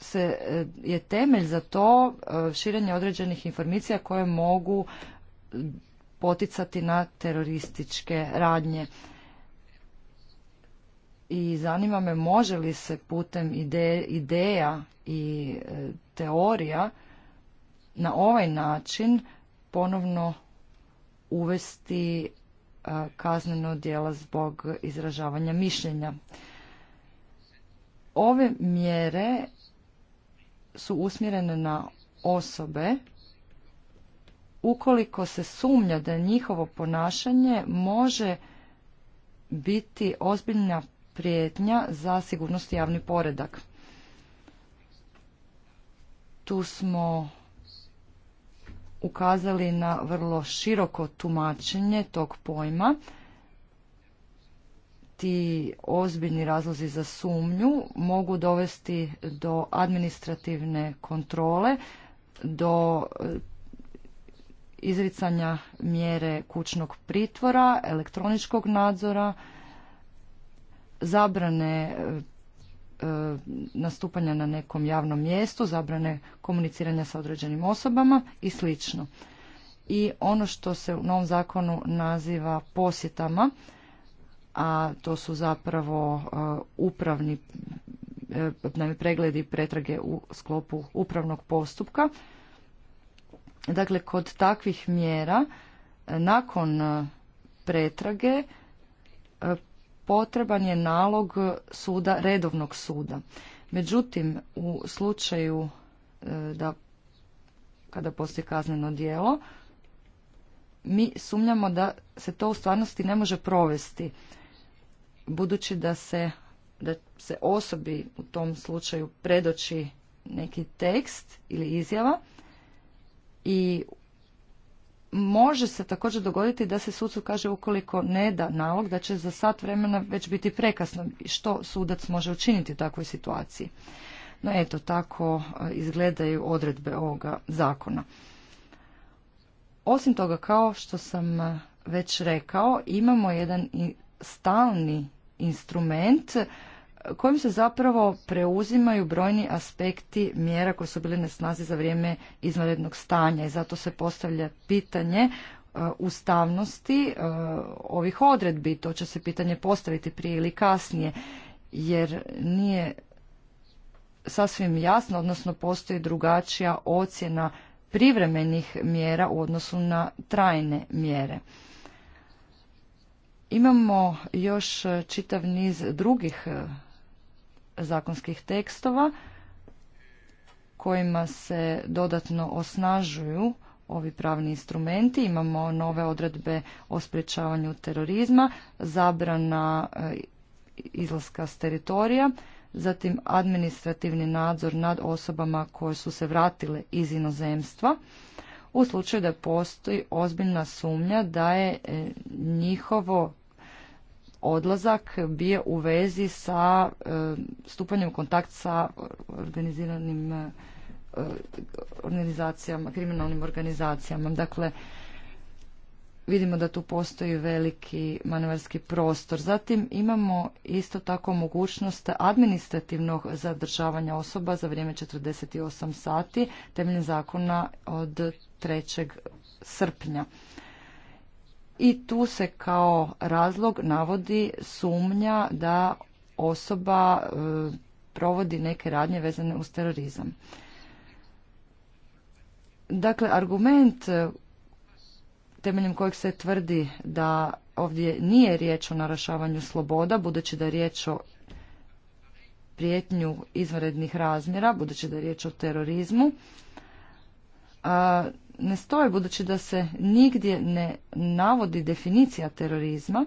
se e, je temelj za to e, širenje određenih informacija koje mogu poticati na terorističke radnje. I zanima me može li se putem ideja i teorija na ovaj način ponovno uvesti kazneno djela zbog izražavanja mišljenja. Ove mjere su usmjerene na osobe ukoliko se sumnja da njihovo ponašanje može biti ozbiljna prijetnja za sigurnost i javni poredak. Tu smo ukazali na vrlo široko tumačenje tog pojma ti ozbiljni razlozi za sumnju mogu dovesti do administrativne kontrole, do e, izricanja mjere kućnog pritvora, elektroničkog nadzora, zabrane e, e, nastupanja na nekom javnom mjestu, zabrane komuniciranja sa određenim osobama i sl. I ono što se u novom zakonu naziva posjetama, a to su zapravo e, upravni e, pregledi pretrage u sklopu upravnog postupka. Dakle, kod takvih mjera e, nakon pretrage potreban je nalog suda, redovnog suda. Međutim, u slučaju da kada postoji kazneno djelo, mi sumnjamo da se to u stvarnosti ne može provesti budući se, da se osobi u tom slučaju predoči neki tekst ili izjava i može se također dogoditi da se sucu kaže ukoliko ne da nalog da će za sat vremena već biti prekasno što sudac može učiniti u takvoj situaciji. No eto, tako e, izgledaju odredbe ovoga zakona. Osim toga, kao što sam e, već rekao, imamo jedan stalni instrument kojim se zapravo preuzimaju brojni aspekti mjera koje su bile na snazi za vrijeme izvanrednog stanja i zato se postavlja pitanje e, ustavnosti e, ovih odredbi. To će se pitanje postaviti prije ili kasnije jer nije sasvim jasno, odnosno postoji drugačija ocjena privremenih mjera u odnosu na trajne mjere. Imamo još čitav niz drugih e, zakonskih tekstova kojima se dodatno osnažuju ovi pravni instrumenti. Imamo nove odredbe o sprječavanju terorizma, zabrana e, izlaska s teritorija, zatim administrativni nadzor nad osobama koje su se vratile iz inozemstva u slučaju da postoji ozbiljna sumnja da je e, njihovo odlazak bio u vezi sa e, stupanjem u kontakt sa organiziranim e, organizacijama, kriminalnim organizacijama. Dakle, vidimo da tu postoji veliki manevarski prostor. Zatim imamo isto tako mogućnost administrativnog zadržavanja osoba za vrijeme 48 sati temeljem zakona od 3. srpnja i tu se kao razlog navodi sumnja da osoba e, provodi neke radnje vezane uz terorizam. Dakle, argument e, temeljem kojeg se tvrdi da ovdje nije riječ o narašavanju sloboda, budući da je riječ o prijetnju izvanrednih razmjera, budući da je riječ o terorizmu, ne stoje budući da se nigdje ne navodi definicija terorizma,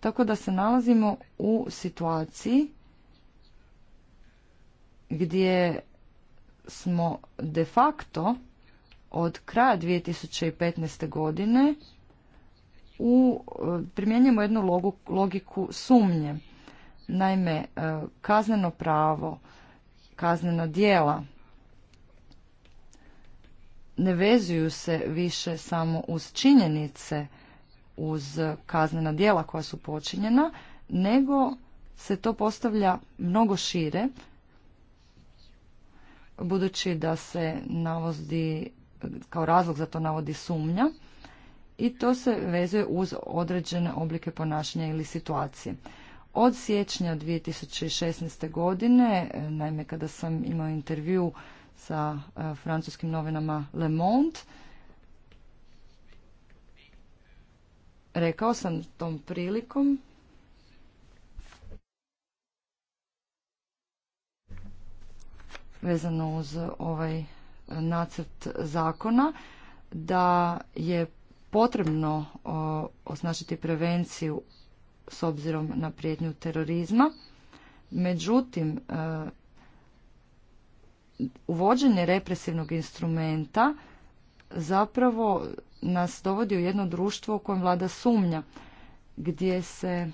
tako da se nalazimo u situaciji gdje smo de facto od kraja 2015. godine u, primjenjujemo jednu logiku sumnje. Naime, e, kazneno pravo, kazneno dijela, ne vezuju se više samo uz činjenice, uz kaznena djela koja su počinjena, nego se to postavlja mnogo šire, budući da se navodi, kao razlog za to navodi sumnja, i to se vezuje uz određene oblike ponašanja ili situacije. Od siječnja 2016. godine, naime kada sam imao intervju sa e, francuskim novinama Le Monde. Rekao sam tom prilikom vezano uz ovaj nacrt zakona da je potrebno osnažiti prevenciju s obzirom na prijetnju terorizma. Međutim, e, uvođenje represivnog instrumenta zapravo nas dovodi u jedno društvo u kojem vlada sumnja, gdje se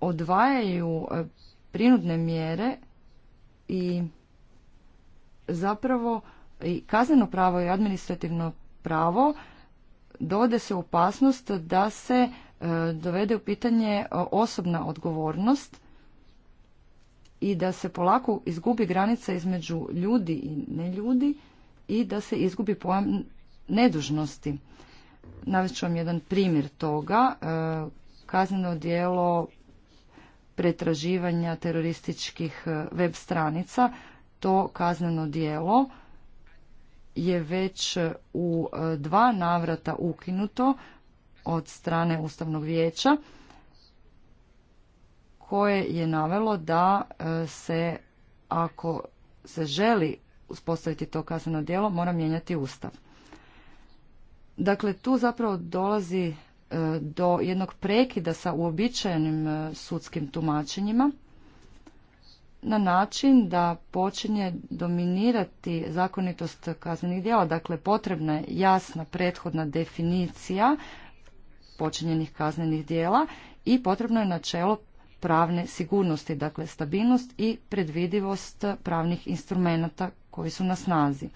odvajaju e, prinudne mjere i zapravo i kazneno pravo i administrativno pravo dovode se u opasnost da se e, dovede u pitanje e, osobna odgovornost i da se polako izgubi granica između ljudi i neljudi i da se izgubi pojam nedužnosti. Navest ću vam jedan primjer toga. E, kazneno djelo pretraživanja terorističkih e, web stranica. To kazneno djelo je već u e, dva navrata ukinuto od strane Ustavnog vijeća koje je navelo da e, se ako se želi uspostaviti to kazneno djelo mora mijenjati Ustav. Dakle, tu zapravo dolazi e, do jednog prekida sa uobičajenim e, sudskim tumačenjima na način da počinje dominirati zakonitost kaznenih djela. Dakle, potrebna je jasna prethodna definicija počinjenih kaznenih djela i potrebno je načelo pravne sigurnosti, dakle stabilnost i predvidivost pravnih instrumenata koji su na snazi.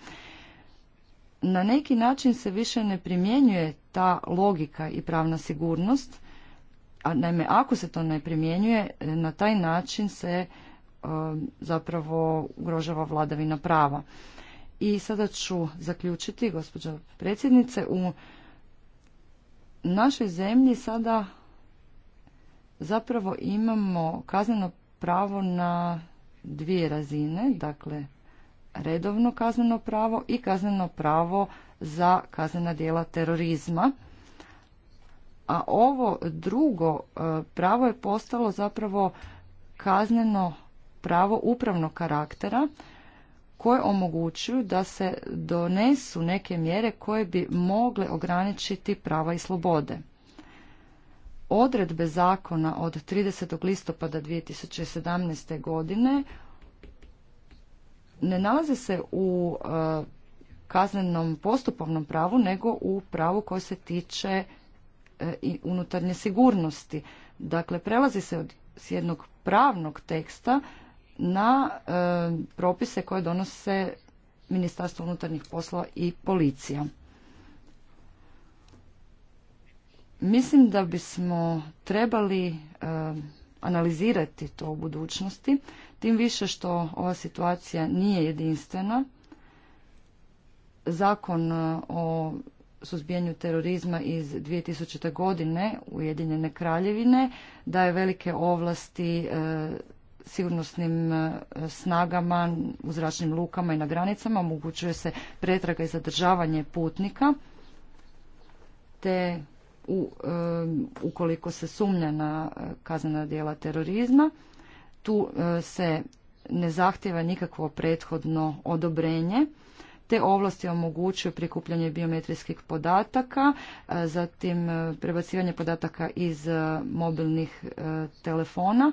Na neki način se više ne primjenjuje ta logika i pravna sigurnost, a naime ako se to ne primjenjuje, na taj način se e, zapravo ugrožava vladavina prava. I sada ću zaključiti, gospođo predsjednice, u našoj zemlji sada zapravo imamo kazneno pravo na dvije razine, dakle redovno kazneno pravo i kazneno pravo za kaznena djela terorizma. A ovo drugo e, pravo je postalo zapravo kazneno pravo upravnog karaktera koje omogućuju da se donesu neke mjere koje bi mogle ograničiti prava i slobode odredbe zakona od 30. listopada 2017. godine ne nalaze se u e, kaznenom postupovnom pravu nego u pravu koje se tiče e, i unutarnje sigurnosti. Dakle, prelazi se od, s jednog pravnog teksta na e, propise koje donose Ministarstvo unutarnjih poslova i policija. Mislim da bismo trebali e, analizirati to u budućnosti, tim više što ova situacija nije jedinstvena. Zakon e, o suzbijanju terorizma iz 2000. godine Ujedinjene kraljevine daje velike ovlasti e, sigurnosnim snagama u zračnim lukama i na granicama, omogućuje se pretraga i zadržavanje putnika, te u, ukoliko se sumnja na eh, kaznena djela terorizma. Tu eh, se ne zahtjeva nikakvo prethodno odobrenje. Te ovlasti omogućuju prikupljanje biometrijskih podataka, eh, zatim prebacivanje podataka iz mobilnih telefona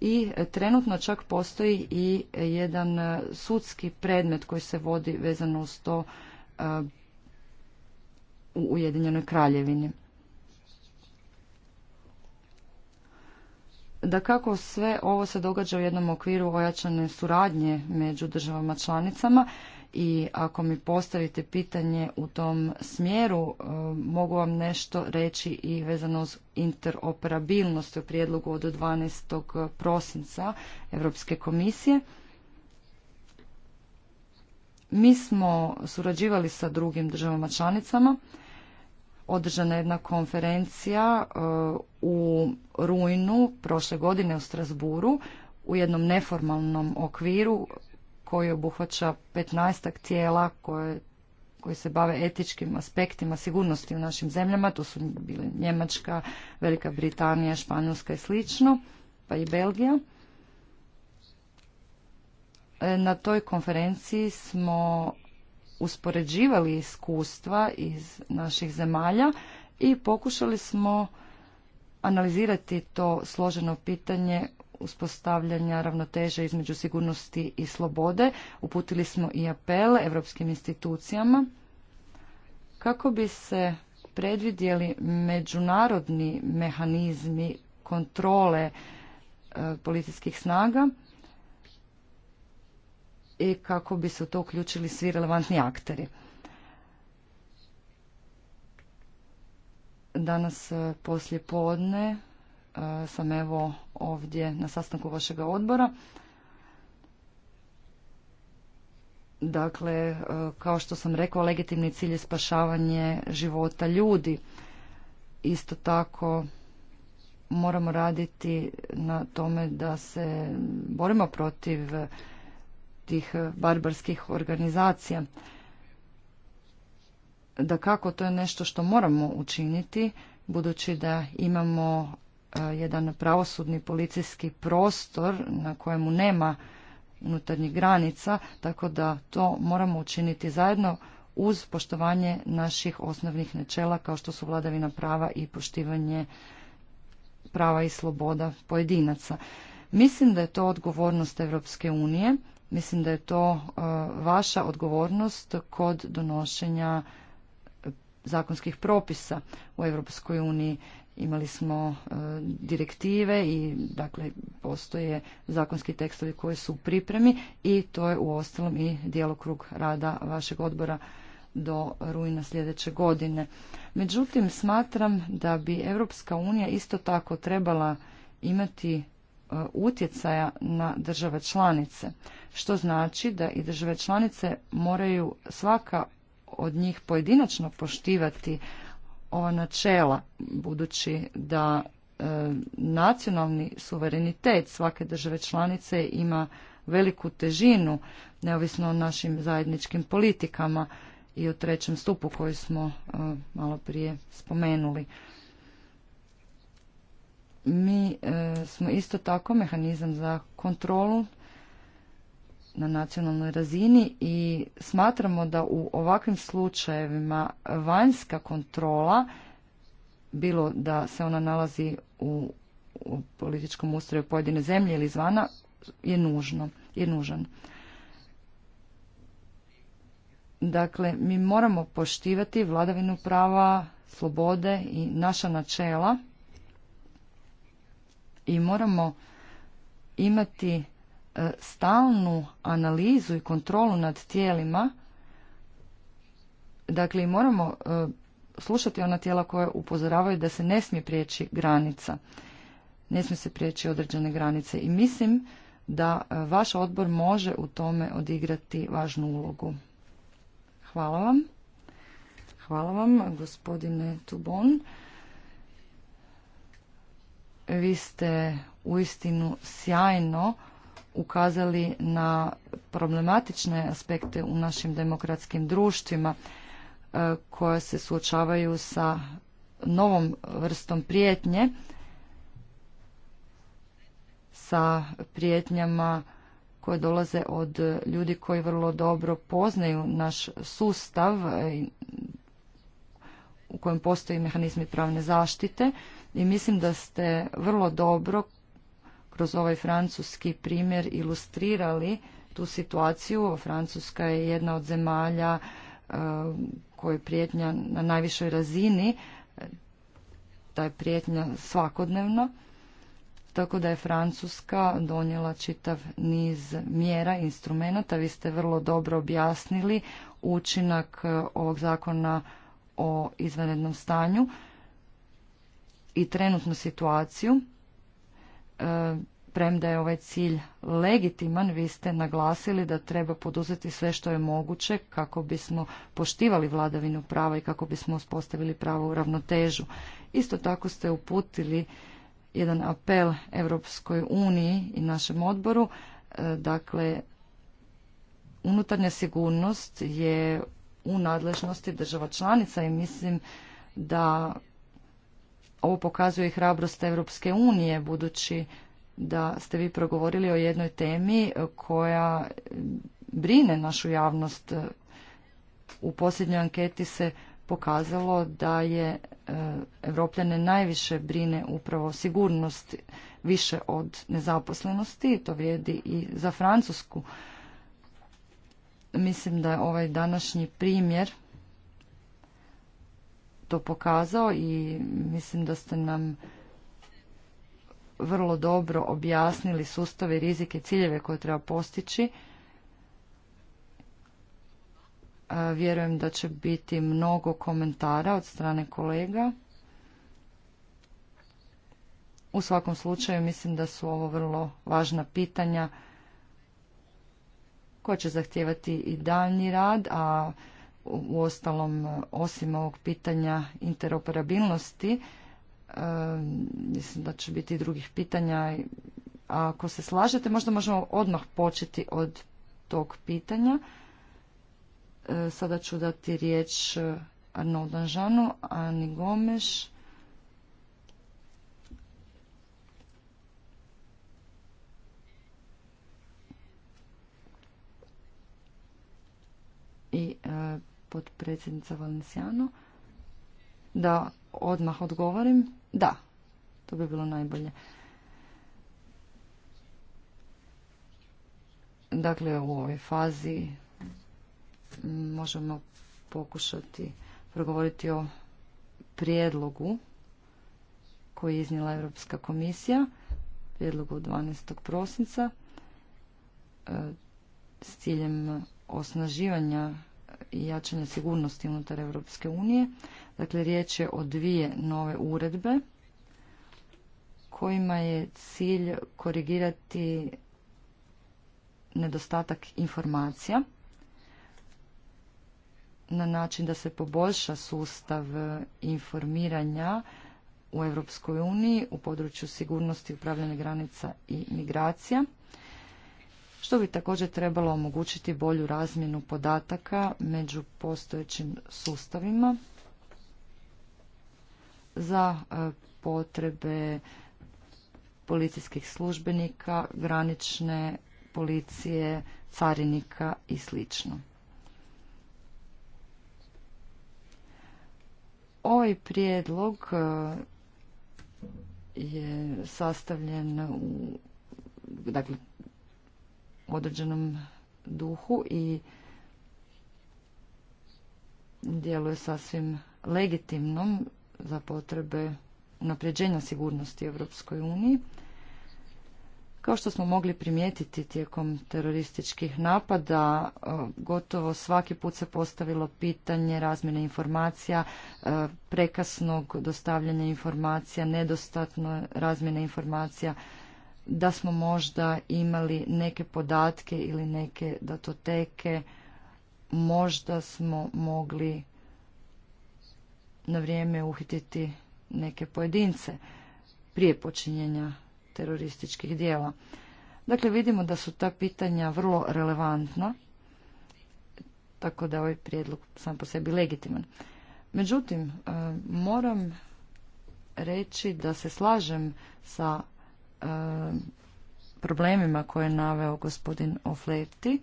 i trenutno čak postoji i jedan sudski predmet koji se vodi vezano uz to u Ujedinjenoj kraljevini. Da kako sve ovo se događa u jednom okviru ojačane suradnje među državama članicama i ako mi postavite pitanje u tom smjeru, e, mogu vam nešto reći i vezano uz interoperabilnost u prijedlogu od 12. prosinca Europske komisije. Mi smo surađivali sa drugim državama članicama održana jedna konferencija e, u rujnu prošle godine u Strasburu u jednom neformalnom okviru koji obuhvaća 15 tijela koje koji se bave etičkim aspektima sigurnosti u našim zemljama, to su bili Njemačka, Velika Britanija, Španjolska i slično, pa i Belgija. E, na toj konferenciji smo uspoređivali iskustva iz naših zemalja i pokušali smo analizirati to složeno pitanje uspostavljanja ravnoteže između sigurnosti i slobode. Uputili smo i apel europskim institucijama kako bi se predvidjeli međunarodni mehanizmi kontrole politijskih e, policijskih snaga i kako bi se u to uključili svi relevantni akteri. Danas e, poslije podne e, sam evo ovdje na sastanku vašega odbora. Dakle, e, kao što sam rekao, legitimni cilj je spašavanje života ljudi. Isto tako moramo raditi na tome da se borimo protiv tih eh, barbarskih organizacija. Da kako to je nešto što moramo učiniti, budući da imamo eh, jedan pravosudni policijski prostor na kojemu nema unutarnjih granica, tako da to moramo učiniti zajedno uz poštovanje naših osnovnih načela kao što su vladavina prava i poštivanje prava i sloboda pojedinaca. Mislim da je to odgovornost Europske unije Mislim da je to e, vaša odgovornost kod donošenja zakonskih propisa u Europskoj uniji. Imali smo e, direktive i dakle postoje zakonski tekstovi koji su u pripremi i to je u ostalom i djelokrug rada vašeg odbora do rujna sljedeće godine. Međutim, smatram da bi Europska unija isto tako trebala imati E, utjecaja na države članice, što znači da i države članice moraju svaka od njih pojedinačno poštivati ova načela, budući da e, nacionalni suverenitet svake države članice ima veliku težinu, neovisno o našim zajedničkim politikama i o trećem stupu koji smo e, malo prije spomenuli mi e, smo isto tako mehanizam za kontrolu na nacionalnoj razini i smatramo da u ovakvim slučajevima vanjska kontrola bilo da se ona nalazi u, političkom ustroju pojedine zemlje ili zvana, je nužno je nužan dakle mi moramo poštivati vladavinu prava slobode i naša načela i moramo imati e, stalnu analizu i kontrolu nad tijelima. Dakle, moramo e, slušati ona tijela koja upozoravaju da se ne smije prijeći granica. Ne smije se prijeći određene granice. I mislim da e, vaš odbor može u tome odigrati važnu ulogu. Hvala vam. Hvala vam, gospodine Tubon vi ste uistinu sjajno ukazali na problematične aspekte u našim demokratskim društvima e, koja se suočavaju sa novom vrstom prijetnje, sa prijetnjama koje dolaze od ljudi koji vrlo dobro poznaju naš sustav e, u kojem postoji mehanizmi pravne zaštite i mislim da ste vrlo dobro kroz ovaj francuski primjer ilustrirali tu situaciju. Francuska je jedna od zemalja e, koja je prijetnja na najvišoj razini, e, ta je prijetnja svakodnevno, tako da je Francuska donijela čitav niz mjera, instrumenta. Vi ste vrlo dobro objasnili učinak e, ovog zakona o izvanrednom stanju i trenutnu situaciju. E, premda je ovaj cilj legitiman, vi ste naglasili da treba poduzeti sve što je moguće kako bismo poštivali vladavinu prava i kako bismo uspostavili u ravnotežu. Isto tako ste uputili jedan apel Europskoj uniji i našem odboru. E, dakle, unutarnja sigurnost je u nadležnosti država članica i mislim da ovo pokazuje i hrabrost Evropske unije, budući da ste vi progovorili o jednoj temi e, koja brine našu javnost. E, u posljednjoj anketi se pokazalo da je e, Evropljane najviše brine upravo sigurnost više od nezaposlenosti. To vrijedi i za Francusku. Mislim da je ovaj današnji primjer to pokazao i mislim da ste nam vrlo dobro objasnili sustave rizike ciljeve koje treba postići. E, vjerujem da će biti mnogo komentara od strane kolega. U svakom slučaju mislim da su ovo vrlo važna pitanja koja će zahtijevati i daljnji rad, a uostalom osim ovog pitanja interoperabilnosti e, mislim da će biti i drugih pitanja a ako se slažete možda možemo odmah početi od tog pitanja e, sada ću dati riječ Arnaud Danžanu Ani Gomeš i e, potpredsjednica Valenciano. Da odmah odgovorim. Da, to bi bilo najbolje. Dakle, u ovoj fazi možemo pokušati progovoriti o prijedlogu koji je iznijela Europska komisija, prijedlogu 12. prosinca, e, s ciljem osnaživanja i jačanja sigurnosti unutar Europske unije. Dakle, riječ je o dvije nove uredbe kojima je cilj korigirati nedostatak informacija na način da se poboljša sustav informiranja u Europskoj uniji u području sigurnosti upravljanja granica i migracija što bi također trebalo omogućiti bolju razmjenu podataka među postojećim sustavima za e, potrebe policijskih službenika, granične policije, carinika i sl. Ovaj prijedlog e, je sastavljen u, dakle, određenom duhu i djeluje sasvim legitimnom za potrebe napređenja sigurnosti Europskoj uniji. Kao što smo mogli primijetiti tijekom terorističkih napada, e, gotovo svaki put se postavilo pitanje razmjene informacija, e, prekasnog dostavljanja informacija, nedostatno razmjene informacija da smo možda imali neke podatke ili neke datoteke, možda smo mogli na vrijeme uhititi neke pojedince prije počinjenja terorističkih dijela. Dakle, vidimo da su ta pitanja vrlo relevantna, tako da ovaj prijedlog sam po sebi legitiman. Međutim, eh, moram reći da se slažem sa problemima koje je naveo gospodin Ofleti,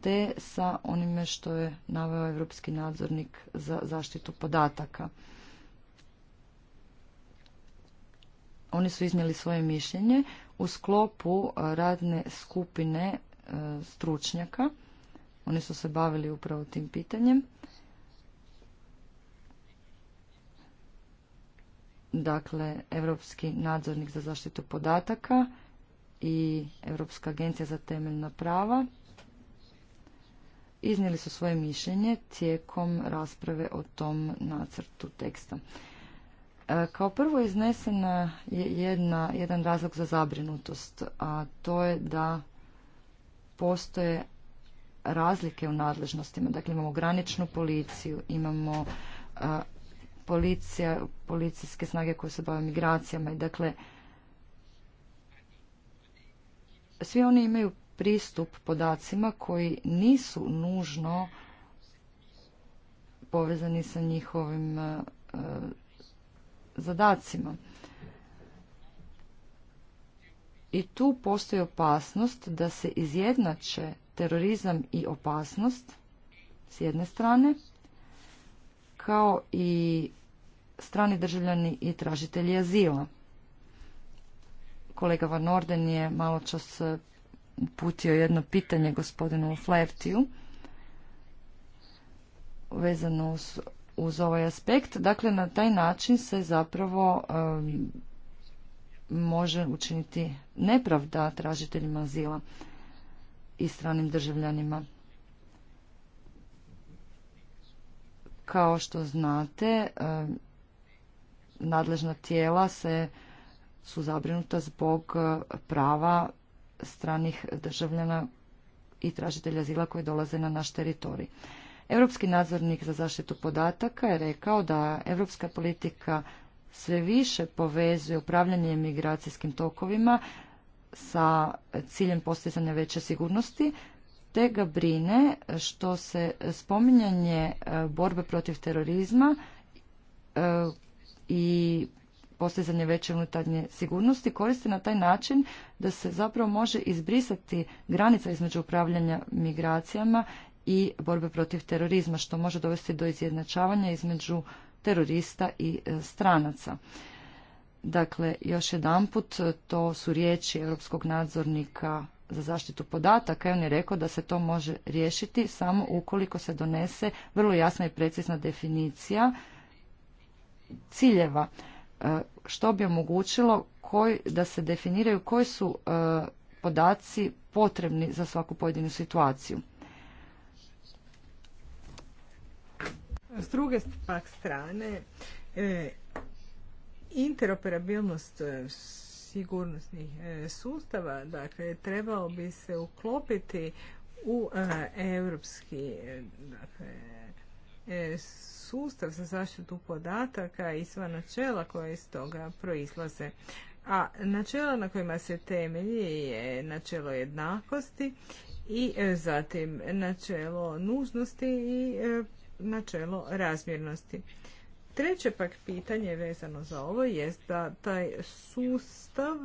te sa onime što je naveo Europski nadzornik za zaštitu podataka. Oni su iznijeli svoje mišljenje u sklopu e, radne skupine e, stručnjaka. Oni su se bavili upravo tim pitanjem. dakle Europski nadzornik za zaštitu podataka i Europska agencija za temeljna prava iznijeli su svoje mišljenje tijekom rasprave o tom nacrtu teksta. E, kao prvo iznesena je jedna, jedan razlog za zabrinutost, a to je da postoje razlike u nadležnostima. Dakle, imamo graničnu policiju, imamo e, policija, policijske snage koje se bave migracijama i dakle svi oni imaju pristup podacima koji nisu nužno povezani sa njihovim e, zadacima. I tu postoji opasnost da se izjednače terorizam i opasnost s jedne strane kao i strani državljani i tražitelji azila. Kolega Van Orden je malo čas eh, uputio jedno pitanje gospodinu Flertiju vezano uz, ovaj aspekt. Dakle, na taj način se zapravo može učiniti nepravda tražiteljima azila i stranim državljanima. Kao što znate, e, nadležna tijela se su zabrinuta zbog e, prava stranih državljana i tražitelja zila koji dolaze na naš teritorij. Europski nadzornik za zaštitu podataka je rekao da europska politika sve više povezuje upravljanje migracijskim tokovima sa ciljem postizanja veće sigurnosti te ga brine što se spominjanje e, borbe protiv terorizma e, i postizanje veće unutarnje sigurnosti koriste na taj način da se zapravo može izbrisati granica između upravljanja migracijama i borbe protiv terorizma, što može dovesti do izjednačavanja između terorista i e, stranaca. Dakle, još jedanput, to su riječi Europskog nadzornika za zaštitu podataka i on je rekao da se to može riješiti samo ukoliko se donese vrlo jasna i precizna definicija ciljeva e, što bi omogućilo koji, da se definiraju koji su e, podaci potrebni za svaku pojedinu situaciju. S druge pak strane, e, interoperabilnost sigurnosnih e, sustava, dakle, trebao bi se uklopiti u e, europski e, dakle, sustav za zaštitu podataka i sva načela koja iz toga proizlaze. A načela na kojima se temelji je načelo jednakosti i zatim načelo nužnosti i načelo razmjernosti. Treće pak pitanje vezano za ovo jest da taj sustav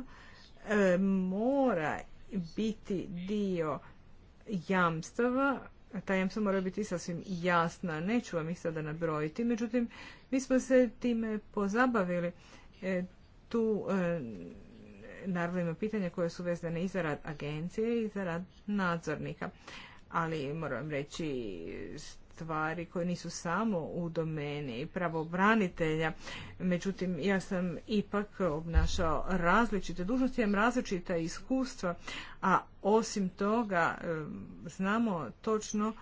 e, mora biti dio jamstava, ta jamstva mora biti sasvim jasna, neću vam ih sada nabrojiti, međutim, mi smo se time pozabavili. E, tu e, naravno ima pitanja koje su vezane i za rad agencije i za rad nadzornika. Ali moram reći, stvari koje nisu samo u domeni pravobranitelja. Međutim, ja sam ipak obnašao različite dužnosti, imam različita iskustva, a osim toga znamo točno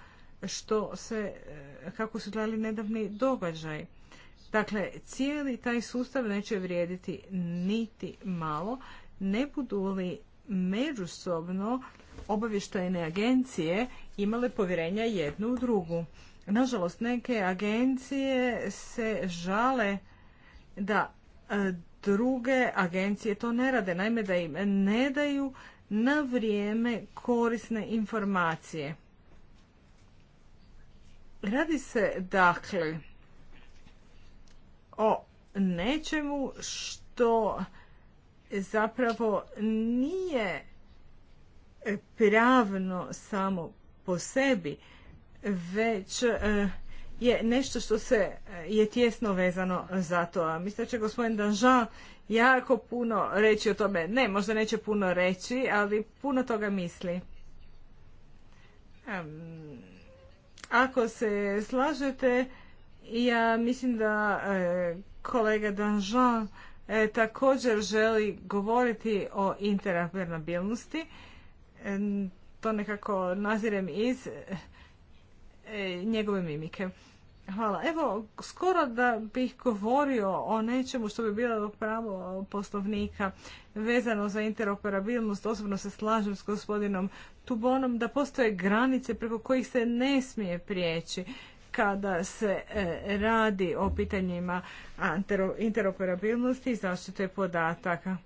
što se, eh, kako su dali nedavni događaj. Dakle, cijeli taj sustav neće vrijediti niti malo, ne budu li međusobno obavještajne agencije imale povjerenja jednu u drugu. Nažalost, neke agencije se žale da e, druge agencije to ne rade. Naime, da im ne daju na vrijeme korisne informacije. Radi se dakle o nečemu što zapravo nije pravno samo po sebi, već e, je nešto što se e, je tjesno vezano za to. A mislim da će gospodin Danžan jako puno reći o tome. Ne, možda neće puno reći, ali puno toga misli. ako se slažete, ja mislim da e, kolega Danžan također želi govoriti o interoperabilnosti. to nekako nazirem iz E, njegove mimike. Hvala. Evo, skoro da bih govorio o nečemu što bi bilo pravo poslovnika vezano za interoperabilnost. Osobno se slažem s gospodinom Tubonom da postoje granice preko kojih se ne smije prijeći kada se e, radi o pitanjima interoperabilnosti i zaštite podataka.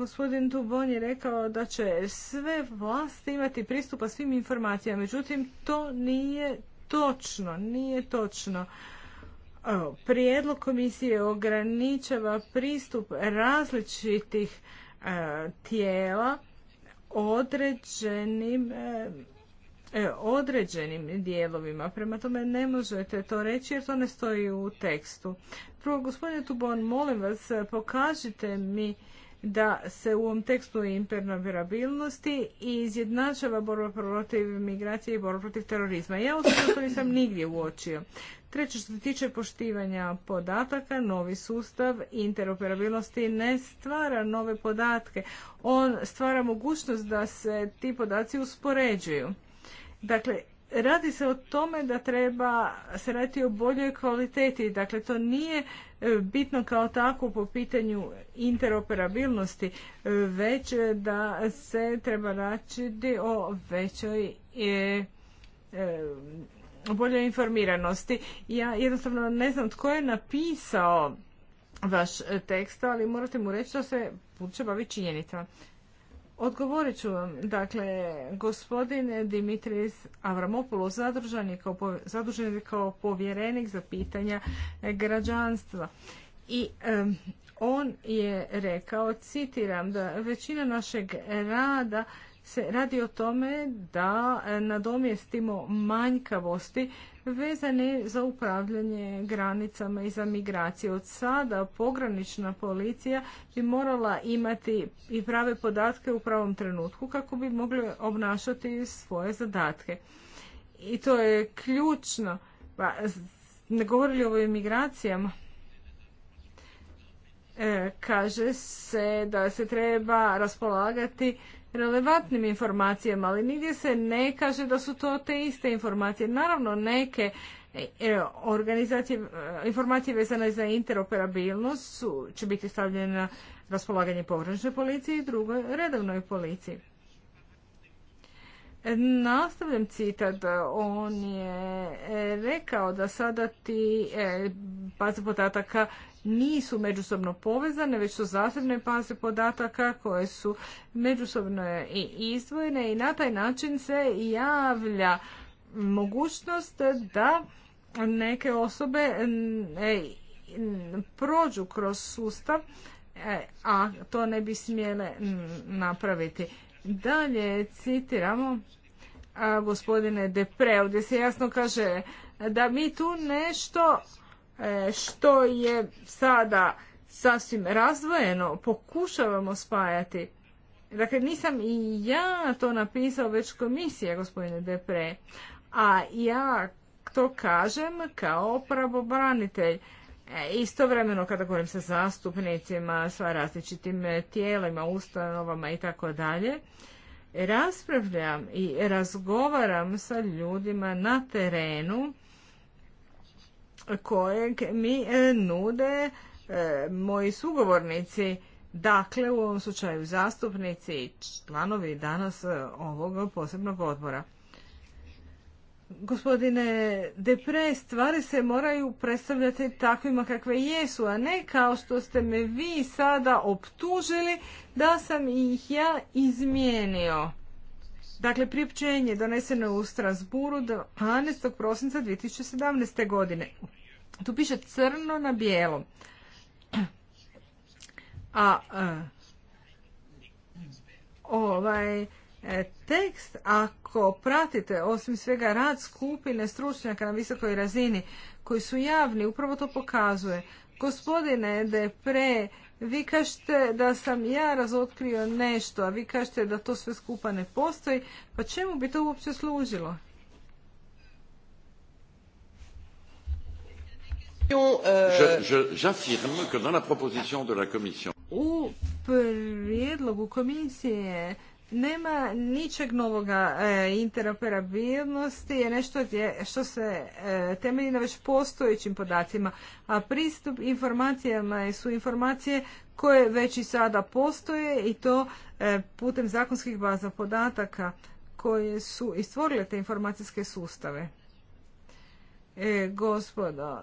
Gospodin Dubon je rekao da će sve vlasti imati pristupa svim informacijama, međutim to nije točno, nije točno. Prijedlog komisije ograničava pristup različitih e, tijela određenim e, e, određenim dijelovima. Prema tome ne možete to reći jer to ne stoji u tekstu. Prvo, gospodine Tubon, molim vas, pokažite mi da se u ovom tekstu interoperabilnosti izjednačava borba protiv migracije i borba protiv terorizma. Ja osobno to nisam nigdje uočio. Treće, što se tiče poštivanja podataka, novi sustav interoperabilnosti ne stvara nove podatke. On stvara mogućnost da se ti podaci uspoređuju. Dakle, Radi se o tome da treba se raditi o boljoj kvaliteti, dakle to nije e, bitno kao tako po pitanju interoperabilnosti, e, već da se treba raditi o većoj e, e boljoj informiranosti. Ja jednostavno ne znam tko je napisao vaš tekst, ali morate mu reći da se buduće bavi činjenicama. Odgovorit ću vam, dakle, gospodin Dimitris Avramopoulos zadužen je kao, zadužen je kao povjerenik za pitanja građanstva. I on je rekao, citiram, da većina našeg rada se radi o tome da e, nadomjestimo manjkavosti vezane za upravljanje granicama i za migracije. Od sada pogranična policija bi morala imati i prave podatke u pravom trenutku kako bi mogli obnašati svoje zadatke. I to je ključno. Pa, ne govorili o imigracijama. E, kaže se da se treba raspolagati relevantnim informacijama, ali nigdje se ne kaže da su to te iste informacije. Naravno, neke e, e, organizacije, e, informacije vezane za interoperabilnost su, će biti stavljene na raspolaganje površne policiji i drugoj redovnoj policiji. Nastavljam citat, on je rekao da sada ti baze podataka nisu međusobno povezane, već su zasebne paze podataka koje su međusobno i izdvojene i na taj način se javlja mogućnost da neke osobe e, prođu kroz sustav, e, a to ne bi smjele napraviti. Dalje citiramo gospodine Depre, gdje se jasno kaže da mi tu nešto E, što je sada sasvim razvojeno, pokušavamo spajati. Dakle, nisam i ja to napisao, već komisija, gospodine Depre. A ja to kažem kao pravobranitelj. E, istovremeno kada govorim sa zastupnicima, sa različitim e, tijelima, ustanovama i tako dalje, raspravljam i razgovaram sa ljudima na terenu kojeg mi e, nude e, moji sugovornici, dakle u ovom slučaju zastupnici i članovi danas e, ovog posebnog odbora. Gospodine Depre, stvari se moraju predstavljati takvima kakve jesu, a ne kao što ste me vi sada optužili da sam ih ja izmijenio. Dakle, priopćenje doneseno u Strasburu 12. prosinca 2017. godine. Tu piše crno na bijelo. A e, ovaj e, tekst, ako pratite osim svega rad skupine stručnjaka na visokoj razini koji su javni, upravo to pokazuje. Gospodine Depre, vi kažete da sam ja razotkrio nešto, a vi kažete da to sve skupa ne postoji, pa čemu bi to uopće služilo? Euh, U prijedlogu komisije nema ničeg novoga e, interoperabilnosti je nešto što se e, temelji na već postojećim podacima, a pristup informacijama su informacije koje već i sada postoje i to e, putem zakonskih baza podataka koje su i stvorile te informacijske sustave. Gospodo,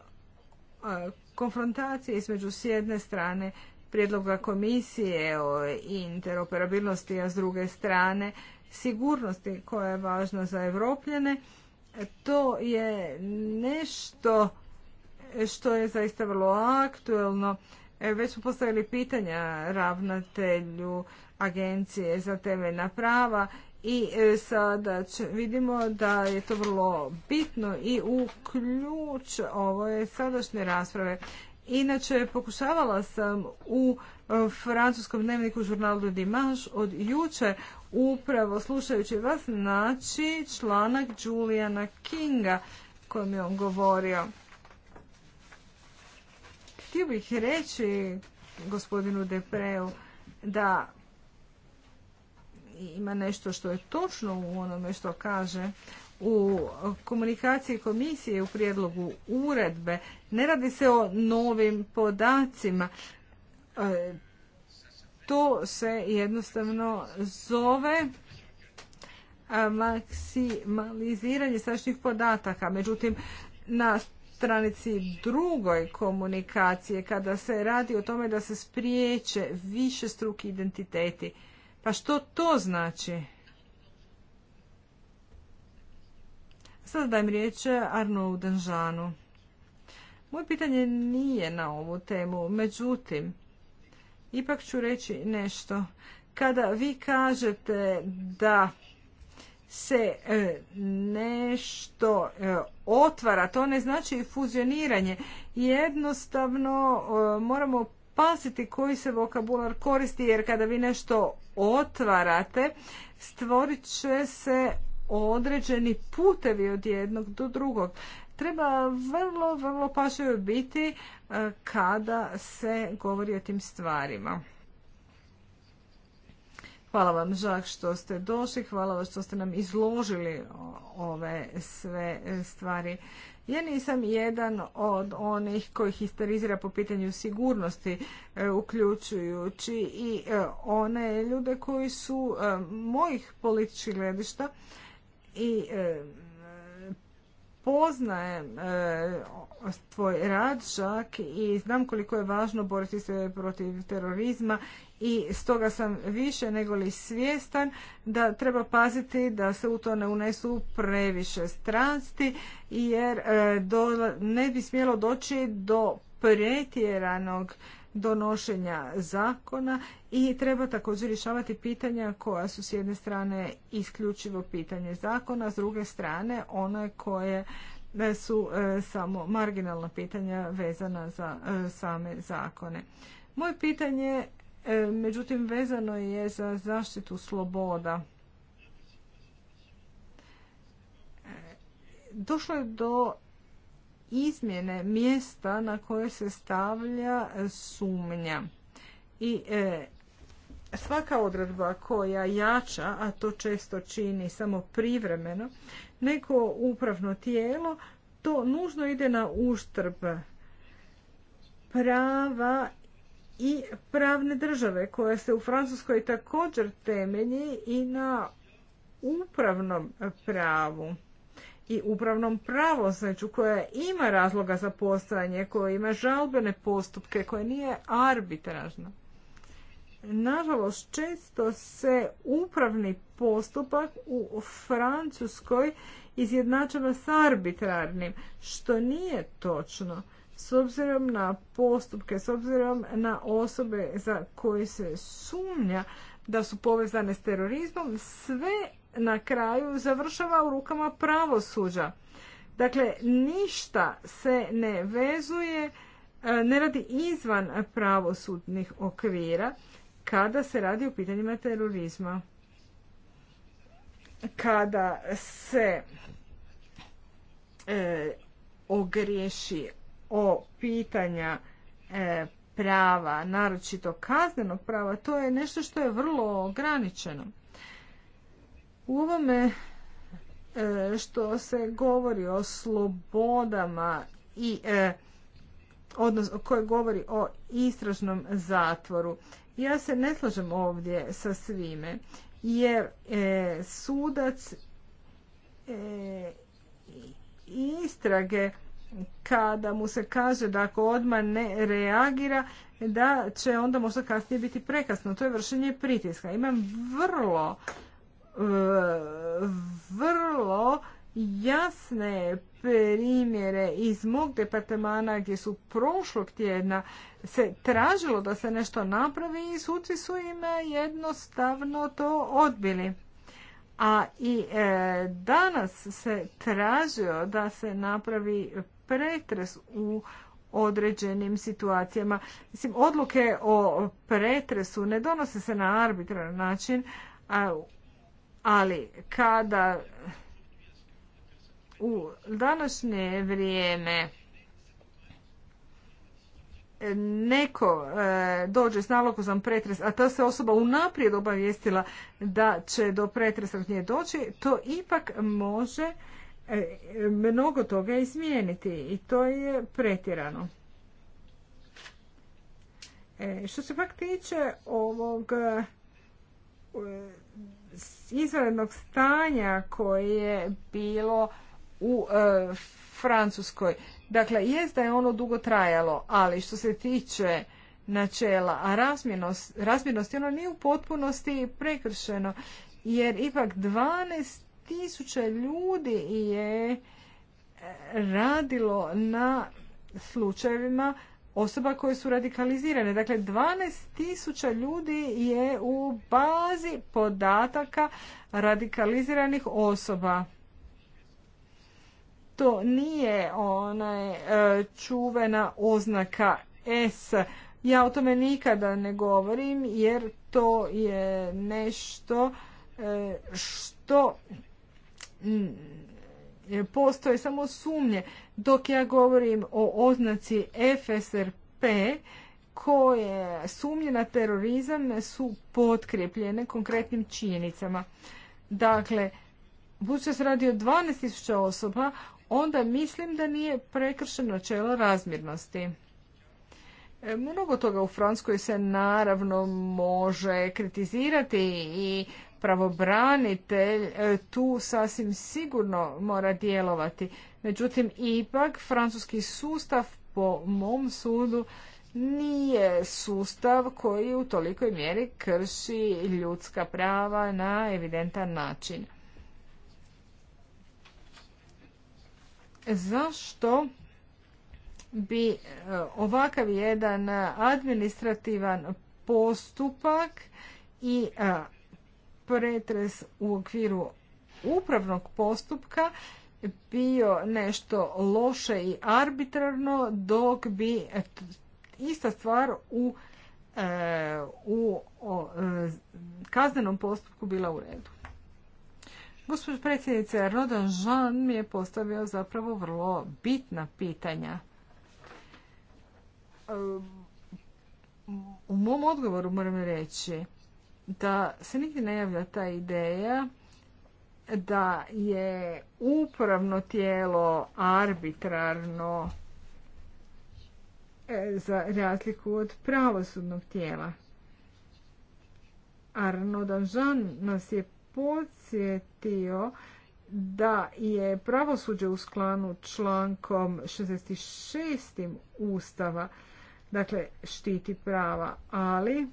konfrontacije između s jedne strane prijedloga komisije o interoperabilnosti, a s druge strane sigurnosti koja je važna za Evropljene, to je nešto što je zaista vrlo aktuelno. E, već smo postavili pitanja ravnatelju Agencije za temeljna prava i e, sada vidimo da je to vrlo bitno i u ključ ove sadašnje rasprave. Inače, pokušavala sam u e, francuskom dnevniku žurnalu de Dimanche od juče upravo slušajući vas naći članak Juliana Kinga kojem je on govorio. Htio bih reći gospodinu Depreu da ima nešto što je točno u onome što kaže u komunikaciji komisije u prijedlogu uredbe. Ne radi se o novim podacima. E, to se jednostavno zove e, maksimaliziranje strašnih podataka. Međutim, na stranici drugoj komunikacije, kada se radi o tome da se spriječe više struki identiteti, pa što to znači? Sada dajem riječ Arnou Danžanu. Moje pitanje nije na ovu temu, međutim, ipak ću reći nešto. Kada vi kažete da se e, nešto e, otvara, to ne znači fuzioniranje. Jednostavno e, moramo paziti koji se vokabular koristi jer kada vi nešto otvarate stvorit će se određeni putevi od jednog do drugog. Treba vrlo, vrlo pažljivo biti e, kada se govori o tim stvarima. Hvala vam, Žak, što ste došli. Hvala vam što ste nam izložili ove sve stvari. Ja nisam jedan od onih koji histerizira po pitanju sigurnosti, e, uključujući i e, one ljude koji su e, mojih političkih gledišta i poznajem tvoj rad, Žak, i znam koliko je važno boriti se protiv terorizma i stoga sam više nego li svjestan da treba paziti da se u to ne unesu previše strasti jer e, ne bi smjelo doći do pretjeranog donošenja zakona i treba također rješavati pitanja koja su s jedne strane isključivo pitanje zakona, s druge strane one koje e, su e, samo marginalna pitanja vezana za same zakone. Moje pitanje E, međutim vezano je za zaštitu sloboda. E, došlo je do izmjene mjesta na koje se stavlja sumnja. I e, svaka odredba koja jača, a to često čini samo privremeno, neko upravno tijelo, to nužno ide na uštrb prava i pravne države koja se u Francuskoj također temelji i na upravnom pravu i upravnom pravosuđu koja ima razloga za postojanje, koja ima žalbene postupke, koja nije arbitražna. Nažalost, često se upravni postupak u Francuskoj izjednačava s arbitrarnim, što nije točno. S obzirom na postupke, s obzirom na osobe za koje se sumnja da su povezane s terorizmom, sve na kraju završava u rukama pravosuđa. Dakle, ništa se ne vezuje, e, ne radi izvan pravosudnih okvira kada se radi o pitanjima terorizma. Kada se e, ogriješi o pitanja e, prava, naročito kaznenog prava, to je nešto što je vrlo ograničeno. U ovome e, što se govori o slobodama i e, odnosno koje govori o istražnom zatvoru. Ja se ne slažem ovdje sa svime jer sudac e, istrage kada mu se kaže da ako odmah ne reagira, da će onda možda kasnije biti prekasno. To je vršenje pritiska. Imam vrlo, e, vrlo jasne primjere iz mog departemana gdje su prošlog tjedna se tražilo da se nešto napravi i suci su im jednostavno to odbili. A i e, danas se tražio da se napravi pretres u određenim situacijama. Mislim, odluke o pretresu ne donose se na arbitraran način, ali kada u današnje vrijeme neko e, dođe s nalogom za pretres, a ta se osoba unaprijed obavijestila da će do pretresa nje doći, to ipak može E, mnogo toga izmijeniti i to je pretjerano. E, što se pak tiče ovog e, izvanrednog stanja koje je bilo u Francuskoj, dakle, jest da je ono dugo trajalo, ali što se tiče načela, a razmjernosti, je ono nije u potpunosti prekršeno, jer ipak 12 Tisuće ljudi je e, radilo na slučajevima osoba koje su radikalizirane. Dakle, 12.000 ljudi je u bazi podataka radikaliziranih osoba. To nije ona e, čuvena oznaka S. Ja o tome nikada ne govorim jer to je nešto e, što Mm, postoje samo sumnje. Dok ja govorim o oznaci FSRP, koje sumnje na terorizam su potkrijepljene konkretnim činjenicama. Dakle, budući se radi o 12.000 osoba, onda mislim da nije prekršeno načelo razmjernosti. E, mnogo toga u Francuskoj se naravno može kritizirati i pravobranitelj e, tu sasvim sigurno mora djelovati. Međutim, ipak francuski sustav po mom sudu nije sustav koji u tolikoj mjeri krši ljudska prava na evidentan način. Zašto bi e, ovakav jedan administrativan postupak i e, pretres u okviru upravnog postupka bio nešto loše i arbitrarno dok bi ista stvar u, e, e, kaznenom postupku bila u redu. Gospođo predsjednice, Rodan Žan mi je postavio zapravo vrlo bitna pitanja. E, u mom odgovoru moram reći da se nigdje ne javlja ta ideja da je upravno tijelo arbitrarno e, za razliku od pravosudnog tijela. Arno nas je podsjetio da je pravosuđe u sklanu člankom 66. Ustava, dakle štiti prava, ali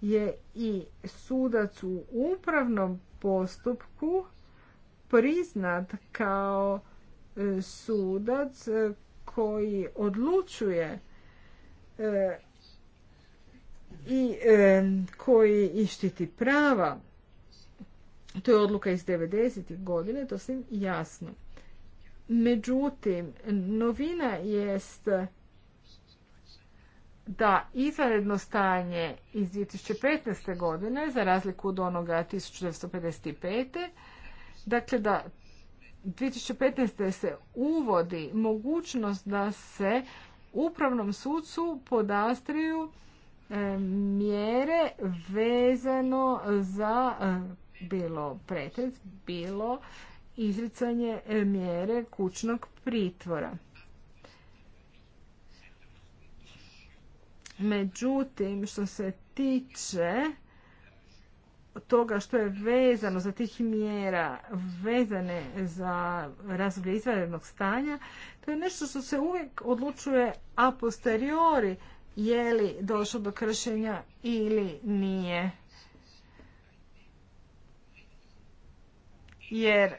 je i sudac u upravnom postupku priznat kao e, sudac e, koji odlučuje e, i koji ištiti prava. To je odluka iz 90. godine, to svim jasno. Međutim, novina jest da izvanredno stanje iz 2015. godine, za razliku od onoga 1955. Dakle, da 2015. se uvodi mogućnost da se upravnom sucu podastriju e, mjere vezano za e, bilo pretjec, bilo izricanje e, mjere kućnog pritvora. Međutim, što se tiče toga što je vezano za tih mjera, vezane za razvoj izvanrednog stanja, to je nešto što se uvijek odlučuje a posteriori je li došlo do kršenja ili nije. Jer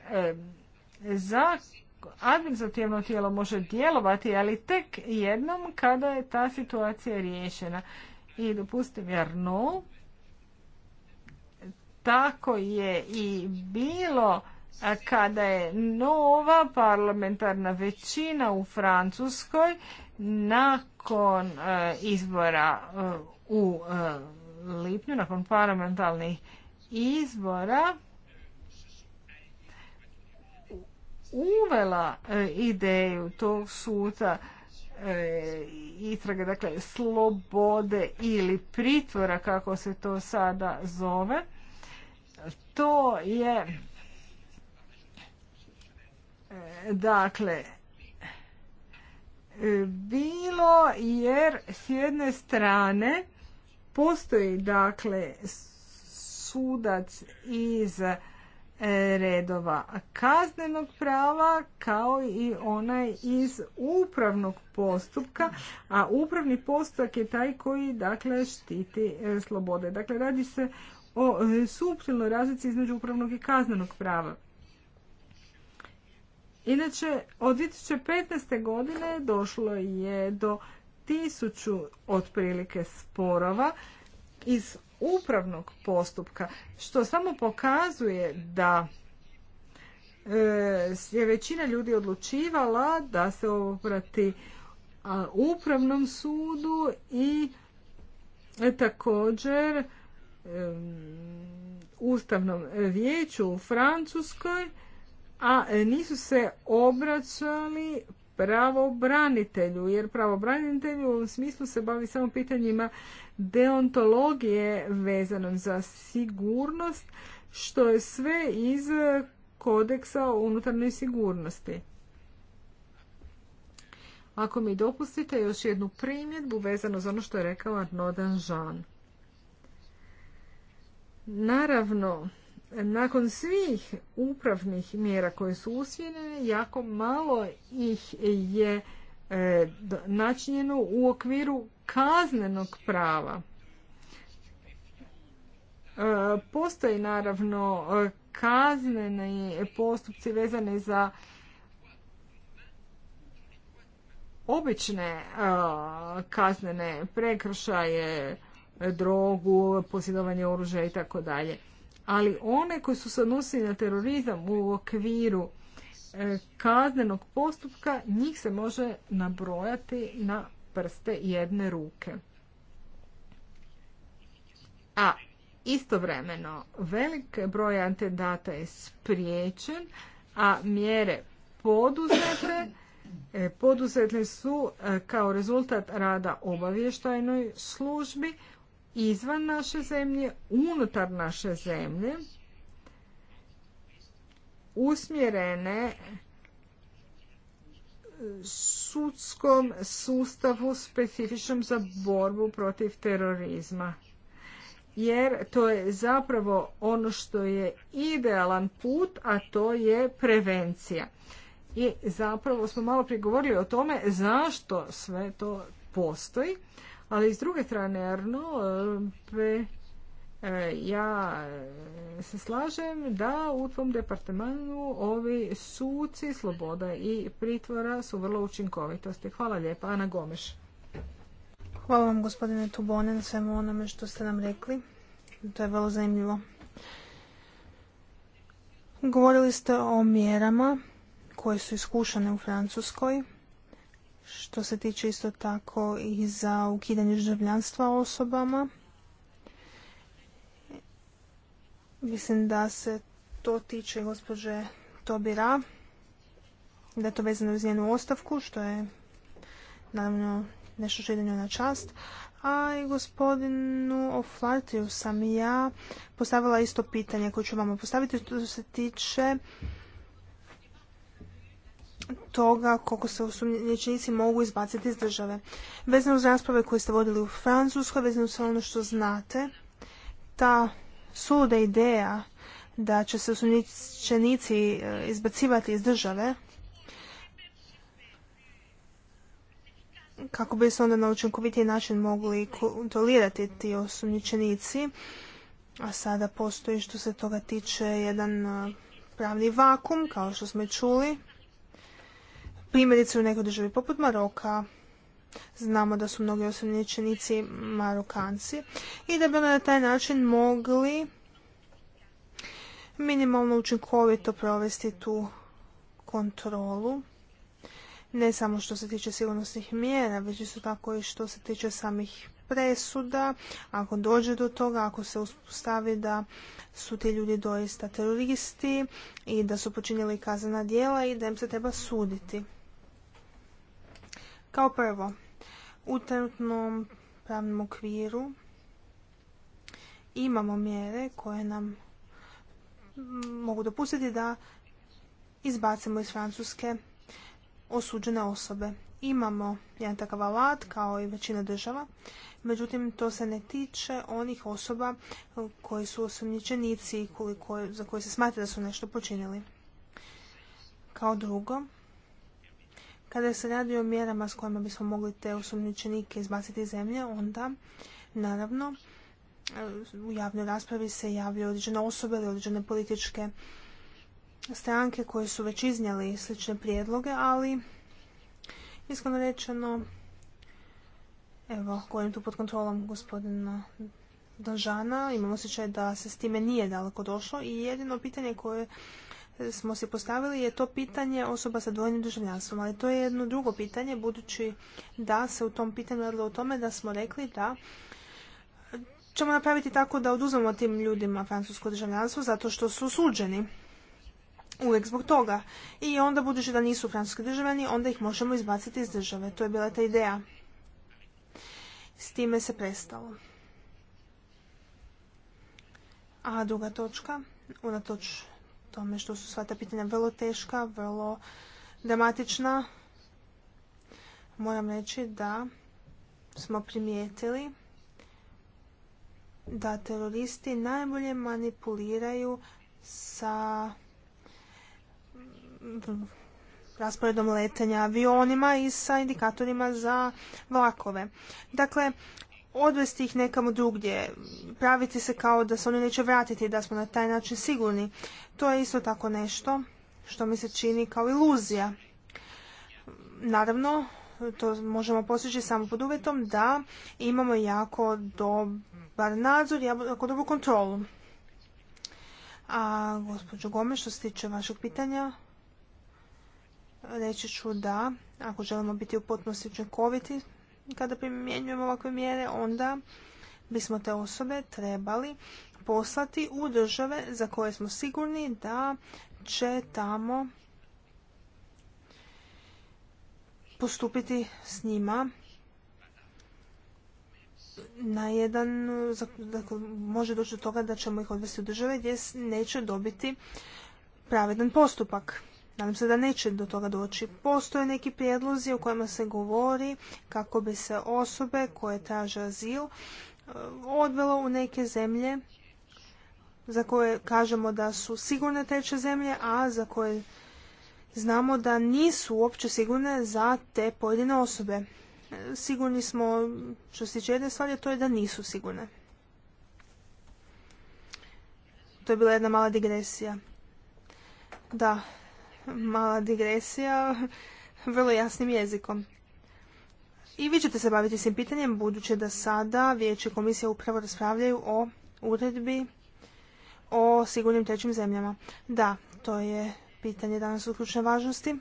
za administrativno tijelo može djelovati, ali tek jednom kada je ta situacija riješena. I dopustim Jarno, tako je i bilo kada je nova parlamentarna većina u Francuskoj nakon e, izbora e, u e, lipnju, nakon parlamentarnih izbora, uvela e, ideju tog suca e, istrage, dakle slobode ili pritvora kako se to sada zove, to je e, dakle bilo jer s jedne strane postoji dakle sudac iz redova kaznenog prava kao i onaj iz upravnog postupka, a upravni postupak je taj koji dakle štiti e, slobode. Dakle, radi se o e, suptilnoj razlici između upravnog i kaznenog prava. Inače, od 2015. godine došlo je do tisuću otprilike sporova iz upravnog postupka, što samo pokazuje da e, je većina ljudi odlučivala da se obrati upravnom sudu i e, također ustavnom vijeću u Francuskoj, a e, nisu se obraćali pravobranitelju, jer pravobranitelj u ovom smislu se bavi samo pitanjima deontologije vezanom za sigurnost, što je sve iz kodeksa o sigurnosti. Ako mi dopustite još jednu primjedbu vezano za ono što je rekao Nodan Žan. Naravno, nakon svih upravnih mjera koje su usvijene, jako malo ih je E, načinjenu u okviru kaznenog prava. E, postoji naravno e, kazneni postupci vezani za obične kaznene prekršaje, drogu, posjedovanje oružja i tako dalje. Ali one koji su se odnosili na terorizam u okviru E, kaznenog postupka njih se može nabrojati na prste jedne ruke. A istovremeno velik broj antidata je spriječen, a mjere poduzete e, poduzetne su e, kao rezultat rada obavještajnoj službi izvan naše zemlje, unutar naše zemlje usmjerene sudskom sustavu specifičnom za borbu protiv terorizma. Jer to je zapravo ono što je idealan put, a to je prevencija. I zapravo smo malo govorili o tome zašto sve to postoji, ali s druge strane, Arno, eh, E, ja e, se slažem da u tvom departamanu ovi suci sloboda i pritvora su vrlo učinkovitosti. Hvala lijepa. Ana Gomeš. Hvala vam gospodine Tubone na svemu onome što ste nam rekli. To je vrlo zanimljivo. Govorili ste o mjerama koje su iskušane u Francuskoj, što se tiče isto tako i za ukidanje državljanstva osobama Mislim da se to tiče gospođe Tobira, da je to vezano uz njenu ostavku, što je naravno nešto što na čast. A i gospodinu Oflatiju sam ja postavila isto pitanje koje ću vama postaviti. što se tiče toga koliko se osumnjičenici mogu izbaciti iz države. Vezano uz rasprave koje ste vodili u Francuskoj, vezano uz ono što znate, ta Suda ideja da će se osumnjičenici e, izbacivati iz države kako bi se onda na učinkovitiji način mogli kontrolirati ti osumnjičenici. A sada postoji što se toga tiče jedan e, pravni vakum, kao što smo i čuli. Primjerice u nekoj državi poput Maroka Znamo da su mnogi osumnjičenici Marokanci i da bi na taj način mogli minimalno učinkovito provesti tu kontrolu ne samo što se tiče sigurnosnih mjera, već isto tako i što se tiče samih presuda, ako dođe do toga, ako se uspostavi da su ti ljudi doista teroristi i da su počinili kaznena djela i da im se treba suditi. Kao prvo, u trenutnom pravnom okviru imamo mjere koje nam mogu dopustiti da izbacimo iz Francuske osuđene osobe. Imamo jedan takav alat kao i većina država, međutim to se ne tiče onih osoba koji su osumnjičenici za koje se smatra da su nešto počinili. Kao drugo, kada se radi o mjerama s kojima bismo mogli te osumnjičenike izbaciti iz zemlje, onda naravno e, u javnoj raspravi se javljaju određene osobe ili određene političke stranke koje su već iznijeli slične prijedloge, ali iskreno rečeno, evo, govorim tu pod kontrolom gospodina Danžana, imam osjećaj da se s time nije daleko došlo i jedino pitanje koje smo si postavili je to pitanje osoba sa dvojnim državljanstvom, ali to je jedno drugo pitanje budući da se u tom pitanju radilo o tome da smo rekli da ćemo napraviti tako da oduzmemo tim ljudima francusko državljanstvo zato što su suđeni uvijek zbog toga. I onda budući da nisu francuski državljani, onda ih možemo izbaciti iz države. To je bila ta ideja. S time se prestalo. A druga točka, unatoč tome što su sva ta pitanja vrlo teška, vrlo dramatična. Moram reći da smo primijetili da teroristi najbolje manipuliraju sa rasporedom letenja avionima i sa indikatorima za vlakove. Dakle, odvesti ih nekamo drugdje, praviti se kao da se oni neće vratiti, da smo na taj način sigurni. To je isto tako nešto što mi se čini kao iluzija. Naravno, to možemo postići samo pod uvjetom da imamo jako dobar nadzor, i jako dobru kontrolu. A gospođo Gome, što se tiče vašeg pitanja, reći ću da ako želimo biti u potpunosti učinkoviti, kada primjenjujemo ovakve mjere, onda bismo te osobe trebali poslati u države za koje smo sigurni da će tamo postupiti s njima na jedan, dakle, može doći do toga da ćemo ih odvesti u države gdje neće dobiti pravedan postupak. Nadam se da neće do toga doći. Postoje neki prijedlozi o kojima se govori kako bi se osobe koje traže azil e, odvelo u neke zemlje za koje kažemo da su sigurne treće zemlje, a za koje znamo da nisu uopće sigurne za te pojedine osobe. E, sigurni smo, što se tiče jedne stvari, to je da nisu sigurne. To je bila jedna mala digresija. Da, mala digresija vrlo jasnim jezikom. I vi ćete se baviti s tim pitanjem, budući da sada vijeće komisija upravo raspravljaju o uredbi o sigurnim trećim zemljama. Da, to je pitanje danas u ključne važnosti,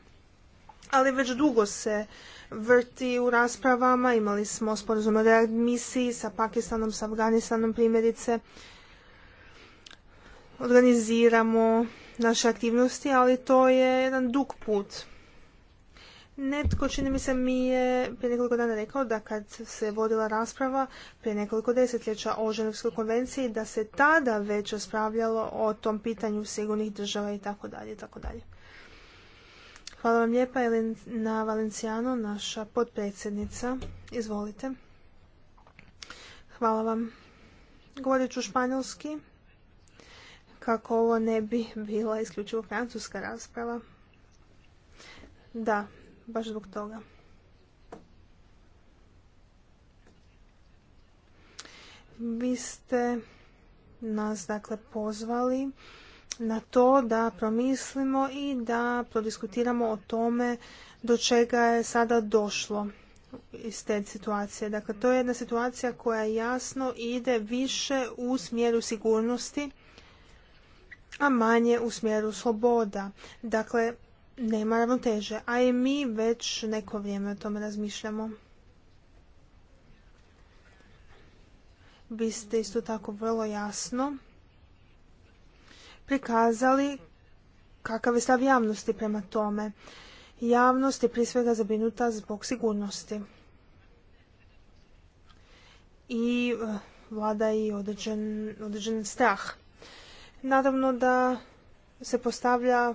ali već dugo se vrti u raspravama. Imali smo sporazum o readmisiji sa Pakistanom, sa Afganistanom primjerice. Organiziramo naše aktivnosti, ali to je jedan dug put. Netko, čini mi se, mi je prije nekoliko dana rekao da kad se vodila rasprava prije nekoliko desetljeća o Ženevskoj konvenciji, da se tada već raspravljalo o tom pitanju sigurnih država i tako dalje i tako dalje. Hvala vam lijepa, Elena Valencijano, naša potpredsjednica. Izvolite. Hvala vam. Govorit ću španjolski, kako ovo ne bi bila isključivo francuska rasprava. Da, baš zbog toga. Vi ste nas dakle pozvali na to da promislimo i da prodiskutiramo o tome do čega je sada došlo iz te situacije. Dakle, to je jedna situacija koja jasno ide više u smjeru sigurnosti a manje u smjeru sloboda. Dakle, nema ravnoteže, a i mi već neko vrijeme o tome razmišljamo. Vi ste isto tako vrlo jasno prikazali kakav je stav javnosti prema tome. Javnost je prije svega zabinuta zbog sigurnosti. I eh, vlada i određen strah naravno da se postavlja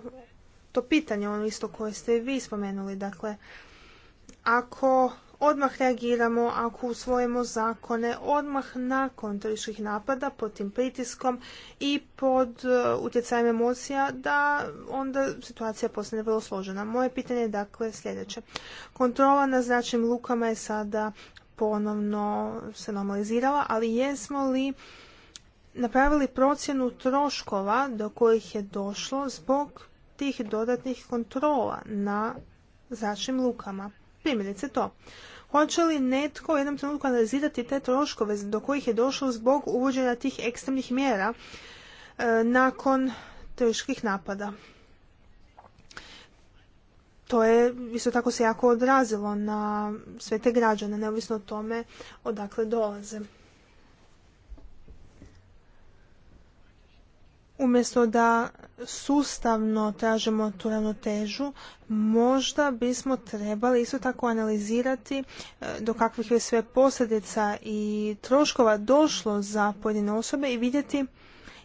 to pitanje, ono isto koje ste vi spomenuli. Dakle, ako odmah reagiramo, ako usvojimo zakone, odmah nakon terorističkih napada, pod tim pritiskom i pod e, utjecajem emocija, da onda situacija postane vrlo složena. Moje pitanje je dakle sljedeće. Kontrola na zračnim lukama je sada ponovno se normalizirala, ali jesmo li napravili procjenu troškova do kojih je došlo zbog tih dodatnih kontrola na zračnim lukama. Primjerice to. Hoće li netko u jednom trenutku analizirati te troškove do kojih je došlo zbog uvođenja tih ekstremnih mjera e, nakon teških napada? To je isto tako se jako odrazilo na sve te građane, neovisno o tome odakle dolaze. umjesto da sustavno tražimo tu ravnotežu, možda bismo trebali isto tako analizirati e, do kakvih je sve posljedica i troškova došlo za pojedine osobe i vidjeti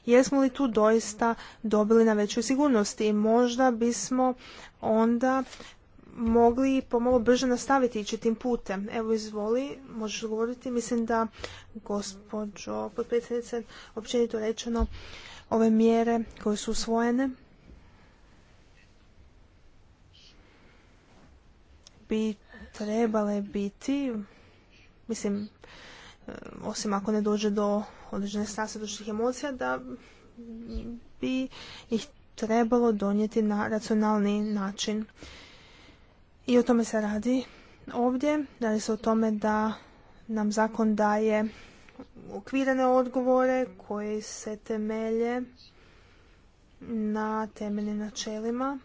jesmo li tu doista dobili na većoj sigurnosti i možda bismo onda mogli pomalo brže nastaviti ići tim putem. Evo izvoli, možeš govoriti. Mislim da, gospođo potpredsjednice, općenito rečeno, ove mjere koje su usvojene bi trebale biti, mislim, e, osim ako ne dođe do određene stase dušnih emocija, da bi ih trebalo donijeti na racionalni način. I o tome se radi ovdje. Radi se o tome da nam zakon daje okvirene odgovore koji se temelje na temeljnim načelima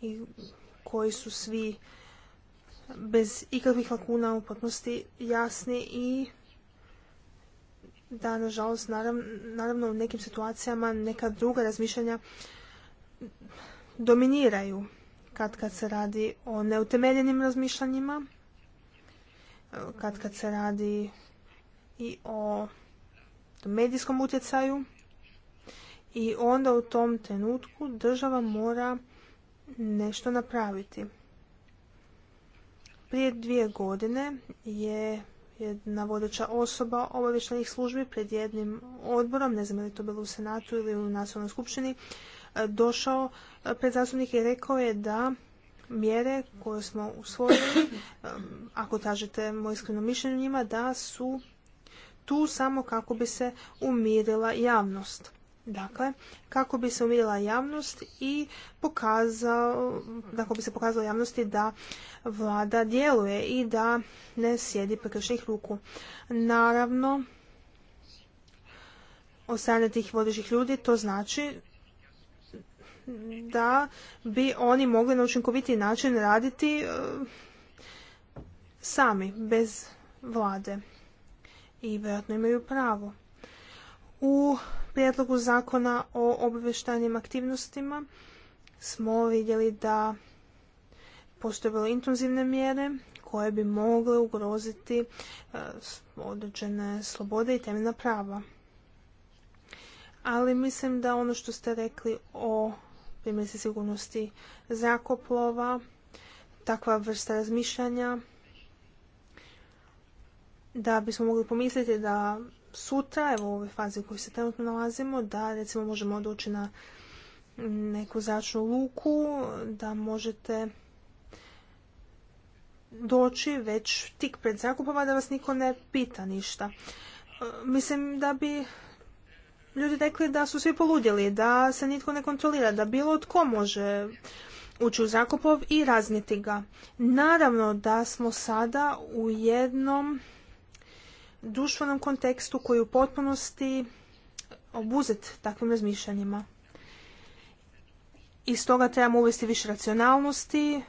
i koji su svi bez ikakvih lakuna u jasni i da nažalost naravno, u nekim situacijama neka druga razmišljanja dominiraju kad kad se radi o neutemeljenim razmišljanjima kad kad se radi i o medijskom utjecaju i onda u tom trenutku država mora nešto napraviti. Prije dvije godine je jedna vodeća osoba obavještajnih službi pred jednim odborom, ne znam je li to bilo u Senatu ili u Nacionalnoj skupštini, e, došao e, pred zastupnike i rekao je da mjere koje smo usvojili, ako tražite moj iskreno mišljenje njima, da su tu samo kako bi se umirila javnost. Dakle, kako bi se umirila javnost i pokazao, kako bi se pokazalo javnosti da vlada djeluje i da ne sjedi prekršnih ruku. Naravno, od strane tih vodećih ljudi to znači da bi oni mogli na učinkovitiji način raditi e, sami, bez vlade. I vjerojatno imaju pravo. U prijedlogu zakona o obavještajnim aktivnostima smo vidjeli da postoje vrlo intenzivne mjere koje bi mogle ugroziti e, određene slobode i temeljna prava. Ali mislim da ono što ste rekli o se sigurnosti zrakoplova, takva vrsta razmišljanja, da bismo mogli pomisliti da sutra, evo u ovoj fazi u kojoj se trenutno nalazimo, da recimo možemo doći na neku zračnu luku, da možete doći već tik pred zrakoplova, da vas niko ne pita ništa. Mislim da bi ljudi rekli da su svi poludjeli, da se nitko ne kontrolira, da bilo tko može ući u zakupov i razniti ga. Naravno da smo sada u jednom društvenom kontekstu koji u potpunosti obuzet takvim razmišljanjima. I stoga trebamo uvesti više racionalnosti, e,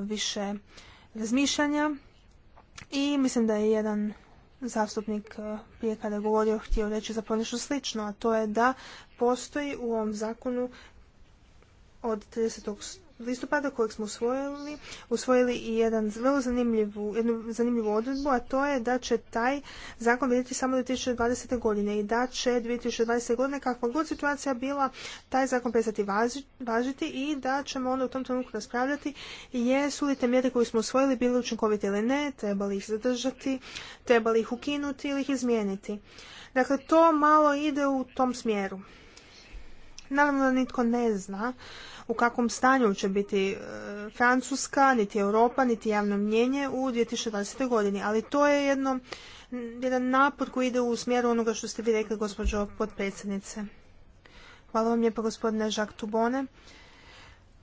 više razmišljanja i mislim da je jedan zastupnik e, prije kada je govorio htio reći zapravo nešto slično, a to je da postoji u ovom zakonu od 30 listopada kojeg smo usvojili, usvojili i jedan vrlo zanimljivu, jednu zanimljivu odredbu, a to je da će taj zakon vidjeti samo 2020. godine i da će 2020. godine kakva god situacija bila taj zakon prestati važiti i da ćemo onda u tom trenutku raspravljati jesu li te mjere koje smo usvojili bili učinkovite ili ne, trebali ih zadržati, trebali ih ukinuti ili ih izmijeniti. Dakle, to malo ide u tom smjeru. Naravno, nitko ne zna u kakvom stanju će biti e, Francuska, niti Europa, niti javno mnjenje u 2020. godini. Ali to je jedno, jedan napor koji ide u smjeru onoga što ste vi rekli, gospođo potpredsjednice. Hvala vam lijepo, gospodine Jacques Tubone.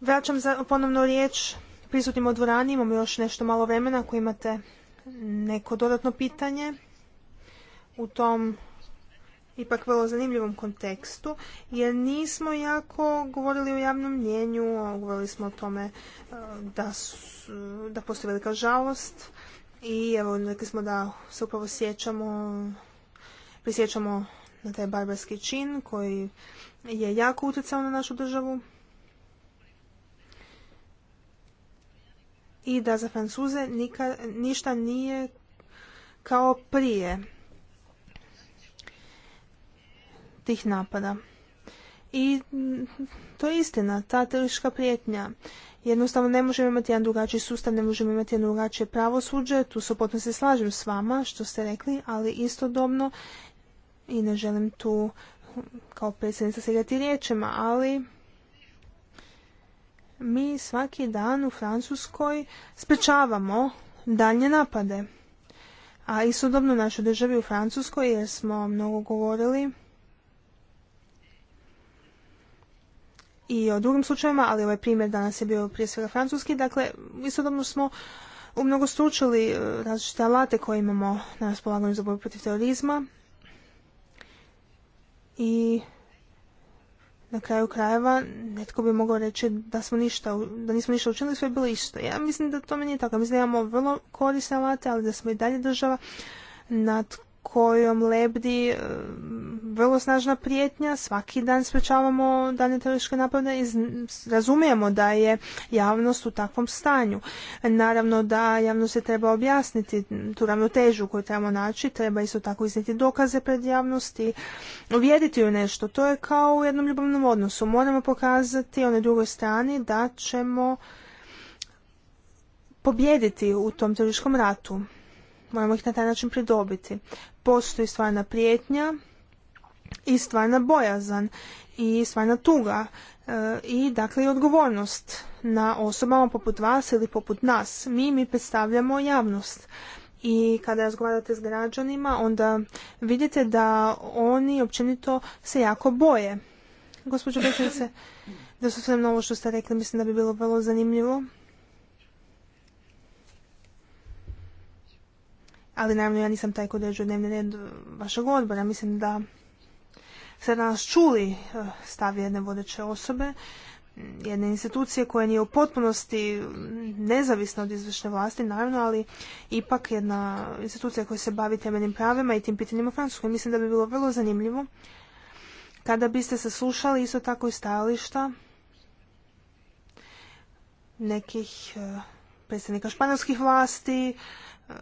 Vraćam za, ponovno riječ prisutnim u dvorani. Imamo još nešto malo vremena ako imate neko dodatno pitanje. U tom ipak vrlo zanimljivom kontekstu, jer nismo jako govorili o javnom mnjenju, govorili smo o tome e, da, da postoji velika žalost i evo rekli smo da se upravo sjećamo, prisjećamo na taj barbarski čin koji je jako utjecao na našu državu. I da za Francuze ništa nije kao prije tih napada. I to je istina, ta teroristička prijetnja. Jednostavno ne možemo imati jedan drugačiji sustav, ne možemo imati jedan drugačije pravosuđe, tu se potom se slažem s vama što ste rekli, ali istodobno i ne želim tu kao predsjednica segati riječima, ali mi svaki dan u Francuskoj sprečavamo dalje napade. A istodobno našoj državi u Francuskoj, jer smo mnogo govorili i o drugim slučajevima, ali ovaj primjer danas je bio prije svega francuski. Dakle, istodobno smo umnogostručili e, različite alate koje imamo na raspolaganju za borbu protiv terorizma i na kraju krajeva netko bi mogao reći da smo ništa, da nismo ništa učinili, sve je bilo isto. Ja mislim da to meni nije tako. Mislim da imamo vrlo korisne alate, ali da smo i dalje država nad kojom lebdi e, vrlo snažna prijetnja, svaki dan sprečavamo dane teroriške napade i razumijemo da je javnost u takvom stanju. Naravno da javnost se treba objasniti tu ravnotežu koju trebamo naći, treba isto tako iznijeti dokaze pred javnosti, uvjeriti ju nešto. To je kao u jednom ljubavnom odnosu. Moramo pokazati onoj drugoj strani da ćemo pobijediti u tom teroriškom ratu moramo ih na taj način pridobiti postoji stvarna prijetnja i stvarna bojazan i stvarna tuga e, i dakle i odgovornost na osobama poput vas ili poput nas. Mi mi predstavljamo javnost i kada razgovarate s građanima onda vidite da oni općenito se jako boje. Gospođo predsjednice, da su sve ovo što ste rekli mislim da bi bilo vrlo zanimljivo ali naravno ja nisam taj ko određuje dnevni red vašeg odbora. Mislim da ste danas čuli eh, stav jedne vodeće osobe, jedne institucije koja nije u potpunosti nezavisna od izvršne vlasti, naravno, ali ipak jedna institucija koja se bavi temeljnim pravima i tim pitanjima u Francuskoj. Mislim da bi bilo vrlo zanimljivo kada biste se slušali isto tako i stajališta nekih eh, predstavnika španjolskih vlasti, eh,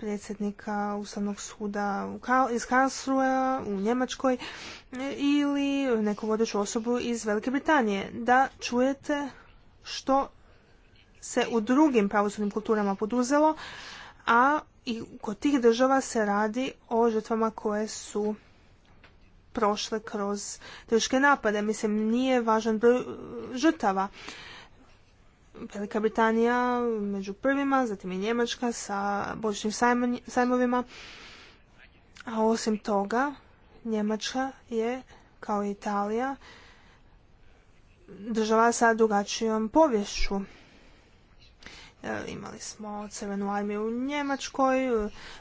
predsjednika Ustavnog suda iz Karlsruhe u Njemačkoj ili neku vodeću osobu iz Velike Britanije da čujete što se u drugim pravosudnim kulturama poduzelo, a i kod tih država se radi o žrtvama koje su prošle kroz teške napade. Mislim, nije važan broj e, žrtava. Velika Britanija među prvima, zatim i Njemačka sa božićnim sajmovima. A osim toga, Njemačka je, kao i Italija, država sa drugačijom povješću. E, imali smo crvenu armiju u Njemačkoj,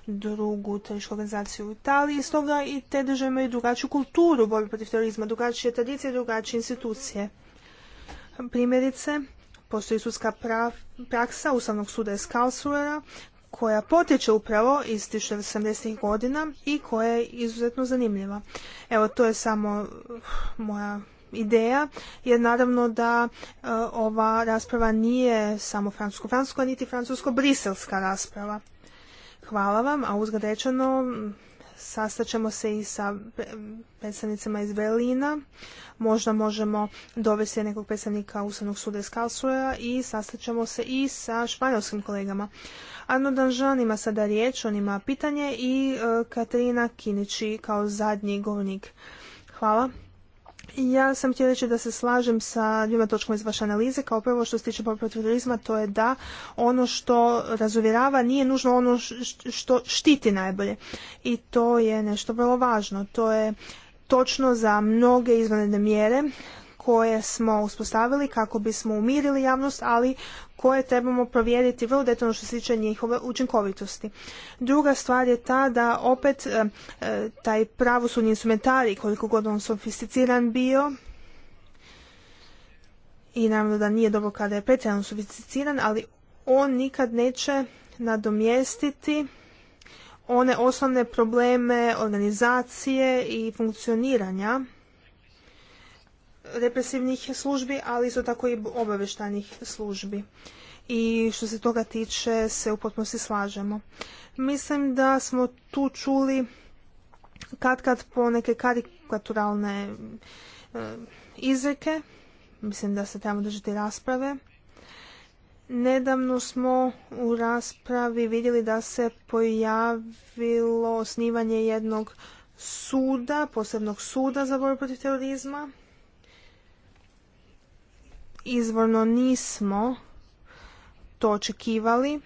drugu terorističku organizaciju u Italiji, stoga i te države imaju drugačiju kulturu borbi protiv terorizma, drugačije tradicije, drugačije institucije. Primjerice, Postoji sudska praksa Ustavnog suda iz koja potječe upravo iz 1970. godina i koja je izuzetno zanimljiva. Evo, to je samo uh, moja ideja, jer naravno da uh, ova rasprava nije samo francusko-francuska, niti francusko-briselska rasprava. Hvala vam, a uzgled rečeno mm, sastaćemo se i sa predstavnicama iz Berlina možda možemo dovesti nekog predstavnika Ustavnog suda iz Kalsuja i sastaćemo se i sa španjolskim kolegama. Arno Danžan ima sada riječ, on ima pitanje i e, Katarina Kinići kao zadnji govornik. Hvala. Ja sam htjela reći da se slažem sa dvima točkama iz vaše analize. Kao prvo što se tiče borbe to je da ono što razuvjerava nije nužno ono što štiti najbolje. I to je nešto vrlo važno. To je točno za mnoge izvanredne mjere koje smo uspostavili kako bismo umirili javnost, ali koje trebamo provjeriti vrlo detaljno što se tiče njihove učinkovitosti. Druga stvar je ta da opet e, e, taj pravosudni instrumentari koliko god on sofisticiran bio i naravno da nije dobro kada je pretjerano sofisticiran, ali on nikad neće nadomjestiti one osnovne probleme organizacije i funkcioniranja represivnih službi, ali isto tako i obavještajnih službi. I što se toga tiče se u potpunosti slažemo. Mislim da smo tu čuli kad kad po neke karikaturalne e, izreke. Mislim da se trebamo držati rasprave Nedavno smo u raspravi vidjeli da se pojavilo osnivanje jednog suda, posebnog suda za borbu protiv terorizma. Izvorno nismo to očekivali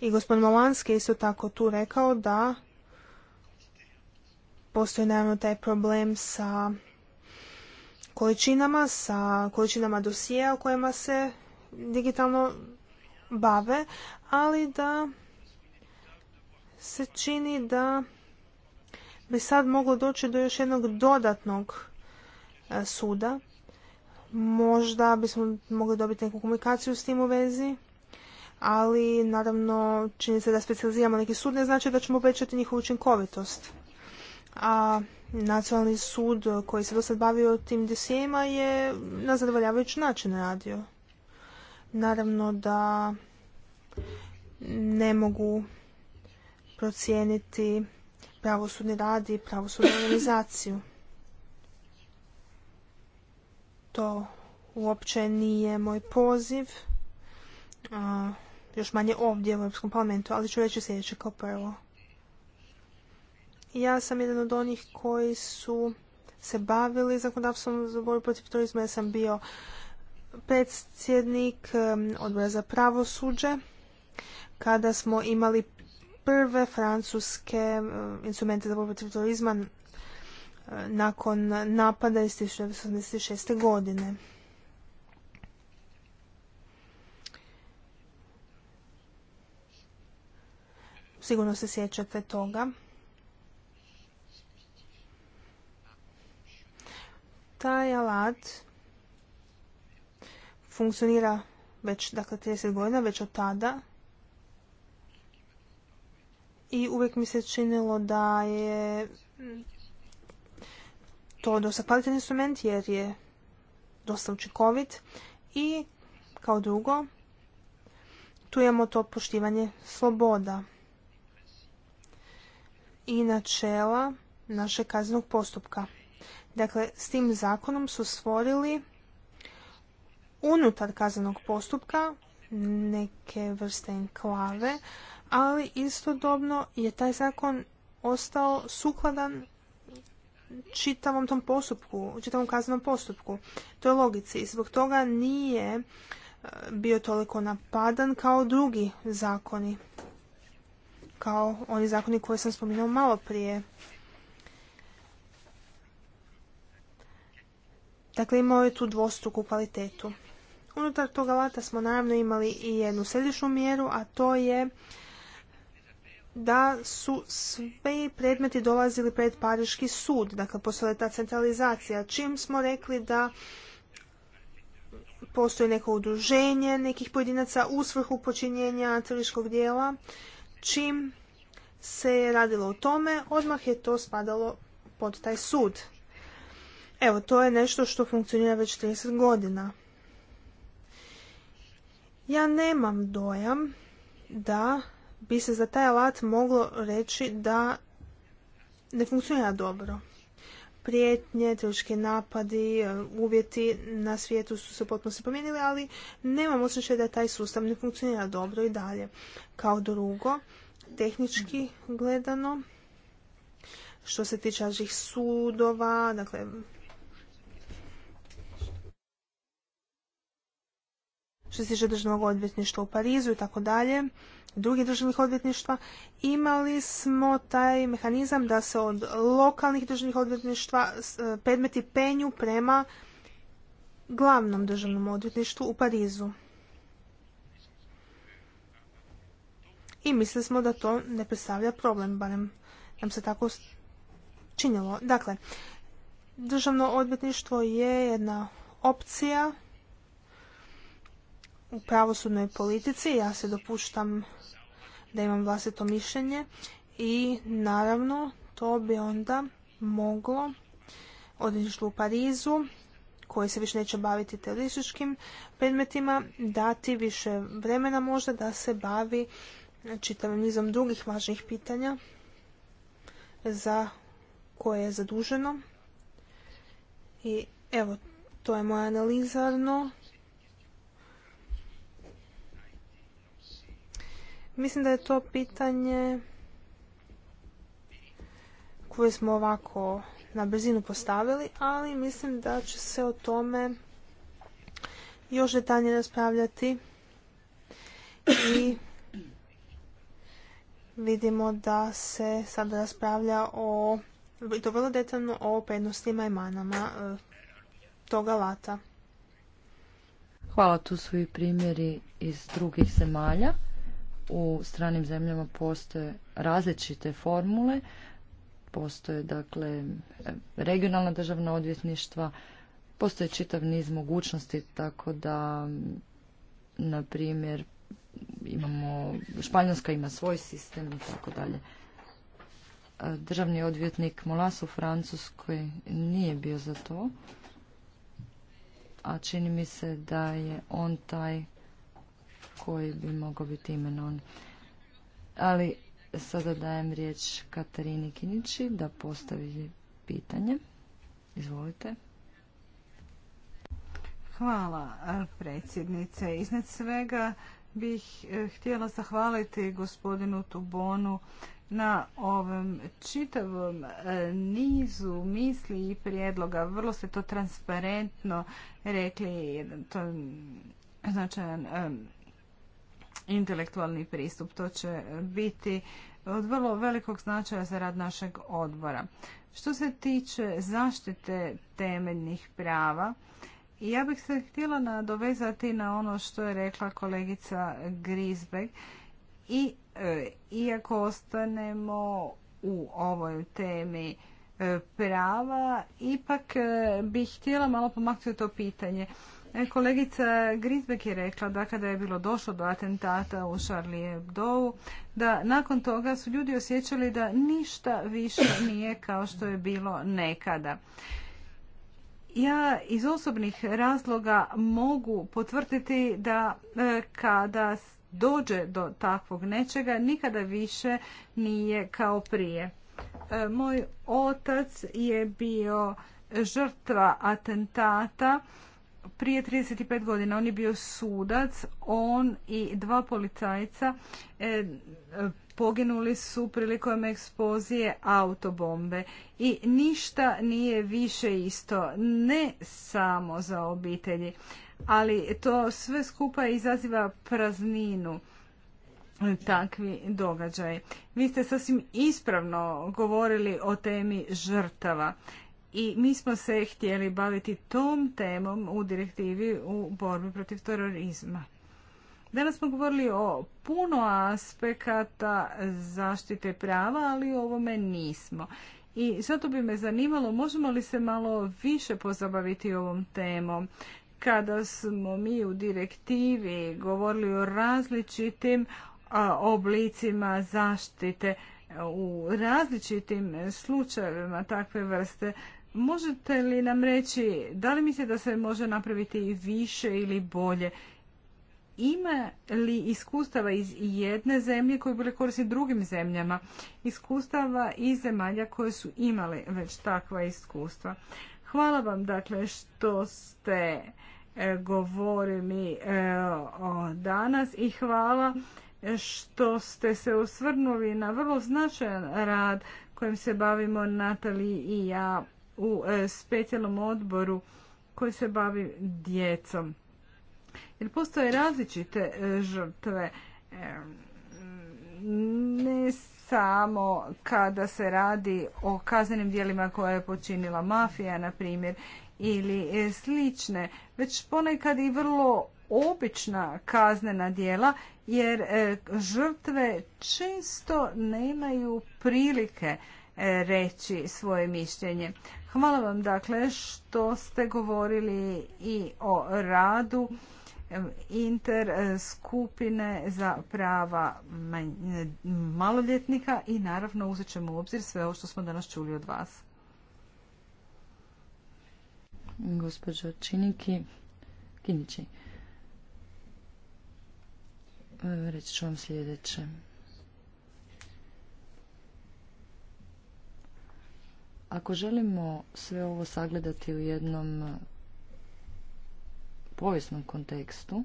i gospodin Molanski je isto tako tu rekao da postoji naravno taj problem sa količinama, sa količinama dosije o kojima se digitalno bave, ali da se čini da bi sad moglo doći do još jednog dodatnog e, suda. Možda bismo mogli dobiti neku komunikaciju s tim u vezi, ali naravno čini se da specializiramo neki sud ne znači da ćemo povećati njihovu učinkovitost. A nacionalni sud koji se do sad bavio tim DCM-a je na zadovoljavajući način radio. Naravno da ne mogu procijeniti pravosudni rad i pravosudnu organizaciju. To uopće nije moj poziv, još manje ovdje u Europskom parlamentu, ali ću reći sljedeće kao prvo. Ja sam jedan od onih koji su se bavili zakonodavstvom za borbu protiv turizma, Ja sam bio predsjednik odbora za pravosuđe kada smo imali prve francuske instrumente za borbu protiv nakon napada iz 1986. godine. Sigurno se sjećate toga. Taj alat funkcionira već dakle 30 godina, već od tada. I uvijek mi se činilo da je to dosta kvalitetan instrument jer je dosta učinkovit i kao drugo tu imamo to poštivanje sloboda i načela našeg kaznenog postupka. Dakle, s tim zakonom su stvorili unutar kaznenog postupka neke vrste enklave, ali istodobno je taj zakon ostao sukladan čitavom tom postupku, čitavom kaznenom postupku, toj logici. I zbog toga nije e, bio toliko napadan kao drugi zakoni, kao oni zakoni koje sam spominjao malo prije. Dakle, imao je tu dvostruku kvalitetu. Unutar tog alata smo naravno imali i jednu središnju mjeru, a to je da su svi predmeti dolazili pred Pariški sud, dakle postojala ta centralizacija, čim smo rekli da postoji neko udruženje nekih pojedinaca u svrhu počinjenja terorističkog dijela, čim se je radilo o tome, odmah je to spadalo pod taj sud. Evo, to je nešto što funkcionira već 30 godina. Ja nemam dojam da bi se za taj alat moglo reći da ne funkcionira dobro. Prijetnje, teorički napadi, uvjeti na svijetu su se potpuno se promijenili, ali nemam osjećaj da taj sustav ne funkcionira dobro i dalje. Kao drugo, tehnički gledano, što se tiče sudova, dakle što se tiče državnog odvjetništva u Parizu i tako dalje, drugih državnih odvjetništva, imali smo taj mehanizam da se od lokalnih državnih odvjetništva e, predmeti penju prema glavnom državnom odvjetništvu u Parizu. I mislili smo da to ne predstavlja problem, barem nam se tako činilo. Dakle, državno odvjetništvo je jedna opcija u pravosudnoj politici, ja se dopuštam da imam vlastito mišljenje i naravno to bi onda moglo odvjetništvo u Parizu koji se više neće baviti terorističkim predmetima, dati više vremena možda da se bavi e, čitavim nizom drugih važnih pitanja za koje je zaduženo. I evo, to je moja analizarno Mislim da je to pitanje koje smo ovako na brzinu postavili, ali mislim da će se o tome još detaljnije raspravljati i vidimo da se sada raspravlja o i to vrlo detaljno o prednostima i manama e, tog alata. Hvala, tu su i primjeri iz drugih zemalja u stranim zemljama postoje različite formule, postoje dakle regionalna državna odvjetništva, postoje čitav niz mogućnosti, tako da na primjer imamo, Španjolska ima svoj sistem i tako dalje. Državni odvjetnik Molas u Francuskoj nije bio za to, a čini mi se da je on taj koji bi mogao biti imenovan. Ali sada dajem riječ Katarini Kinići da postavi pitanje. Izvolite. Hvala predsjednice. Iznad svega bih eh, htjela zahvaliti gospodinu Tubonu na ovom čitavom eh, nizu misli i prijedloga. Vrlo ste to transparentno rekli, To je značajan intelektualni pristup. To će biti od vrlo velikog značaja za rad našeg odbora. Što se tiče zaštite temeljnih prava, ja bih se htjela nadovezati na ono što je rekla kolegica Grisbeck i e, iako ostanemo u ovoj temi e, prava, ipak e, bih htjela malo pomaknuti to pitanje. E, kolegica Grisbeck je rekla da kada je bilo došlo do atentata u Charlie Hebdo, da nakon toga su ljudi osjećali da ništa više nije kao što je bilo nekada. Ja iz osobnih razloga mogu potvrditi da e, kada dođe do takvog nečega nikada više nije kao prije. E, moj otac je bio žrtva atentata prije 35 godina. On je bio sudac, on i dva policajca e, e, poginuli su prilikom ekspozije autobombe i ništa nije više isto, ne samo za obitelji, ali to sve skupa izaziva prazninu e, takvi događaji. Vi ste sasvim ispravno govorili o temi žrtava i mi smo se htjeli baviti tom temom u direktivi u borbi protiv terorizma. Danas smo govorili o puno aspekata zaštite prava, ali o ovome nismo. I zato bi me zanimalo, možemo li se malo više pozabaviti ovom temom? Kada smo mi u direktivi govorili o različitim oblicima zaštite, u različitim slučajevima takve vrste Možete li nam reći, da li mislite da se može napraviti više ili bolje? Ima li iskustava iz jedne zemlje koje bile koristi drugim zemljama? Iskustava iz zemalja koje su imale već takva iskustva. Hvala vam dakle što ste e, govorili e, o danas i hvala što ste se osvrnuli na vrlo značajan rad kojim se bavimo Natali i ja u e, specijalnom odboru koji se bavi djecom. Jer postoje različite e, žrtve, e, ne samo kada se radi o kaznenim dijelima koje je počinila mafija, na primjer, ili slične, već ponekad i vrlo obična kaznena dijela, jer žrtve često nemaju prilike E, reći svoje mišljenje. Hvala vam dakle što ste govorili i o radu e, inter e, skupine za prava maloljetnika i naravno uzet ćemo u obzir sve ovo što smo danas čuli od vas. Gospođo Činiki, Kinići, reći ću vam sljedeće. Ako želimo sve ovo sagledati u jednom e, povijesnom kontekstu,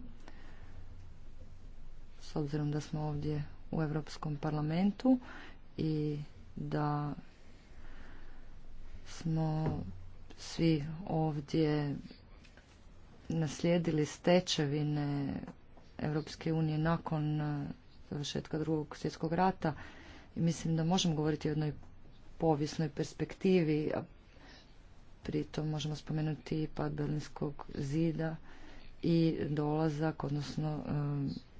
s obzirom da smo ovdje u Europskom parlamentu i da smo svi ovdje naslijedili stečevine Europske unije nakon e, završetka drugog svjetskog rata i mislim da možemo govoriti o jednoj povijesnoj perspektivi, a pritom možemo spomenuti i pad Berlinskog zida i dolazak, odnosno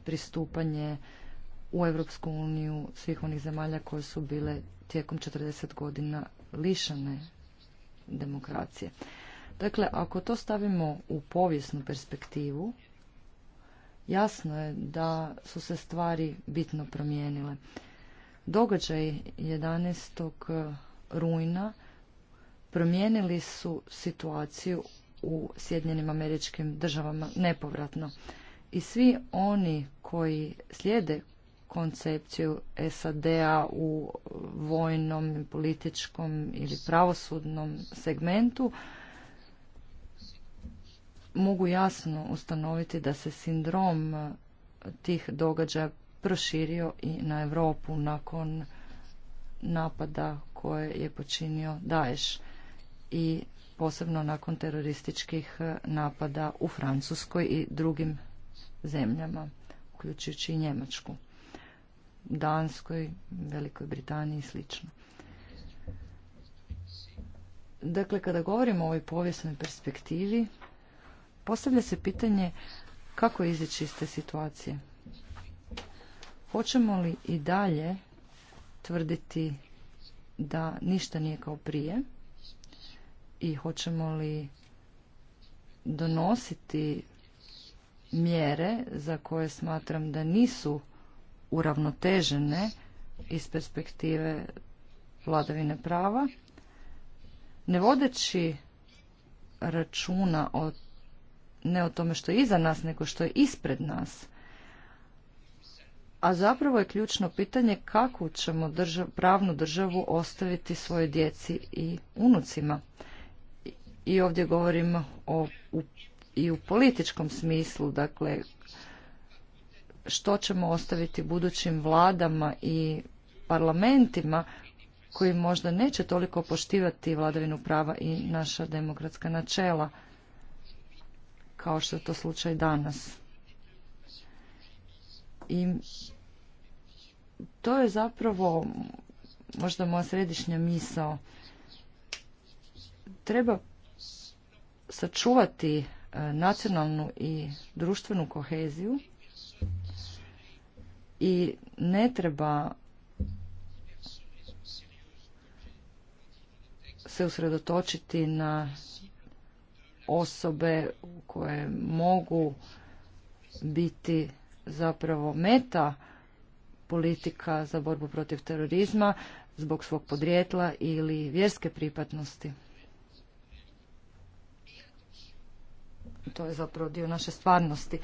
pristupanje u Europsku uniju svih onih zemalja koje su bile tijekom 40 godina lišane demokracije. Dakle, ako to stavimo u povijesnu perspektivu, jasno je da su se stvari bitno promijenile. Događaj 11. E, rujna promijenili su situaciju u Sjedinjenim američkim državama nepovratno. I svi oni koji slijede koncepciju SAD-a u vojnom, političkom ili pravosudnom segmentu mogu jasno ustanoviti da se sindrom tih događaja proširio i na Europu nakon napada koje je počinio Daesh i posebno nakon terorističkih eh, napada u Francuskoj i drugim zemljama, uključujući i Njemačku, Danskoj, Velikoj Britaniji i sl. Dakle, kada govorimo o ovoj povijesnoj perspektivi, postavlja se pitanje kako izići iz te situacije. Hoćemo li i dalje tvrditi da ništa nije kao prije i hoćemo li donositi mjere za koje smatram da nisu uravnotežene iz perspektive vladavine prava, ne vodeći računa o, ne o tome što je iza nas, nego što je ispred nas a zapravo je ključno pitanje kako ćemo pravnu državu ostaviti svojoj djeci i unucima. I ovdje govorim o, i u političkom smislu, dakle, što ćemo ostaviti budućim vladama i parlamentima koji možda neće toliko poštivati vladavinu prava i naša demokratska načela, kao što je to slučaj danas. I to je zapravo možda moja središnja misao. Treba sačuvati e, nacionalnu i društvenu koheziju i ne treba se usredotočiti na osobe koje mogu biti zapravo meta politika za borbu protiv terorizma zbog svog podrijetla ili vjerske pripadnosti. To je zapravo dio naše stvarnosti.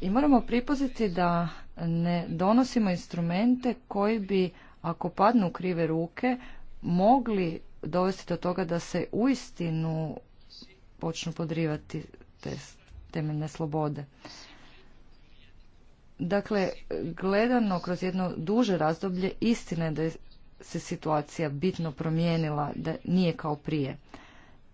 I moramo pripoziti da ne donosimo instrumente koji bi, ako padnu u krive ruke, mogli dovesti do toga da se uistinu počnu podrivati te temeljne slobode. Dakle, gledano kroz jedno duže razdoblje, istina je da se situacija bitno promijenila, da nije kao prije.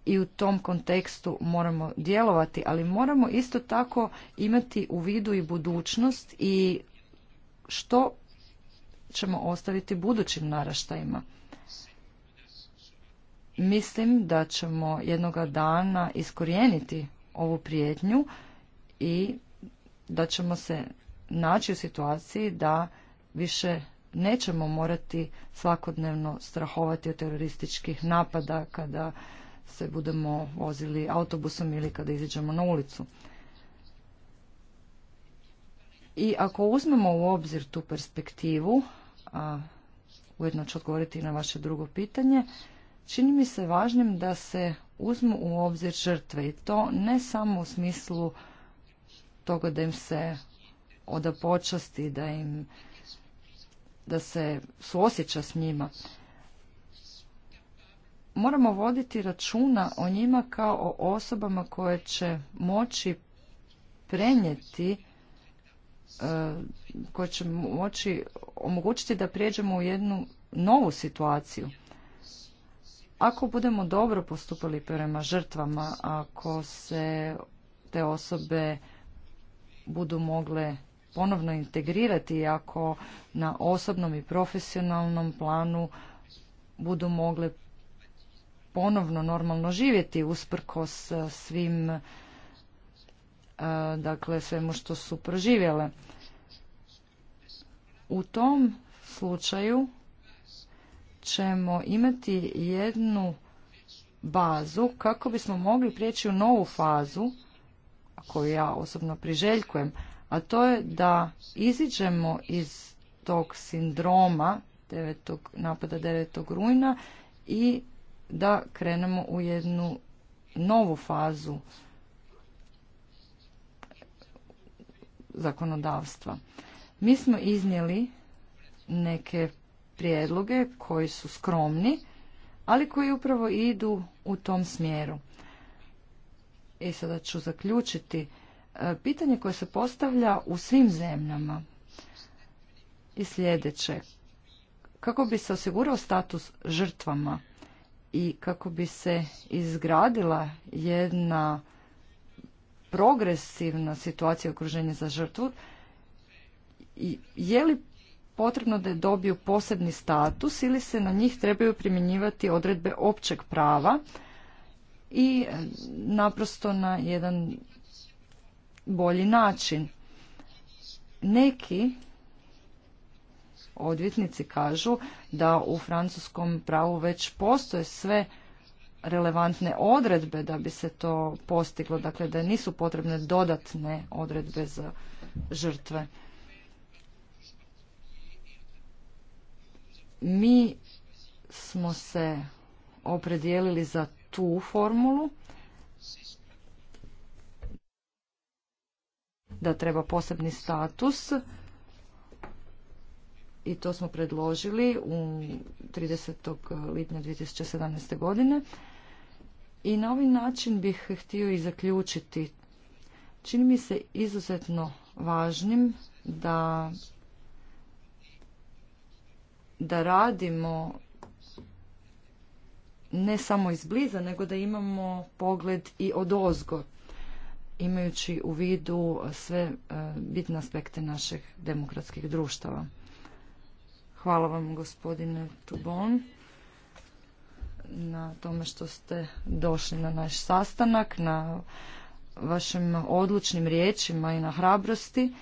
I u tom kontekstu moramo djelovati, ali moramo isto tako imati u vidu i budućnost i što ćemo ostaviti budućim naraštajima. Mislim da ćemo jednoga dana iskorijeniti ovu prijetnju i da ćemo se naći u situaciji da više nećemo morati svakodnevno strahovati od terorističkih napada kada se budemo vozili autobusom ili kada iziđemo na ulicu. I ako uzmemo u obzir tu perspektivu, a ujedno ću odgovoriti na vaše drugo pitanje, čini mi se važnim da se uzmu u obzir žrtve i to ne samo u smislu toga da im se oda počasti da im da se suosjeća s njima. Moramo voditi računa o njima kao o osobama koje će moći prenijeti e, koje će moći omogućiti da prijeđemo u jednu novu situaciju. Ako budemo dobro postupali prema žrtvama, ako se te osobe budu mogle ponovno integrirati ako na osobnom i profesionalnom planu budu mogle ponovno normalno živjeti usprkos e, svim e, dakle svemu što su proživjele. U tom slučaju ćemo imati jednu bazu kako bismo mogli prijeći u novu fazu koju ja osobno priželjkujem a to je da iziđemo iz tog sindroma devetog, napada 9. rujna i da krenemo u jednu novu fazu zakonodavstva. Mi smo iznijeli neke prijedloge koji su skromni, ali koji upravo idu u tom smjeru. I e, sada ću zaključiti E, pitanje koje se postavlja u svim zemljama i sljedeće. Kako bi se osigurao status žrtvama i kako bi se izgradila jedna progresivna situacija okruženja za žrtvu, je li potrebno da je dobiju posebni status ili se na njih trebaju primjenjivati odredbe općeg prava i e, naprosto na jedan bolji način. Neki odvjetnici kažu da u francuskom pravu već postoje sve relevantne odredbe da bi se to postiglo, dakle da nisu potrebne dodatne odredbe za žrtve. Mi smo se opredijelili za tu formulu da treba posebni status i to smo predložili u 30. lipnja 2017. godine. I na ovaj način bih htio i zaključiti. Čini mi se izuzetno važnim da da radimo ne samo izbliza, nego da imamo pogled i odozgo imajući u vidu sve e, bitne aspekte naših demokratskih društava. Hvala vam gospodine Tubon na tome što ste došli na naš sastanak, na vašim odlučnim riječima i na hrabrosti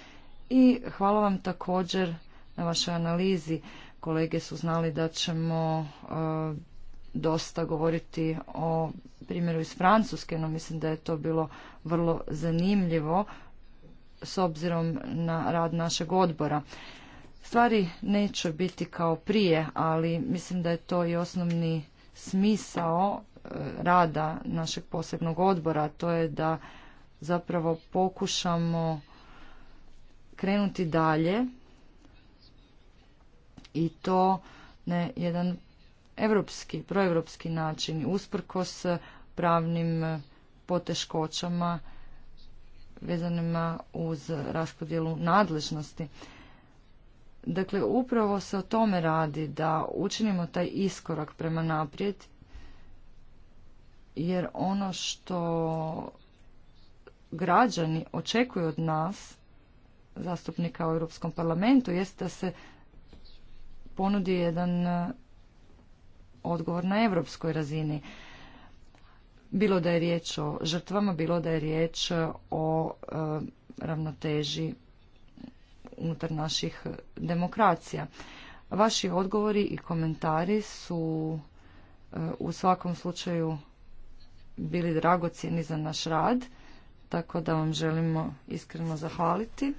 i hvala vam također na vašoj analizi. Kolege su znali da ćemo e, dosta govoriti o primjeru iz Francuske, no mislim da je to bilo vrlo zanimljivo s obzirom na rad našeg odbora. Stvari neće biti kao prije, ali mislim da je to i osnovni smisao e, rada našeg posebnog odbora, to je da zapravo pokušamo krenuti dalje i to na jedan evropski, proevropski način, usprkos pravnim poteškoćama vezanima uz raspodjelu nadležnosti. Dakle, upravo se o tome radi da učinimo taj iskorak prema naprijed, jer ono što građani očekuju od nas, zastupnika u Europskom parlamentu, jest da se ponudi jedan odgovor na europskoj razini. Bilo da je riječ o žrtvama, bilo da je riječ o e, ravnoteži unutar naših demokracija. Vaši odgovori i komentari su e, u svakom slučaju bili dragocjeni za naš rad, tako da vam želimo iskreno zahvaliti.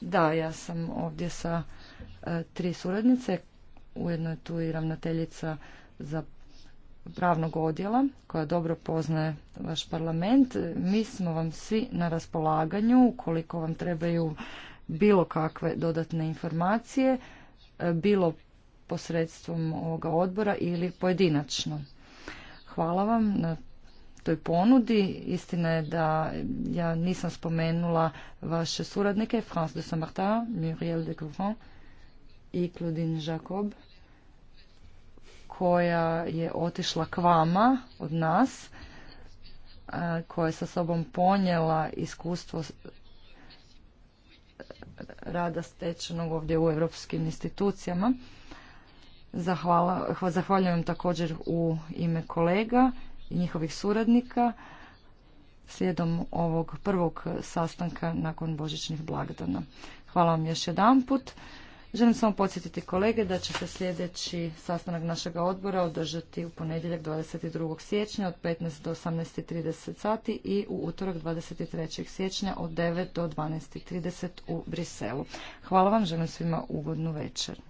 Da, ja sam ovdje sa e, tri suradnice ujedno je tu i ravnateljica za pravnog odjela koja dobro poznaje vaš parlament. Mi smo vam svi na raspolaganju ukoliko vam trebaju bilo kakve dodatne informacije, e, bilo posredstvom ovoga odbora ili pojedinačno. Hvala vam na toj ponudi. Istina je da ja nisam spomenula vaše suradnike, France de Saint-Martin, Muriel de i Claudine Jacob koja je otišla k vama od nas, e, koja je sa sobom ponijela iskustvo e, rada stečenog ovdje u europskim institucijama. Zahvala, zahvaljujem također u ime kolega i njihovih suradnika slijedom ovog prvog sastanka nakon božićnih blagdana. Hvala vam još jedanput. Želim samo podsjetiti kolege da će se sljedeći sastanak našega odbora održati u ponedjeljak 22. siječnja od 15 do 18.30 sati i u utorak 23. siječnja od 9 do 12.30 u Briselu. Hvala vam, želim svima ugodnu večer.